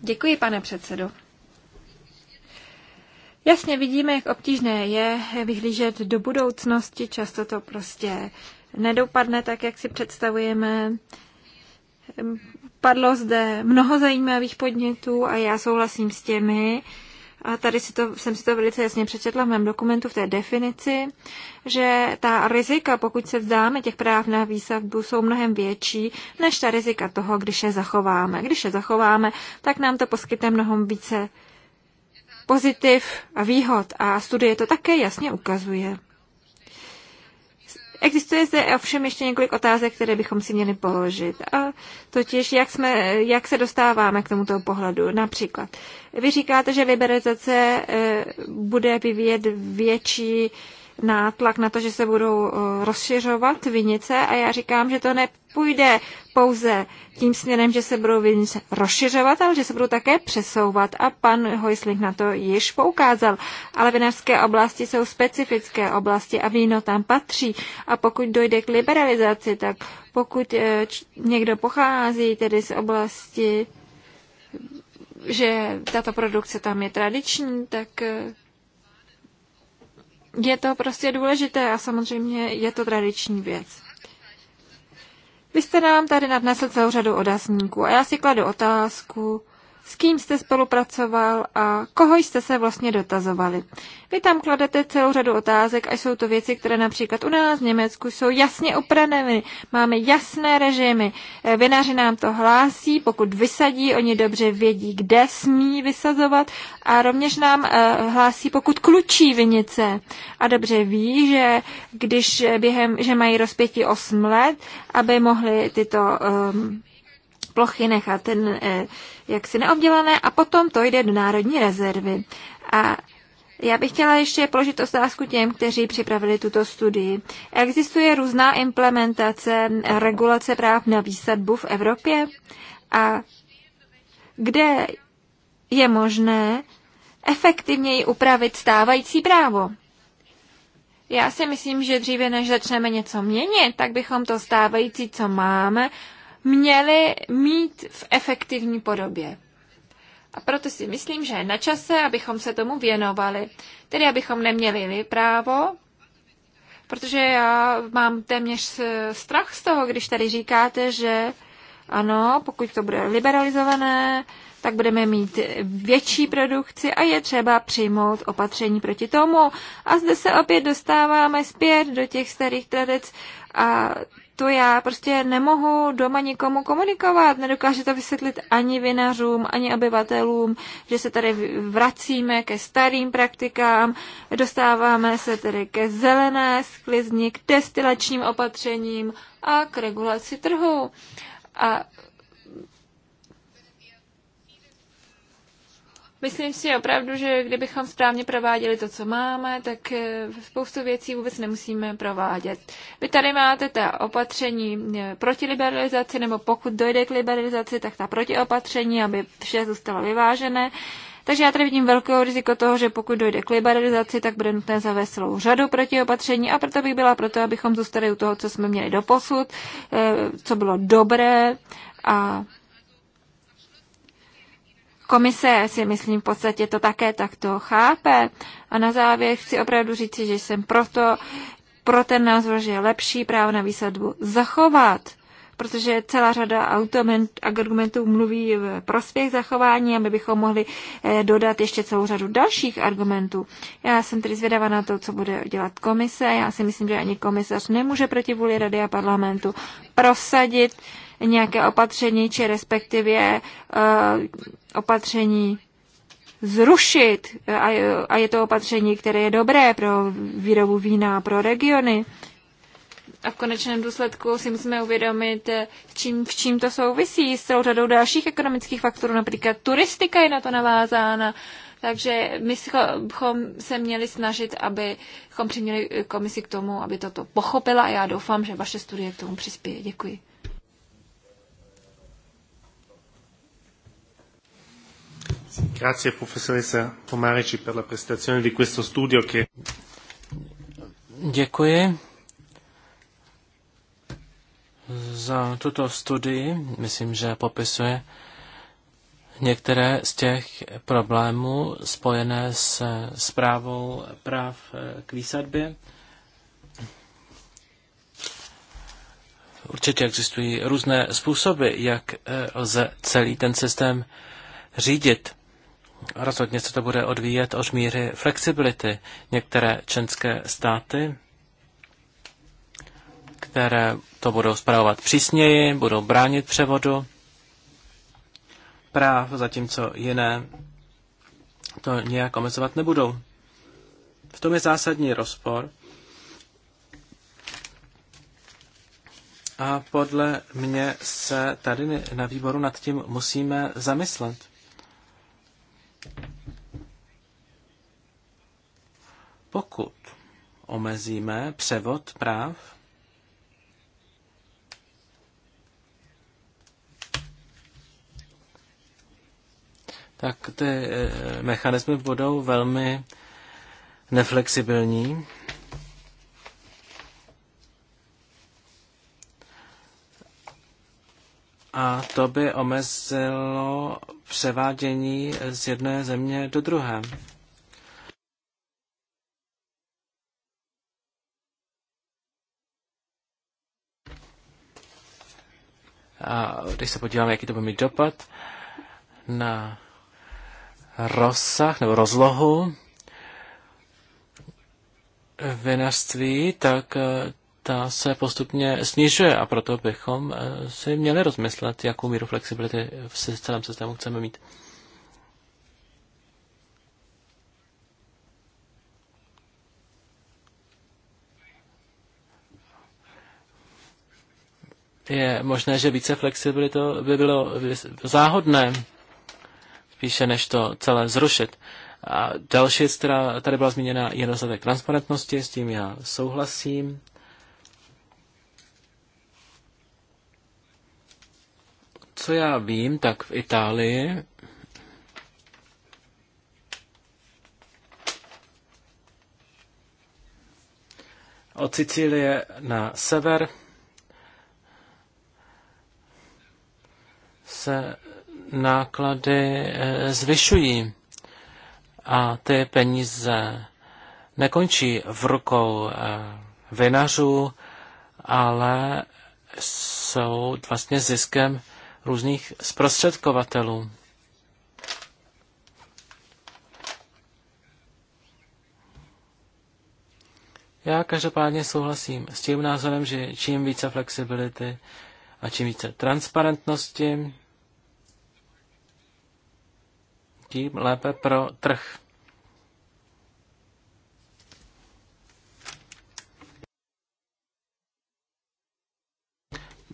Děkuji, pane předsedo. Jasně vidíme, jak obtížné je vyhlížet do budoucnosti. Často to prostě nedopadne tak, jak si představujeme. Padlo zde mnoho zajímavých podnětů a já souhlasím s těmi, a tady si to, jsem si to velice jasně přečetla v mém dokumentu v té definici, že ta rizika, pokud se vzdáme těch práv na výsadbu, jsou mnohem větší než ta rizika toho, když je zachováme. Když je zachováme, tak nám to poskytne mnohem více pozitiv a výhod a studie to také jasně ukazuje. Existuje zde ovšem ještě několik otázek, které bychom si měli položit. A totiž, jak, jsme, jak se dostáváme k tomuto pohledu. Například, vy říkáte, že liberalizace eh, bude vyvíjet větší nátlak na to, že se budou eh, rozšiřovat vinice a já říkám, že to nepůjde pouze tím směrem, že se budou vinice rozšiřovat, ale že se budou také přesouvat a pan Hojsling na to již poukázal. Ale vinařské oblasti jsou specifické oblasti a víno tam patří a pokud dojde k liberalizaci, tak pokud eh, někdo pochází tedy z oblasti, že tato produkce tam je tradiční, tak eh, je to prostě důležité a samozřejmě je to tradiční věc. Vy jste nám tady nadnesl celou řadu odazníků a já si kladu otázku, s kým jste spolupracoval a koho jste se vlastně dotazovali. Vy tam kladete celou řadu otázek a jsou to věci, které například u nás v Německu jsou jasně upraveny. Máme jasné režimy. Eh, vinaři nám to hlásí, pokud vysadí, oni dobře vědí, kde smí vysazovat a rovněž nám eh, hlásí, pokud klučí vinice. A dobře ví, že když během, že mají rozpětí 8 let, aby mohli tyto um, plochy nechat ten, eh, jaksi neobdělané a potom to jde do národní rezervy. A já bych chtěla ještě položit otázku těm, kteří připravili tuto studii. Existuje různá implementace regulace práv na výsadbu v Evropě? A kde je možné efektivněji upravit stávající právo? Já si myslím, že dříve než začneme něco měnit, tak bychom to stávající, co máme, měly mít v efektivní podobě. A proto si myslím, že je na čase, abychom se tomu věnovali. Tedy abychom neměli právo, protože já mám téměř strach z toho, když tady říkáte, že ano, pokud to bude liberalizované, tak budeme mít větší produkci a je třeba přijmout opatření proti tomu. A zde se opět dostáváme zpět do těch starých tradic a to já prostě nemohu doma nikomu komunikovat. Nedokážu to vysvětlit ani vinařům, ani obyvatelům, že se tady vracíme ke starým praktikám, dostáváme se tedy ke zelené sklizni, k destilačním opatřením a k regulaci trhu. A Myslím si opravdu, že kdybychom správně prováděli to, co máme, tak eh, spoustu věcí vůbec nemusíme provádět. Vy tady máte ta opatření eh, proti liberalizaci, nebo pokud dojde k liberalizaci, tak ta protiopatření, aby vše zůstalo vyvážené. Takže já tady vidím velké riziko toho, že pokud dojde k liberalizaci, tak bude nutné zavést celou řadu protiopatření a proto bych byla proto, abychom zůstali u toho, co jsme měli do posud, eh, co bylo dobré a Komise si myslím v podstatě to také takto chápe. A na závěr chci opravdu říct, že jsem proto, pro ten názor, že je lepší právo na výsadbu zachovat, protože celá řada argumentů mluví v prospěch zachování a my bychom mohli eh, dodat ještě celou řadu dalších argumentů. Já jsem tedy zvědavá na to, co bude dělat komise. Já si myslím, že ani komisař nemůže proti vůli Rady a parlamentu prosadit nějaké opatření, či respektive eh, opatření zrušit a je to opatření, které je dobré pro výrobu vína, pro regiony. A v konečném důsledku si musíme uvědomit, eh, v čím, v čím to souvisí s celou řadou dalších ekonomických faktorů, například turistika je na to navázána. Takže my bychom se měli snažit, abychom přiměli komisi k tomu, aby toto pochopila a já doufám, že vaše studie k tomu přispěje. Děkuji. Grazie professoressa Pomarici per la presentazione di questo studio che... Děkuji za tuto studii. Myslím, že popisuje některé z těch problémů spojené s zprávou práv k výsadbě. Určitě existují různé způsoby, jak eh, lze celý ten systém řídit. Rozhodně se to bude odvíjet od míry flexibility. Některé členské státy, které to budou zpravovat přísněji, budou bránit převodu práv, zatímco jiné to nějak omezovat nebudou. V tom je zásadní rozpor. A podle mě se tady na výboru nad tím musíme zamyslet. Pokud omezíme převod práv, tak ty eh, mechanismy budou velmi neflexibilní. A to by omezilo převádění z jedné země do druhé. A když se podíváme, jaký to bude mít dopad na rozsah nebo rozlohu vinařství, tak ta se postupně snižuje a proto bychom eh, si měli rozmyslet, jakou míru flexibility v celém systému chceme mít. Je možné, že více flexibility by bylo záhodné, spíše než to celé zrušit. A další která tady byla zmíněna, je dostatek transparentnosti, s tím já souhlasím. co já vím, tak v Itálii od Sicílie na sever se náklady eh, zvyšují a ty peníze nekončí v rukou eh, vinařů, ale jsou vlastně ziskem různých zprostředkovatelů. Já každopádně souhlasím s tím názorem, že čím více flexibility a čím více transparentnosti, tím lépe pro trh.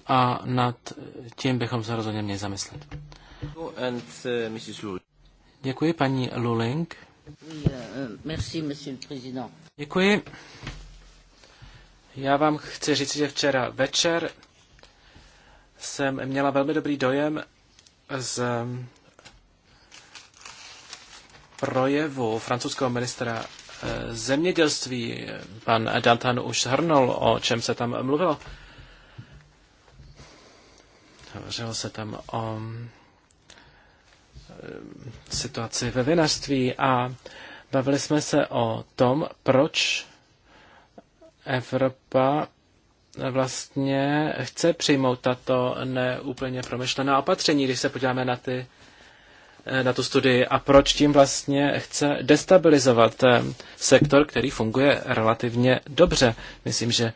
a nad tím bychom se rozhodně měli zamyslet. Uh, Děkuji, paní Luling. Euh, Děkuji. Já vám chci říct, že včera večer jsem měla velmi dobrý dojem z um, projevu francouzského ministra uh, zemědělství. Pan Dantan už shrnul, o čem se tam mluvilo. Hovořilo se tam o um, situaci ve vinařství a bavili jsme se o tom, proč Evropa vlastně chce přijmout tato neúplně promyšlená opatření, když se podíváme na, ty, na tu studii a proč tím vlastně chce destabilizovat eh, sektor, který funguje relativně dobře. Myslím, že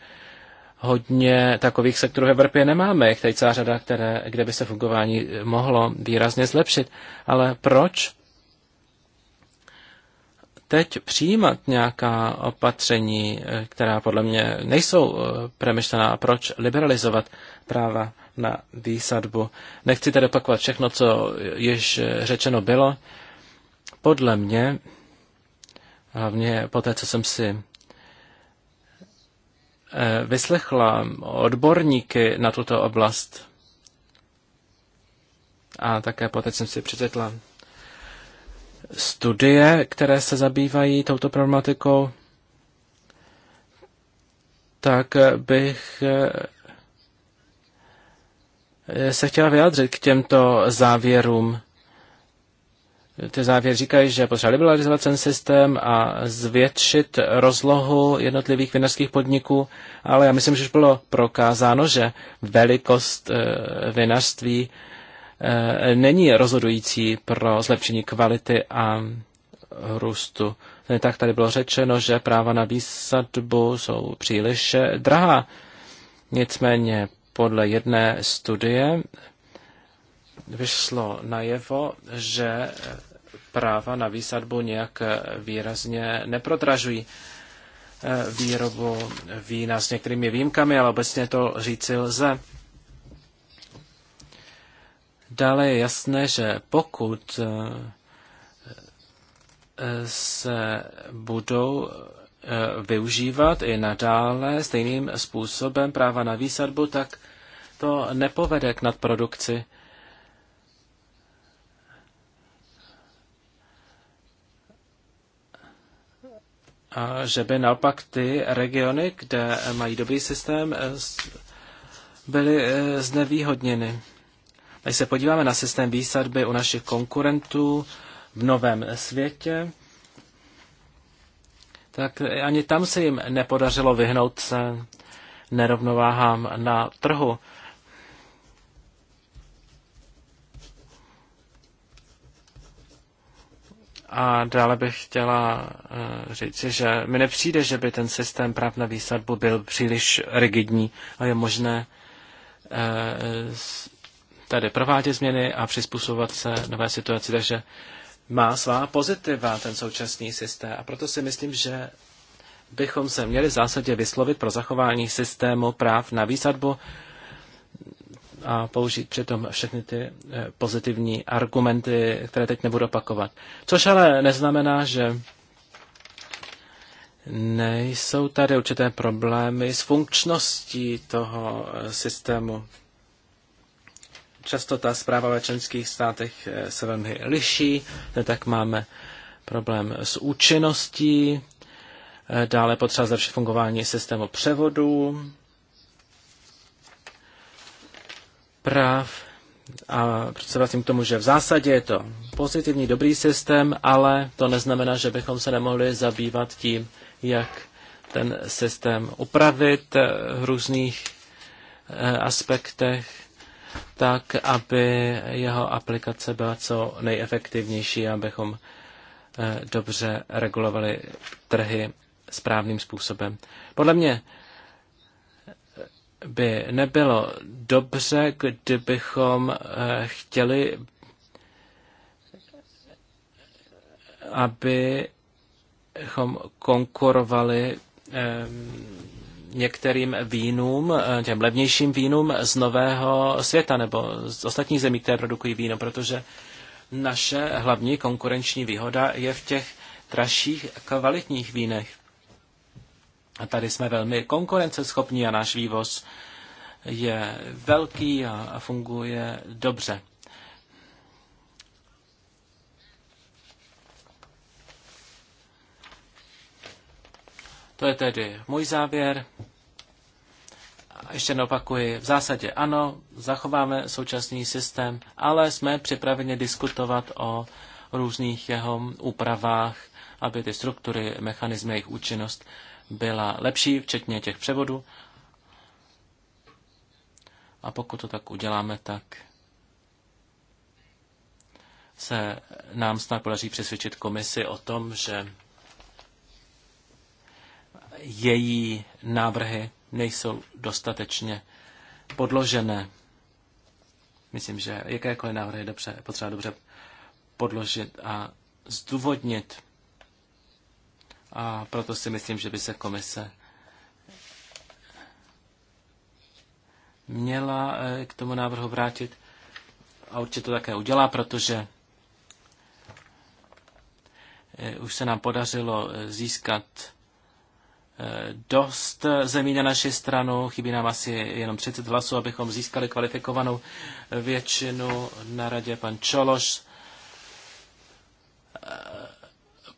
hodně takových sektorů v Evropě nemáme. Je tady celá řada, které, kde by se fungování mohlo výrazně zlepšit. Ale proč teď přijímat nějaká opatření, která podle mě nejsou eh, premyšlená a proč liberalizovat práva na výsadbu. Nechci tady opakovat všechno, co již řečeno bylo. Podle mě, hlavně po té, co jsem si Eh, vyslechla odborníky na tuto oblast. A také poté jsem si přečetla studie, které se zabývají touto problematikou, tak bych eh, se chtěla vyjádřit k těmto závěrům ty závěry říkají, že potřeba liberalizovat ten systém a zvětšit rozlohu jednotlivých vinařských podniků, ale já myslím, že už bylo prokázáno, že velikost eh, vinařství eh, není rozhodující pro zlepšení kvality a růstu. Tak tady bylo řečeno, že práva na výsadbu jsou příliš drahá. Nicméně podle jedné studie vyšlo najevo, že práva na výsadbu nějak výrazně neprodražují eh, výrobu vína s některými výjimkami, ale obecně to říci lze. Dále je jasné, že pokud eh, eh, se budou využívat i nadále stejným způsobem práva na výsadbu, tak to nepovede k nadprodukci a že by naopak ty regiony, kde mají dobrý systém, eh, byly eh, znevýhodněny. Když se podíváme na systém výsadby u našich konkurentů v novém světě, tak ani tam se jim nepodařilo vyhnout se nerovnováhám na trhu. A dále bych chtěla eh, říct, že mi nepřijde, že by ten systém práv na výsadbu byl příliš rigidní a je možné eh, tady provádět změny a přizpůsobovat se nové situaci, takže má svá pozitiva ten současný systém a proto si myslím, že bychom se měli v zásadě vyslovit pro zachování systému práv na výsadbu a použít přitom všechny ty eh, pozitivní argumenty, které teď nebudu opakovat. Což ale neznamená, že nejsou tady určité problémy s funkčností toho eh, systému. Často ta zpráva ve členských státech eh, se velmi liší, tak máme problém s účinností, dále potřeba zlepšit fungování systému převodu, práv a se vracím k tomu, že v zásadě je to pozitivní, dobrý systém, ale to neznamená, že bychom se nemohli zabývat tím, jak ten systém upravit v různých eh, aspektech, tak, aby jeho aplikace byla co nejefektivnější, abychom eh, dobře regulovali trhy správným způsobem. Podle mě by nebylo dobře, kdybychom eh, chtěli, abychom konkurovali ehm, některým vínům, eh, těm levnějším vínům z nového světa nebo z ostatních zemí, které produkují víno, protože naše hlavní konkurenční výhoda je v těch dražších kvalitních vínech. A tady jsme velmi konkurenceschopní a náš vývoz je velký a, funguje dobře. To je tedy můj závěr. A ještě neopakuji, v zásadě ano, zachováme současný systém, ale jsme připraveni diskutovat o různých jeho úpravách, aby ty struktury, mechanismy, jejich účinnost byla lepší, včetně těch převodů. A pokud to tak uděláme, tak se nám snad podaří přesvědčit komisi o tom, že její návrhy nejsou dostatečně podložené. Myslím, že jakékoliv návrhy je dobře, potřeba dobře podložit a zdůvodnit. A proto si myslím, že by se komise měla eh, k tomu návrhu vrátit a určitě to také udělá, protože eh, už se nám podařilo eh, získat dost zemí na naši stranu. Chybí nám asi jenom 30 hlasů, abychom získali kvalifikovanou většinu na radě pan Čološ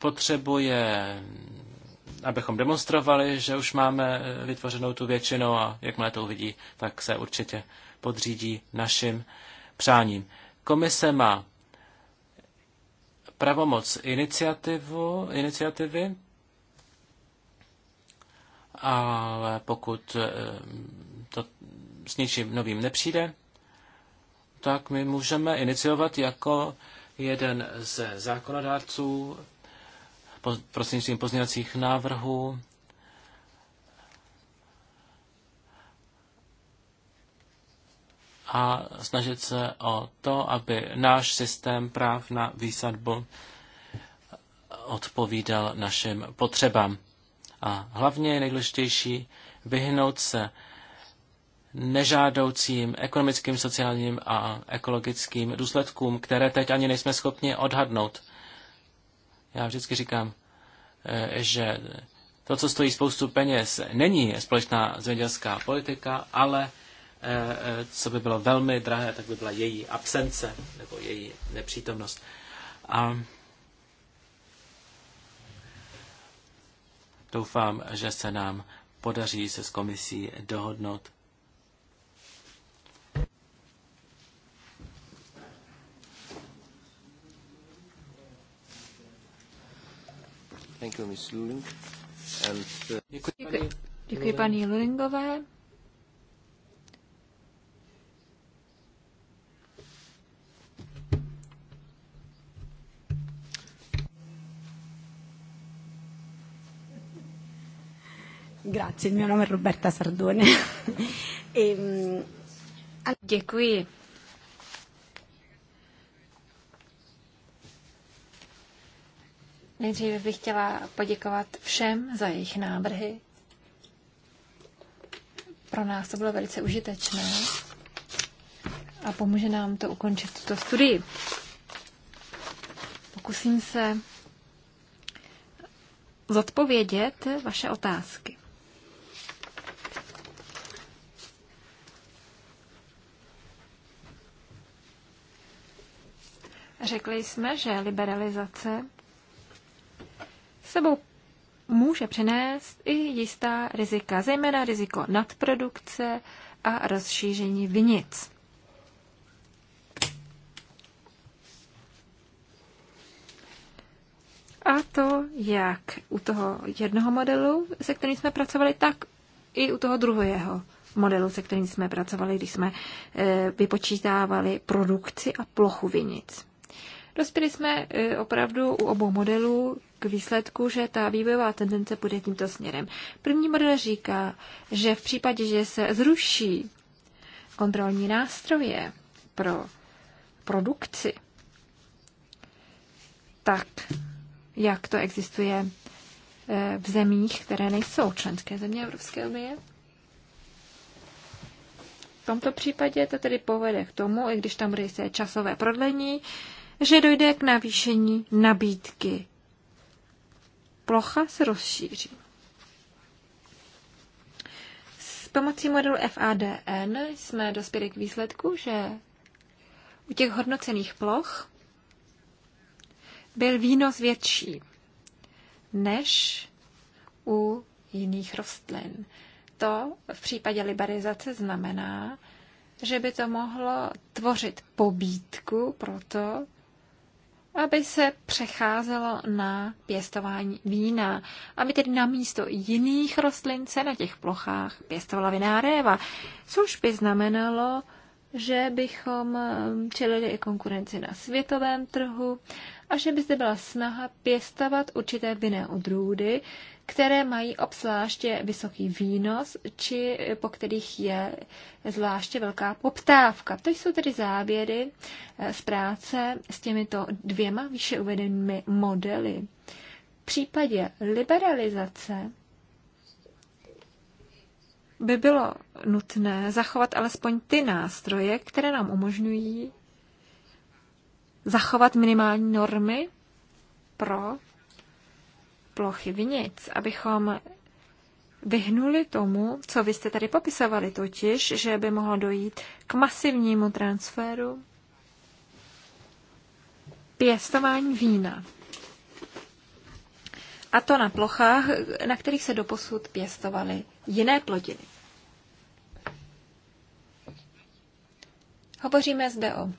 potřebuje, abychom demonstrovali, že už máme vytvořenou tu většinu a jakmile to uvidí, tak se určitě podřídí našim přáním. Komise má pravomoc iniciativu, iniciativy, ale pokud eh, to s ničím novým nepřijde, tak my můžeme iniciovat jako jeden ze zákonodárců prostřednictvím pozměňovacích návrhů. a snažit se o to, aby náš systém práv na výsadbu odpovídal našim potřebám. A hlavně je nejdůležitější vyhnout se nežádoucím ekonomickým, sociálním a ekologickým důsledkům, které teď ani nejsme schopni odhadnout. Já vždycky říkám, eh, že to, co stojí spoustu peněz, není společná zemědělská politika, ale eh, eh, co by bylo velmi drahé, tak by byla její absence nebo její nepřítomnost. A doufám, že se nám podaří se s komisí dohodnout Děkuji, uh, Děkuji. Děkuji paní Lulingové. Grazie, il mio nome è Roberta Sardone. (laughs) e, Děkuji. Nejdříve bych chtěla poděkovat všem za jejich návrhy. Pro nás to bylo velice užitečné a pomůže nám to ukončit tuto studii. Pokusím se zodpovědět vaše otázky. Řekli jsme, že liberalizace sebou může přinést i jistá rizika, zejména riziko nadprodukce a rozšíření vinic. A to jak u toho jednoho modelu, se kterým jsme pracovali, tak i u toho druhého modelu, se kterým jsme pracovali, když jsme eh, vypočítávali produkci a plochu vinic. Dospěli jsme e, opravdu u obou modelů k výsledku, že ta vývojová tendence půjde tímto směrem. První model říká, že v případě, že se zruší kontrolní nástroje pro produkci, tak jak to existuje e, v zemích, které nejsou členské země Evropské unie, v tomto případě to tedy povede k tomu, i když tam bude jisté časové prodlení, že dojde k navýšení nabídky. Plocha se rozšíří. S pomocí modelu FADN jsme dospěli k výsledku, že u těch hodnocených ploch byl výnos větší než u jiných rostlin. To v případě liberizace znamená, že by to mohlo tvořit pobídku pro to, aby se přecházelo na pěstování vína, aby tedy na místo jiných rostlin se na těch plochách pěstovala viná réva, což by znamenalo, že bychom um, čelili i konkurenci na světovém trhu a že by zde byla snaha pěstovat určité vinné odrůdy, které mají obzvláště vysoký výnos, či po kterých je zvláště velká poptávka. To jsou tedy závěry eh, z práce s těmito dvěma výše uvedenými modely. V případě liberalizace by bylo nutné zachovat alespoň ty nástroje, které nám umožňují zachovat minimální normy pro plochy vinic, abychom vyhnuli tomu, co vy jste tady popisovali, totiž, že by mohlo dojít k masivnímu transferu pěstování vína. A to na plochách, na kterých se doposud pěstovaly jiné plodiny. Hovoříme zde o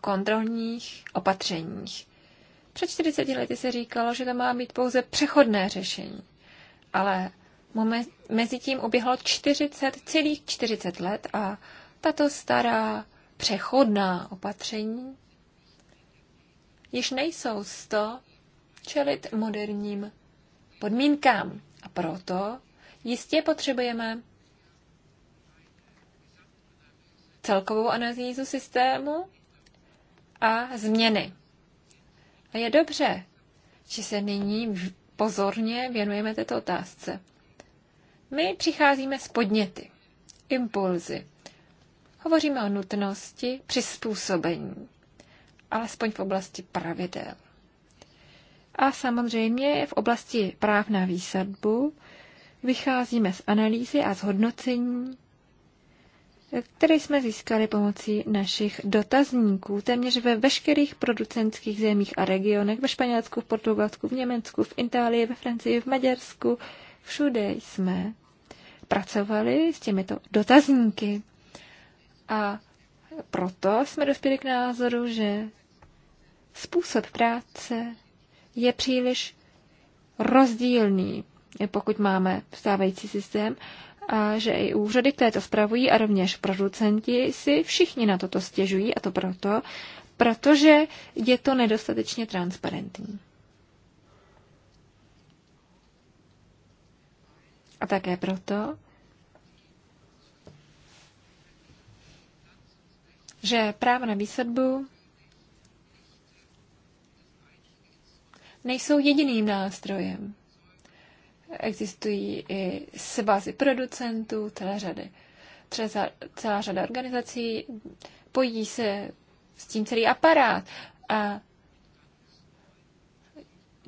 kontrolních opatřeních. Před 40 lety se říkalo, že to má být pouze přechodné řešení. Ale mezi tím uběhlo 40, celých 40 let a tato stará přechodná opatření již nejsou z to čelit moderním podmínkám. A proto jistě potřebujeme celkovou analýzu systému a změny. A je dobře, že se nyní pozorně věnujeme této otázce. My přicházíme s podněty, impulzy. Hovoříme o nutnosti přizpůsobení, alespoň v oblasti pravidel. A samozřejmě v oblasti práv na výsadbu vycházíme z analýzy a zhodnocení který jsme získali pomocí našich dotazníků téměř ve veškerých producentských zemích a regionech, ve Španělsku, v Portugalsku, v Německu, v Itálii, ve Francii, v Maďarsku. Všude jsme pracovali s těmito dotazníky. A proto jsme dospěli k názoru, že způsob práce je příliš rozdílný, pokud máme vstávající systém, a že i úřady, které to spravují a rovněž producenti si všichni na toto stěžují a to proto, protože je to nedostatečně transparentní. A také proto, že právo na výsadbu nejsou jediným nástrojem Existují i svazy producentů, celé řady. Třeba celá řada organizací pojí se s tím celý aparát. A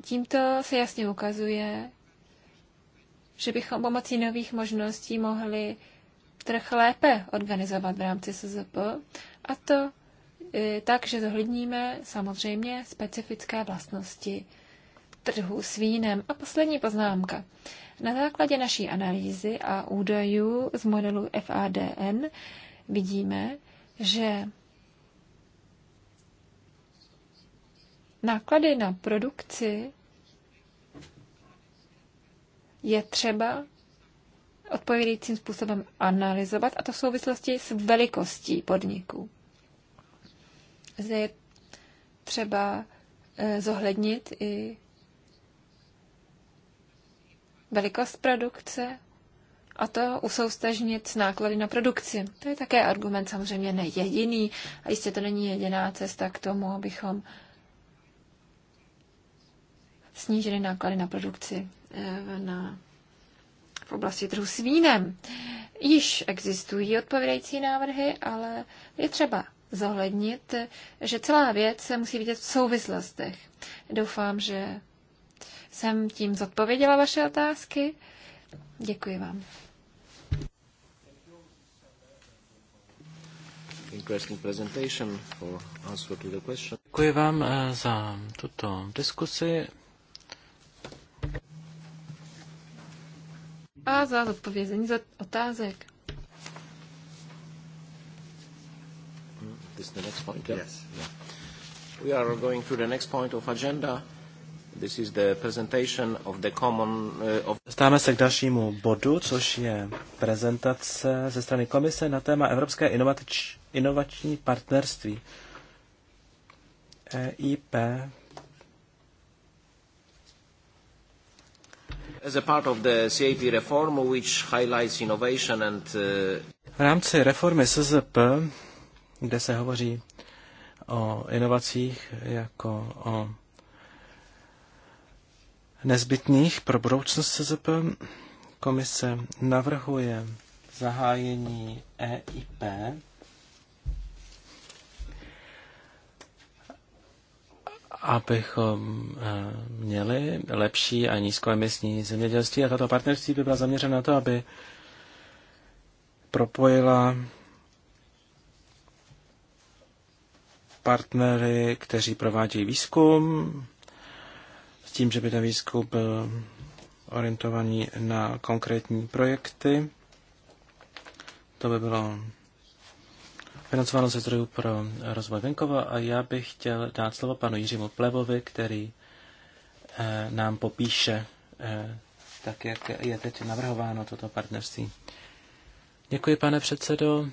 tímto se jasně ukazuje, že bychom pomocí nových možností mohli trh lépe organizovat v rámci SZP a to e, tak, že zohledníme samozřejmě specifické vlastnosti trhu s vínem. A poslední poznámka. Na základě naší analýzy a údajů z modelu FADN vidíme, že náklady na produkci je třeba odpovědajícím způsobem analyzovat, a to v souvislosti s velikostí podniků. Zde je třeba eh, zohlednit i velikost produkce a to usoustažnit s náklady na produkci. To je také argument samozřejmě nejediný a jistě to není jediná cesta k tomu, abychom snížili náklady na produkci eh, na, v oblasti trhu s vínem. Již existují odpovědající návrhy, ale je třeba zohlednit, že celá věc se musí vidět v souvislostech. Doufám, že jsem tím zodpověděla vaše otázky. Děkuji vám. Děkuji vám eh, za tuto diskusi. A za zodpovězení za otázek. Hmm, this is the next point, yeah? Yes. Yeah. We are going to the next point of agenda. Uh, Stáváme se k dalšímu bodu, což je prezentace ze strany komise na téma Evropské inovač, inovační partnerství. EIP. As a part of the CAP reform, which highlights innovation and... Uh... V rámci reformy SZP, kde se hovoří o inovacích jako o nezbytných pro budoucnost CZP. Komise navrhuje zahájení EIP abychom eh, měli lepší a nízkoemisní zemědělství. A tato partnerství by byla zaměřena na to, aby propojila partnery, kteří provádějí výzkum, s tím, že by ten výzkum byl orientovaný na konkrétní projekty. To by bylo financováno ze zdrojů pro rozvoj venkova a já bych chtěl dát slovo panu Jiřímu Plevovi, který eh, nám popíše eh, tak, jak je teď navrhováno toto partnerství. Děkuji, pane předsedo.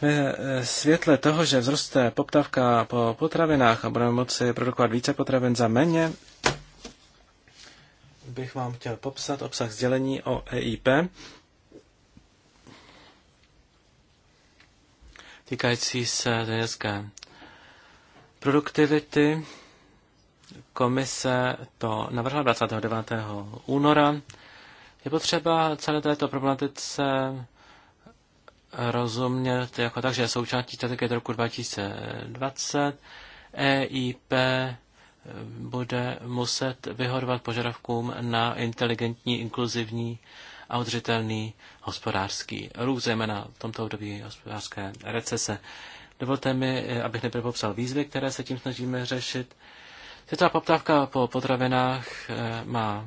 Ve e, světle toho, že vzroste poptávka po potravinách a budeme moci produkovat více potravin za méně, bych vám chtěl popsat obsah sdělení o EIP. Týkající se zemědělské produktivity, komise to navrhla 29. února. Je potřeba celé této problematice rozumět jako tak, že součástí strategie do roku 2020. EIP eh, bude muset vyhodovat požadavkům na inteligentní, inkluzivní a udržitelný hospodářský růst, zejména v tomto období hospodářské recese. Dovolte mi, eh, abych nebyl popsal výzvy, které se tím snažíme řešit. Světová poptávka po potravinách eh, má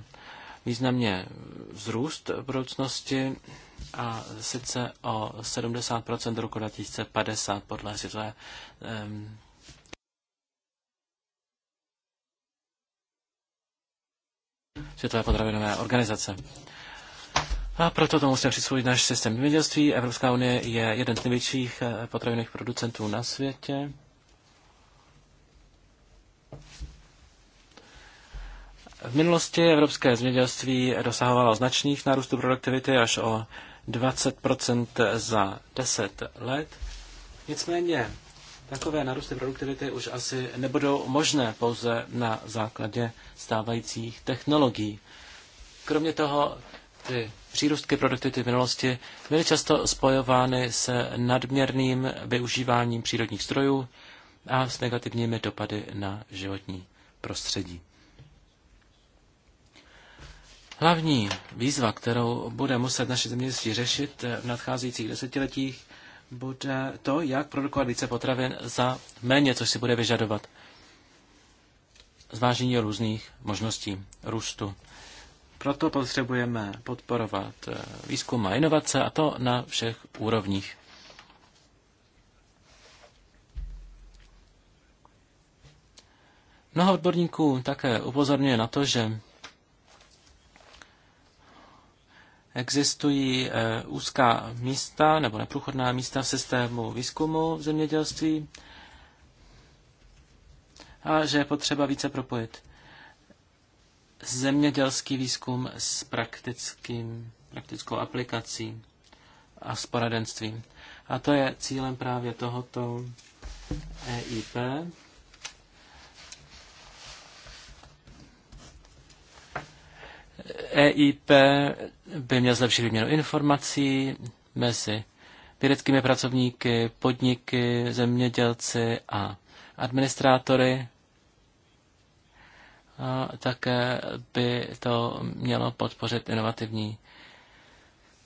významně vzrůst v budoucnosti a sice o 70% do roku 2050 podle světové um, Světové potravinové organizace. A proto to musíme přizpůsobit náš systém zemědělství. Evropská unie je jeden z největších eh, potravinových producentů na světě. V minulosti evropské zemědělství dosahovalo značných nárůstů produktivity až o 20 za 10 let. Nicméně takové nárůsty produktivity už asi nebudou možné pouze na základě stávajících technologií. Kromě toho, ty přírůstky produktivity v minulosti byly často spojovány s nadměrným využíváním přírodních strojů a s negativními dopady na životní prostředí. Hlavní výzva, kterou bude muset naše zemědělství řešit eh, v nadcházejících desetiletích, bude to, jak produkovat více potravin za méně, což si bude vyžadovat zvážení různých možností růstu. Proto potřebujeme podporovat eh, výzkum a inovace a to na všech úrovních. Mnoho odborníků také upozorňuje na to, že Existují eh, úzká místa nebo neprůchodná místa v systému výzkumu v zemědělství a že je potřeba více propojit zemědělský výzkum s praktickým, praktickou aplikací a s poradenstvím. A to je cílem právě tohoto EIP. EIP by měl zlepšit výměnu informací mezi vědeckými pracovníky, podniky, zemědělci a administrátory. A také by to mělo podpořit inovativní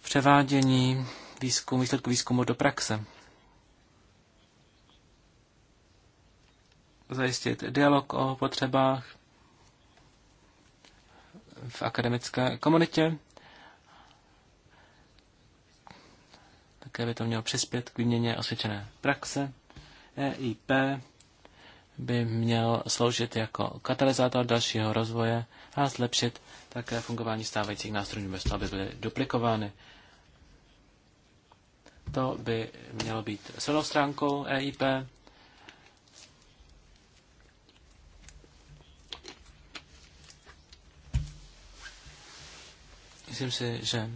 převádění výzkum, výsledku výzkumu do praxe. Zajistit dialog o potřebách v akademické komunitě. Také by to mělo přispět k výměně osvědčené praxe. EIP by měl sloužit jako katalyzátor dalšího rozvoje a zlepšit také fungování stávajících nástrojů, bez toho, aby byly duplikovány. To by mělo být silnou stránkou EIP Myslím si, že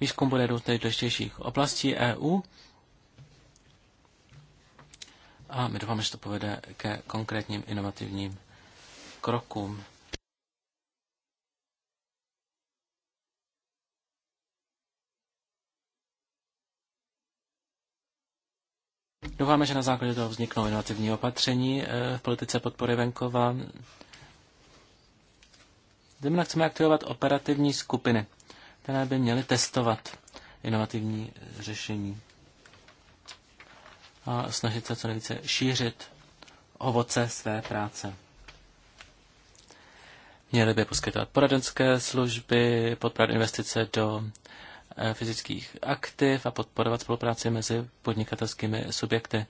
výzkum bude do nejdůležitějších oblastí EU a my doufáme, že to povede ke konkrétním inovativním krokům. Doufáme, že na základě toho vzniknou inovativní opatření eh, v politice podpory venkova. Zde chceme aktivovat operativní skupiny, které by měly testovat inovativní řešení a snažit se co nejvíce šířit ovoce své práce. Měly by poskytovat poradenské služby, podporovat investice do eh, fyzických aktiv a podporovat spolupráci mezi podnikatelskými subjekty.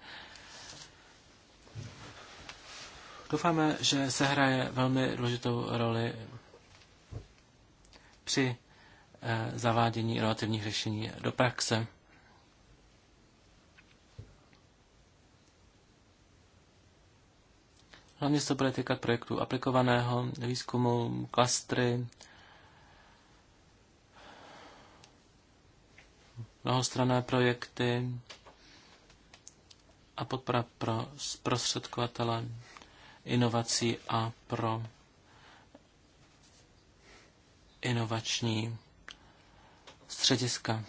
Doufáme, že se hraje velmi důležitou roli při Eh, zavádění inovativních řešení do praxe. Hlavně se bude týkat projektu aplikovaného výzkumu, klastry, mnohostrané projekty a podpora pro zprostředkovatele inovací a pro inovační střediska.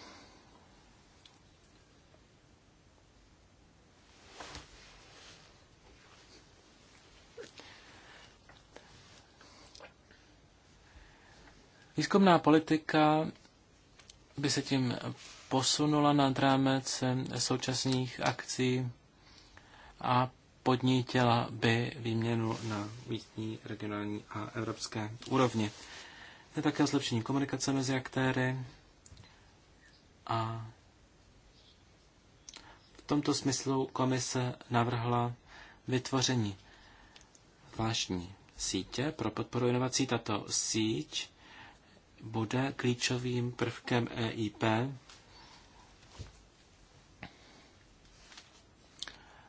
Výzkumná politika by se tím posunula nad rámec současných akcí a podnítila by výměnu na místní, regionální a evropské úrovni. Je také zlepšení komunikace mezi aktéry, a v tomto smyslu komise navrhla vytvoření zvláštní sítě pro podporu inovací. Tato síť bude klíčovým prvkem EIP.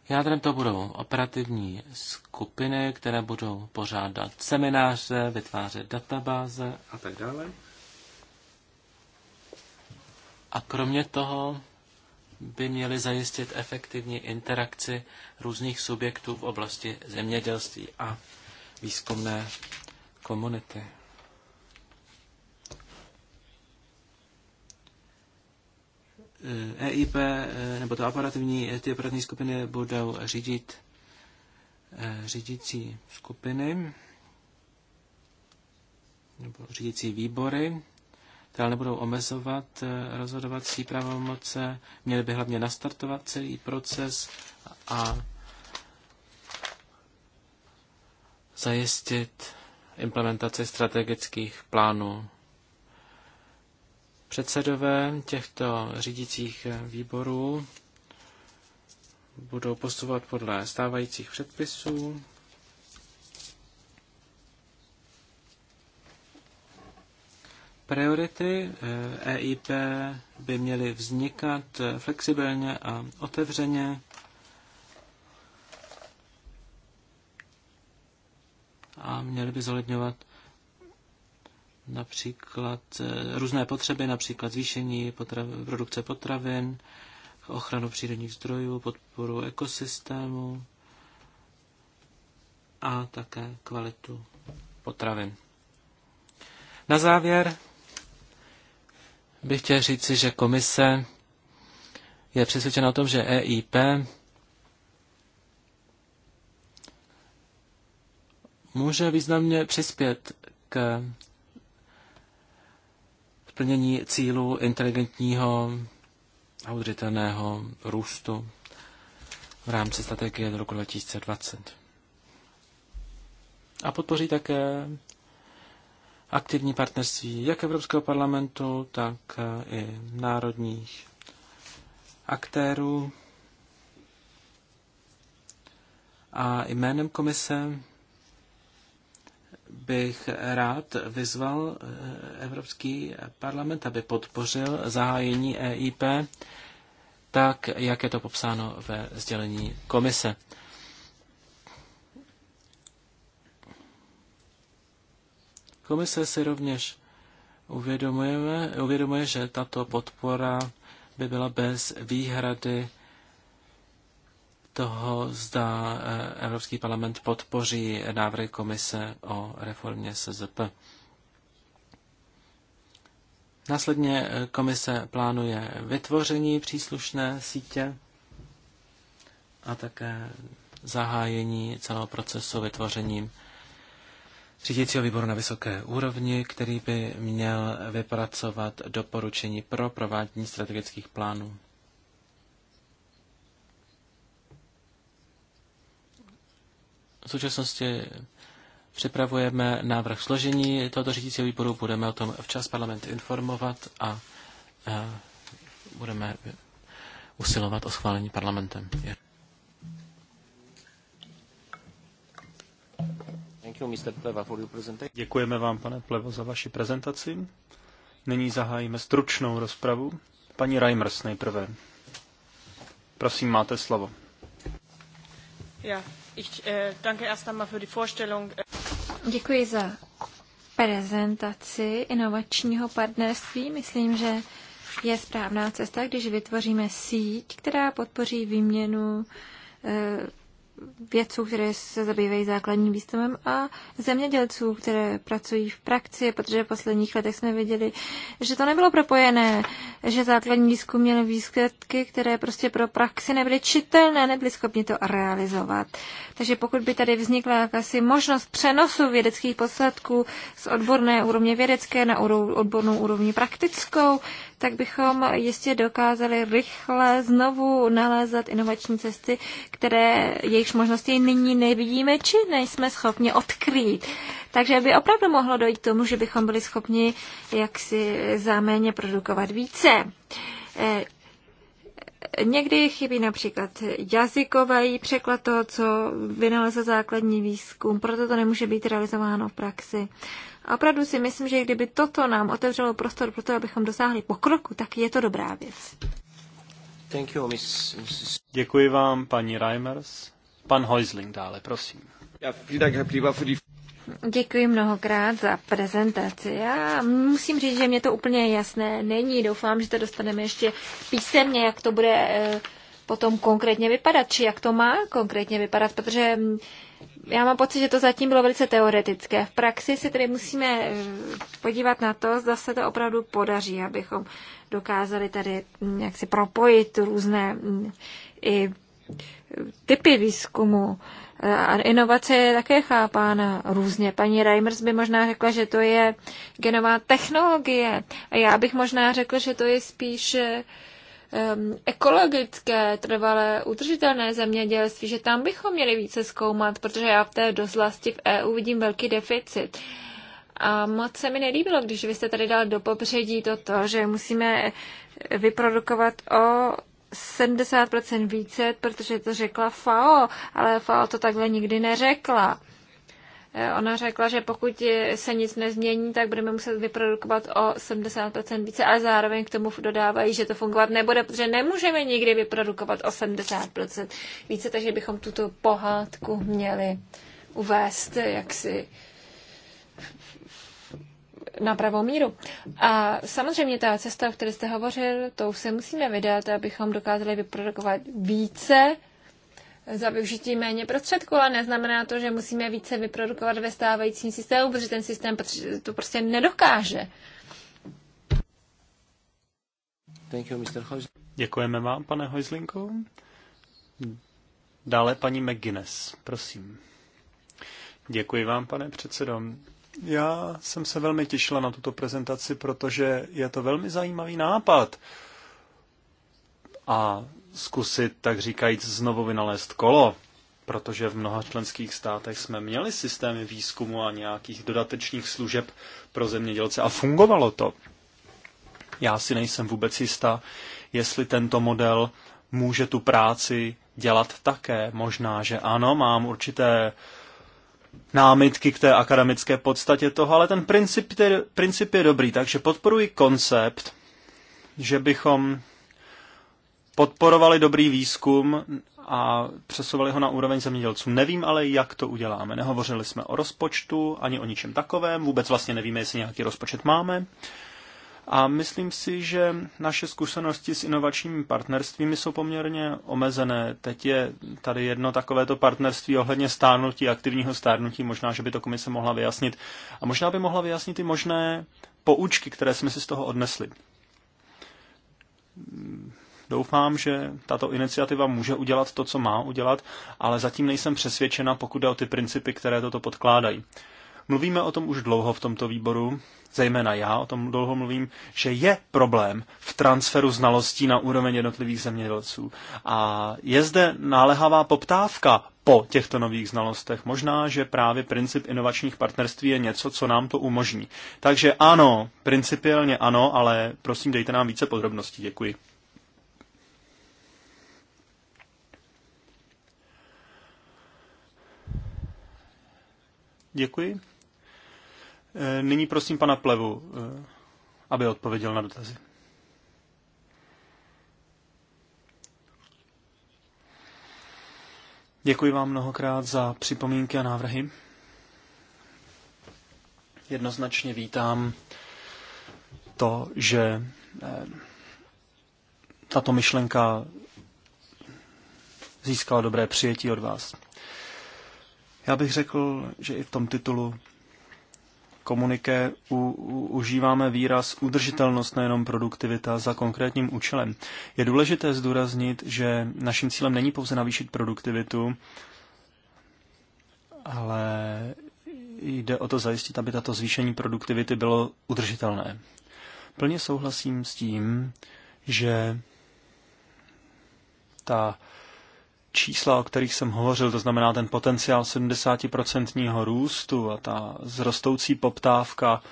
Jádrem to budou operativní skupiny, které budou pořádat semináře, vytvářet databáze a tak dále. A kromě toho by měly zajistit efektivní interakci různých subjektů v oblasti zemědělství a výzkumné komunity. EIP, e e, nebo to operativní, e, ty operativní skupiny budou řídit řídící skupiny nebo řídící výbory dále nebudou omezovat eh, rozhodovací pravomoce, měly by hlavně nastartovat celý proces a zajistit implementaci strategických plánů. Předsedové těchto řídících eh, výborů budou postupovat podle stávajících předpisů Priority EIP eh, e by měly vznikat eh, flexibilně a otevřeně. A měly by zohledňovat například eh, různé potřeby, například zvýšení potrav, produkce potravin, ochranu přírodních zdrojů, podporu ekosystému a také kvalitu potravin. Na závěr bych chtěl říci, že komise je přesvědčena o tom, že EIP může významně přispět k splnění cílu inteligentního a udržitelného růstu v rámci strategie do roku 2020. A podpoří také aktivní partnerství jak Evropského parlamentu, tak eh, i národních aktérů. A jménem komise bych rád vyzval eh, Evropský parlament, aby podpořil zahájení EIP tak, jak je to popsáno ve sdělení komise. Komise si rovněž uvědomuje, že tato podpora by byla bez výhrady toho, zda eh, Evropský parlament podpoří návrhy komise o reformě SZP. Následně eh, komise plánuje vytvoření příslušné sítě a také zahájení celého procesu vytvořením řídícího výboru na vysoké úrovni, který by měl vypracovat doporučení pro provádění strategických plánů. V současnosti připravujeme návrh složení tohoto řídícího výboru, budeme o tom včas parlament informovat a, a budeme usilovat o schválení parlamentem. you, Mr. Pleva, for your presentation. Děkujeme vám, pane Plevo, za vaši prezentaci. Nyní zahájíme stručnou rozpravu. Paní Reimers nejprve. Prosím, máte slovo. Ja, ich, eh, danke erst für die Vorstellung. Děkuji za prezentaci inovačního partnerství. Myslím, že je správná cesta, když vytvoříme síť, která podpoří výměnu eh, vědců, které se zabývají základním výzkumem a zemědělců, které pracují v praxi, protože v posledních letech jsme viděli, že to nebylo propojené, že základní výzkum měl výsledky, které prostě pro praxi nebyly čitelné, nebyly schopni to realizovat. Takže pokud by tady vznikla jakási možnost přenosu vědeckých posledků z odborné úrovně vědecké na odbornou úrovni praktickou, tak bychom jistě dokázali rychle znovu nalézat inovační cesty, které jejichž možnosti nyní nevidíme, či nejsme schopni odkrýt. Takže by opravdu mohlo dojít k tomu, že bychom byli schopni jaksi záméně produkovat více. E, někdy chybí například jazykový překlad toho, co vynalezl základní výzkum, proto to nemůže být realizováno v praxi. A opravdu si myslím, že kdyby toto nám otevřelo prostor pro to, abychom dosáhli pokroku, tak je to dobrá věc. Thank you, Děkuji vám, paní Reimers. Pan Heusling dále, prosím. Děkuji mnohokrát za prezentaci. Já musím říct, že mě to úplně jasné není. Doufám, že to dostaneme ještě písemně, jak to bude eh, potom konkrétně vypadat, či jak to má konkrétně vypadat, protože mm, já mám pocit, že to zatím bylo velice teoretické. V praxi si tedy musíme eh, podívat na to, zda se to opravdu podaří, abychom dokázali tady nějak si propojit různé mm, i typy výzkumu. Eh, a inovace je také chápána různě. Paní Reimers by možná řekla, že to je genová technologie. A já bych možná řekla, že to je spíš ekologické, trvalé, udržitelné zemědělství, že tam bychom měli více zkoumat, protože já v té dozlasti v EU vidím velký deficit. A moc se mi nelíbilo, když vy jste tady dal do popředí toto, že musíme vyprodukovat o 70% více, protože to řekla FAO, ale FAO to takhle nikdy neřekla. Ona řekla, že pokud se nic nezmění, tak budeme muset vyprodukovat o 70% více, ale zároveň k tomu dodávají, že to fungovat nebude, protože nemůžeme nikdy vyprodukovat o 70% více, takže bychom tuto pohádku měli uvést jaksi na pravou míru. A samozřejmě ta cesta, o které jste hovořil, tou se musíme vydat, abychom dokázali vyprodukovat více, za využití méně prostředků, ale neznamená to, že musíme více vyprodukovat ve stávajícím systému, protože ten systém to prostě nedokáže. You, Děkujeme vám, pane Hojzlinko. Dále paní McGuinness, prosím. Děkuji vám, pane předsedo. Já jsem se velmi těšila na tuto prezentaci, protože je to velmi zajímavý nápad. A zkusit, tak říkajíc, znovu vynalézt kolo, protože v mnoha členských státech jsme měli systémy výzkumu a nějakých dodatečných služeb pro zemědělce a fungovalo to. Já si nejsem vůbec jistá, jestli tento model může tu práci dělat také. Možná, že ano, mám určité námitky k té akademické podstatě toho, ale ten princip, princip je dobrý, takže podporuji koncept, že bychom podporovali dobrý výzkum a přesouvali ho na úroveň zemědělců. Nevím ale, jak to uděláme. Nehovořili jsme o rozpočtu, ani o ničem takovém. Vůbec vlastně nevíme, jestli nějaký rozpočet máme. A myslím si, že naše zkušenosti s inovačními partnerstvími jsou poměrně omezené. Teď je tady jedno takovéto partnerství ohledně stárnutí, aktivního stárnutí. Možná, že by to komise mohla vyjasnit. A možná by mohla vyjasnit i možné poučky, které jsme si z toho odnesli Doufám, že tato iniciativa může udělat to, co má udělat, ale zatím nejsem přesvědčena, pokud jde o ty principy, které toto podkládají. Mluvíme o tom už dlouho v tomto výboru, zejména já o tom dlouho mluvím, že je problém v transferu znalostí na úroveň jednotlivých zemědělců. A je zde nálehavá poptávka po těchto nových znalostech. Možná, že právě princip inovačních partnerství je něco, co nám to umožní. Takže ano, principiálně ano, ale prosím, dejte nám více podrobností. Děkuji. Děkuji. E, nyní prosím pana Plevu, e, aby odpověděl na dotazy. Děkuji vám mnohokrát za připomínky a návrhy. Jednoznačně vítám to, že e, tato myšlenka získala dobré přijetí od vás. Já bych řekl, že i v tom titulu komuniké u, u, užíváme výraz udržitelnost, nejenom produktivita, za konkrétním účelem. Je důležité zdůraznit, že naším cílem není pouze navýšit produktivitu, ale jde o to zajistit, aby tato zvýšení produktivity bylo udržitelné. Plně souhlasím s tím, že ta čísla, o kterých jsem hovořil, to znamená ten potenciál 70% růstu a ta zrostoucí poptávka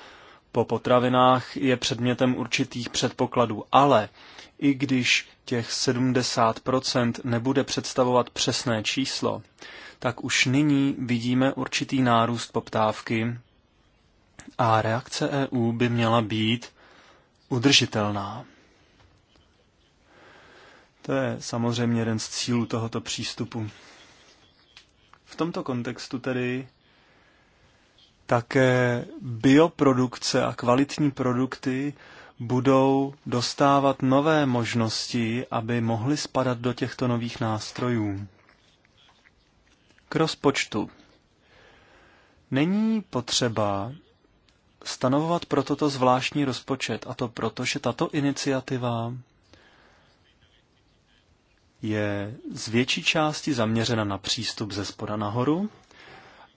po potravinách je předmětem určitých předpokladů. Ale i když těch 70% nebude představovat přesné číslo, tak už nyní vidíme určitý nárůst poptávky a reakce EU by měla být udržitelná. To je samozřejmě jeden z cílů tohoto přístupu. V tomto kontextu tedy také bioprodukce a kvalitní produkty budou dostávat nové možnosti, aby mohly spadat do těchto nových nástrojů. K rozpočtu. Není potřeba stanovovat pro toto zvláštní rozpočet, a to proto, že tato iniciativa je z větší části zaměřena na přístup ze spoda nahoru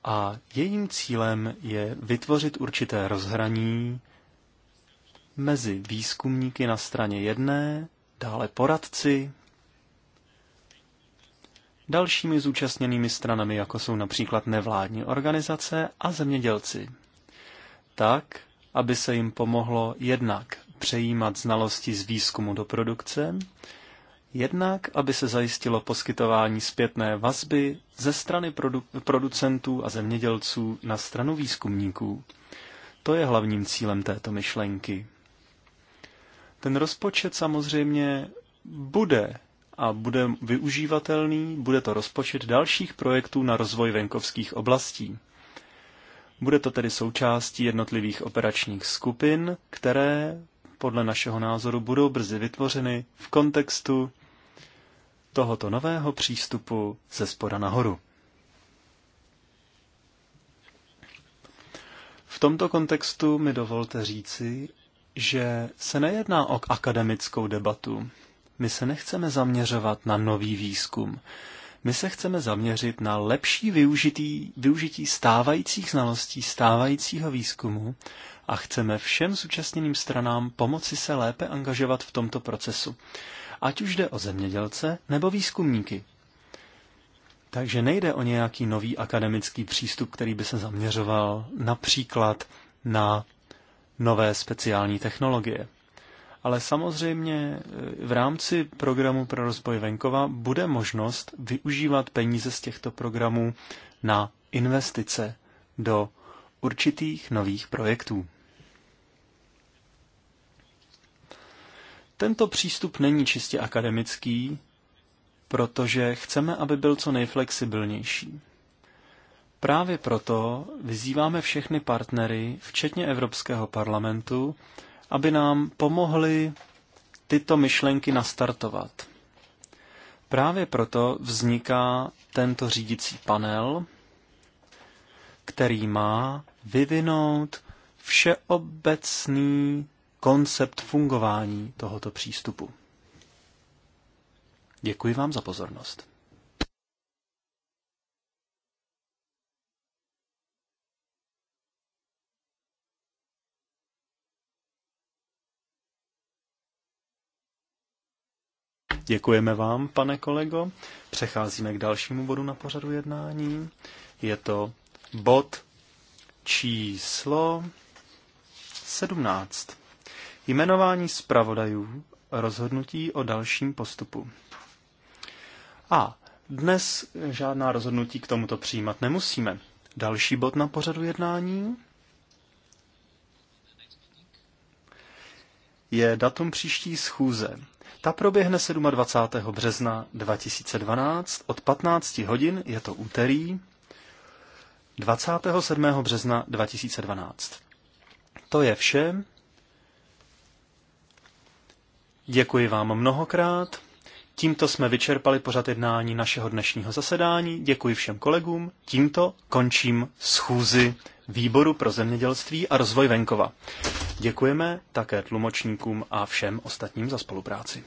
a jejím cílem je vytvořit určité rozhraní mezi výzkumníky na straně jedné, dále poradci, dalšími zúčastněnými stranami, jako jsou například nevládní organizace a zemědělci. Tak, aby se jim pomohlo jednak přejímat znalosti z výzkumu do produkce Jednak, aby se zajistilo poskytování zpětné vazby ze strany produ- producentů a zemědělců na stranu výzkumníků. To je hlavním cílem této myšlenky. Ten rozpočet samozřejmě bude a bude využívatelný, bude to rozpočet dalších projektů na rozvoj venkovských oblastí. Bude to tedy součástí jednotlivých operačních skupin, které podle našeho názoru budou brzy vytvořeny v kontextu tohoto nového přístupu ze spoda nahoru. V tomto kontextu mi dovolte říci, že se nejedná o akademickou debatu. My se nechceme zaměřovat na nový výzkum. My se chceme zaměřit na lepší využití, využití stávajících znalostí, stávajícího výzkumu a chceme všem zúčastněným stranám pomoci se lépe angažovat v tomto procesu ať už jde o zemědělce nebo výzkumníky. Takže nejde o nějaký nový akademický přístup, který by se zaměřoval například na nové speciální technologie. Ale samozřejmě eh, v rámci programu pro rozvoj venkova bude možnost využívat peníze z těchto programů na investice do určitých nových projektů. Tento přístup není čistě akademický, protože chceme, aby byl co nejflexibilnější. Právě proto vyzýváme všechny partnery, včetně Evropského parlamentu, aby nám pomohli tyto myšlenky nastartovat. Právě proto vzniká tento řídící panel, který má vyvinout všeobecný koncept fungování tohoto přístupu. Děkuji vám za pozornost. Děkujeme vám, pane kolego. Přecházíme k dalšímu bodu na pořadu jednání. Je to bod číslo 17 jmenování zpravodajů rozhodnutí o dalším postupu. A dnes žádná rozhodnutí k tomuto přijímat nemusíme. Další bod na pořadu jednání je datum příští schůze. Ta proběhne 27. března 2012 od 15 hodin, je to úterý, 27. března 2012. To je vše. Děkuji vám mnohokrát. Tímto jsme vyčerpali pořad jednání našeho dnešního zasedání. Děkuji všem kolegům. Tímto končím schůzi Výboru pro zemědělství a rozvoj venkova. Děkujeme také tlumočníkům a všem ostatním za spolupráci.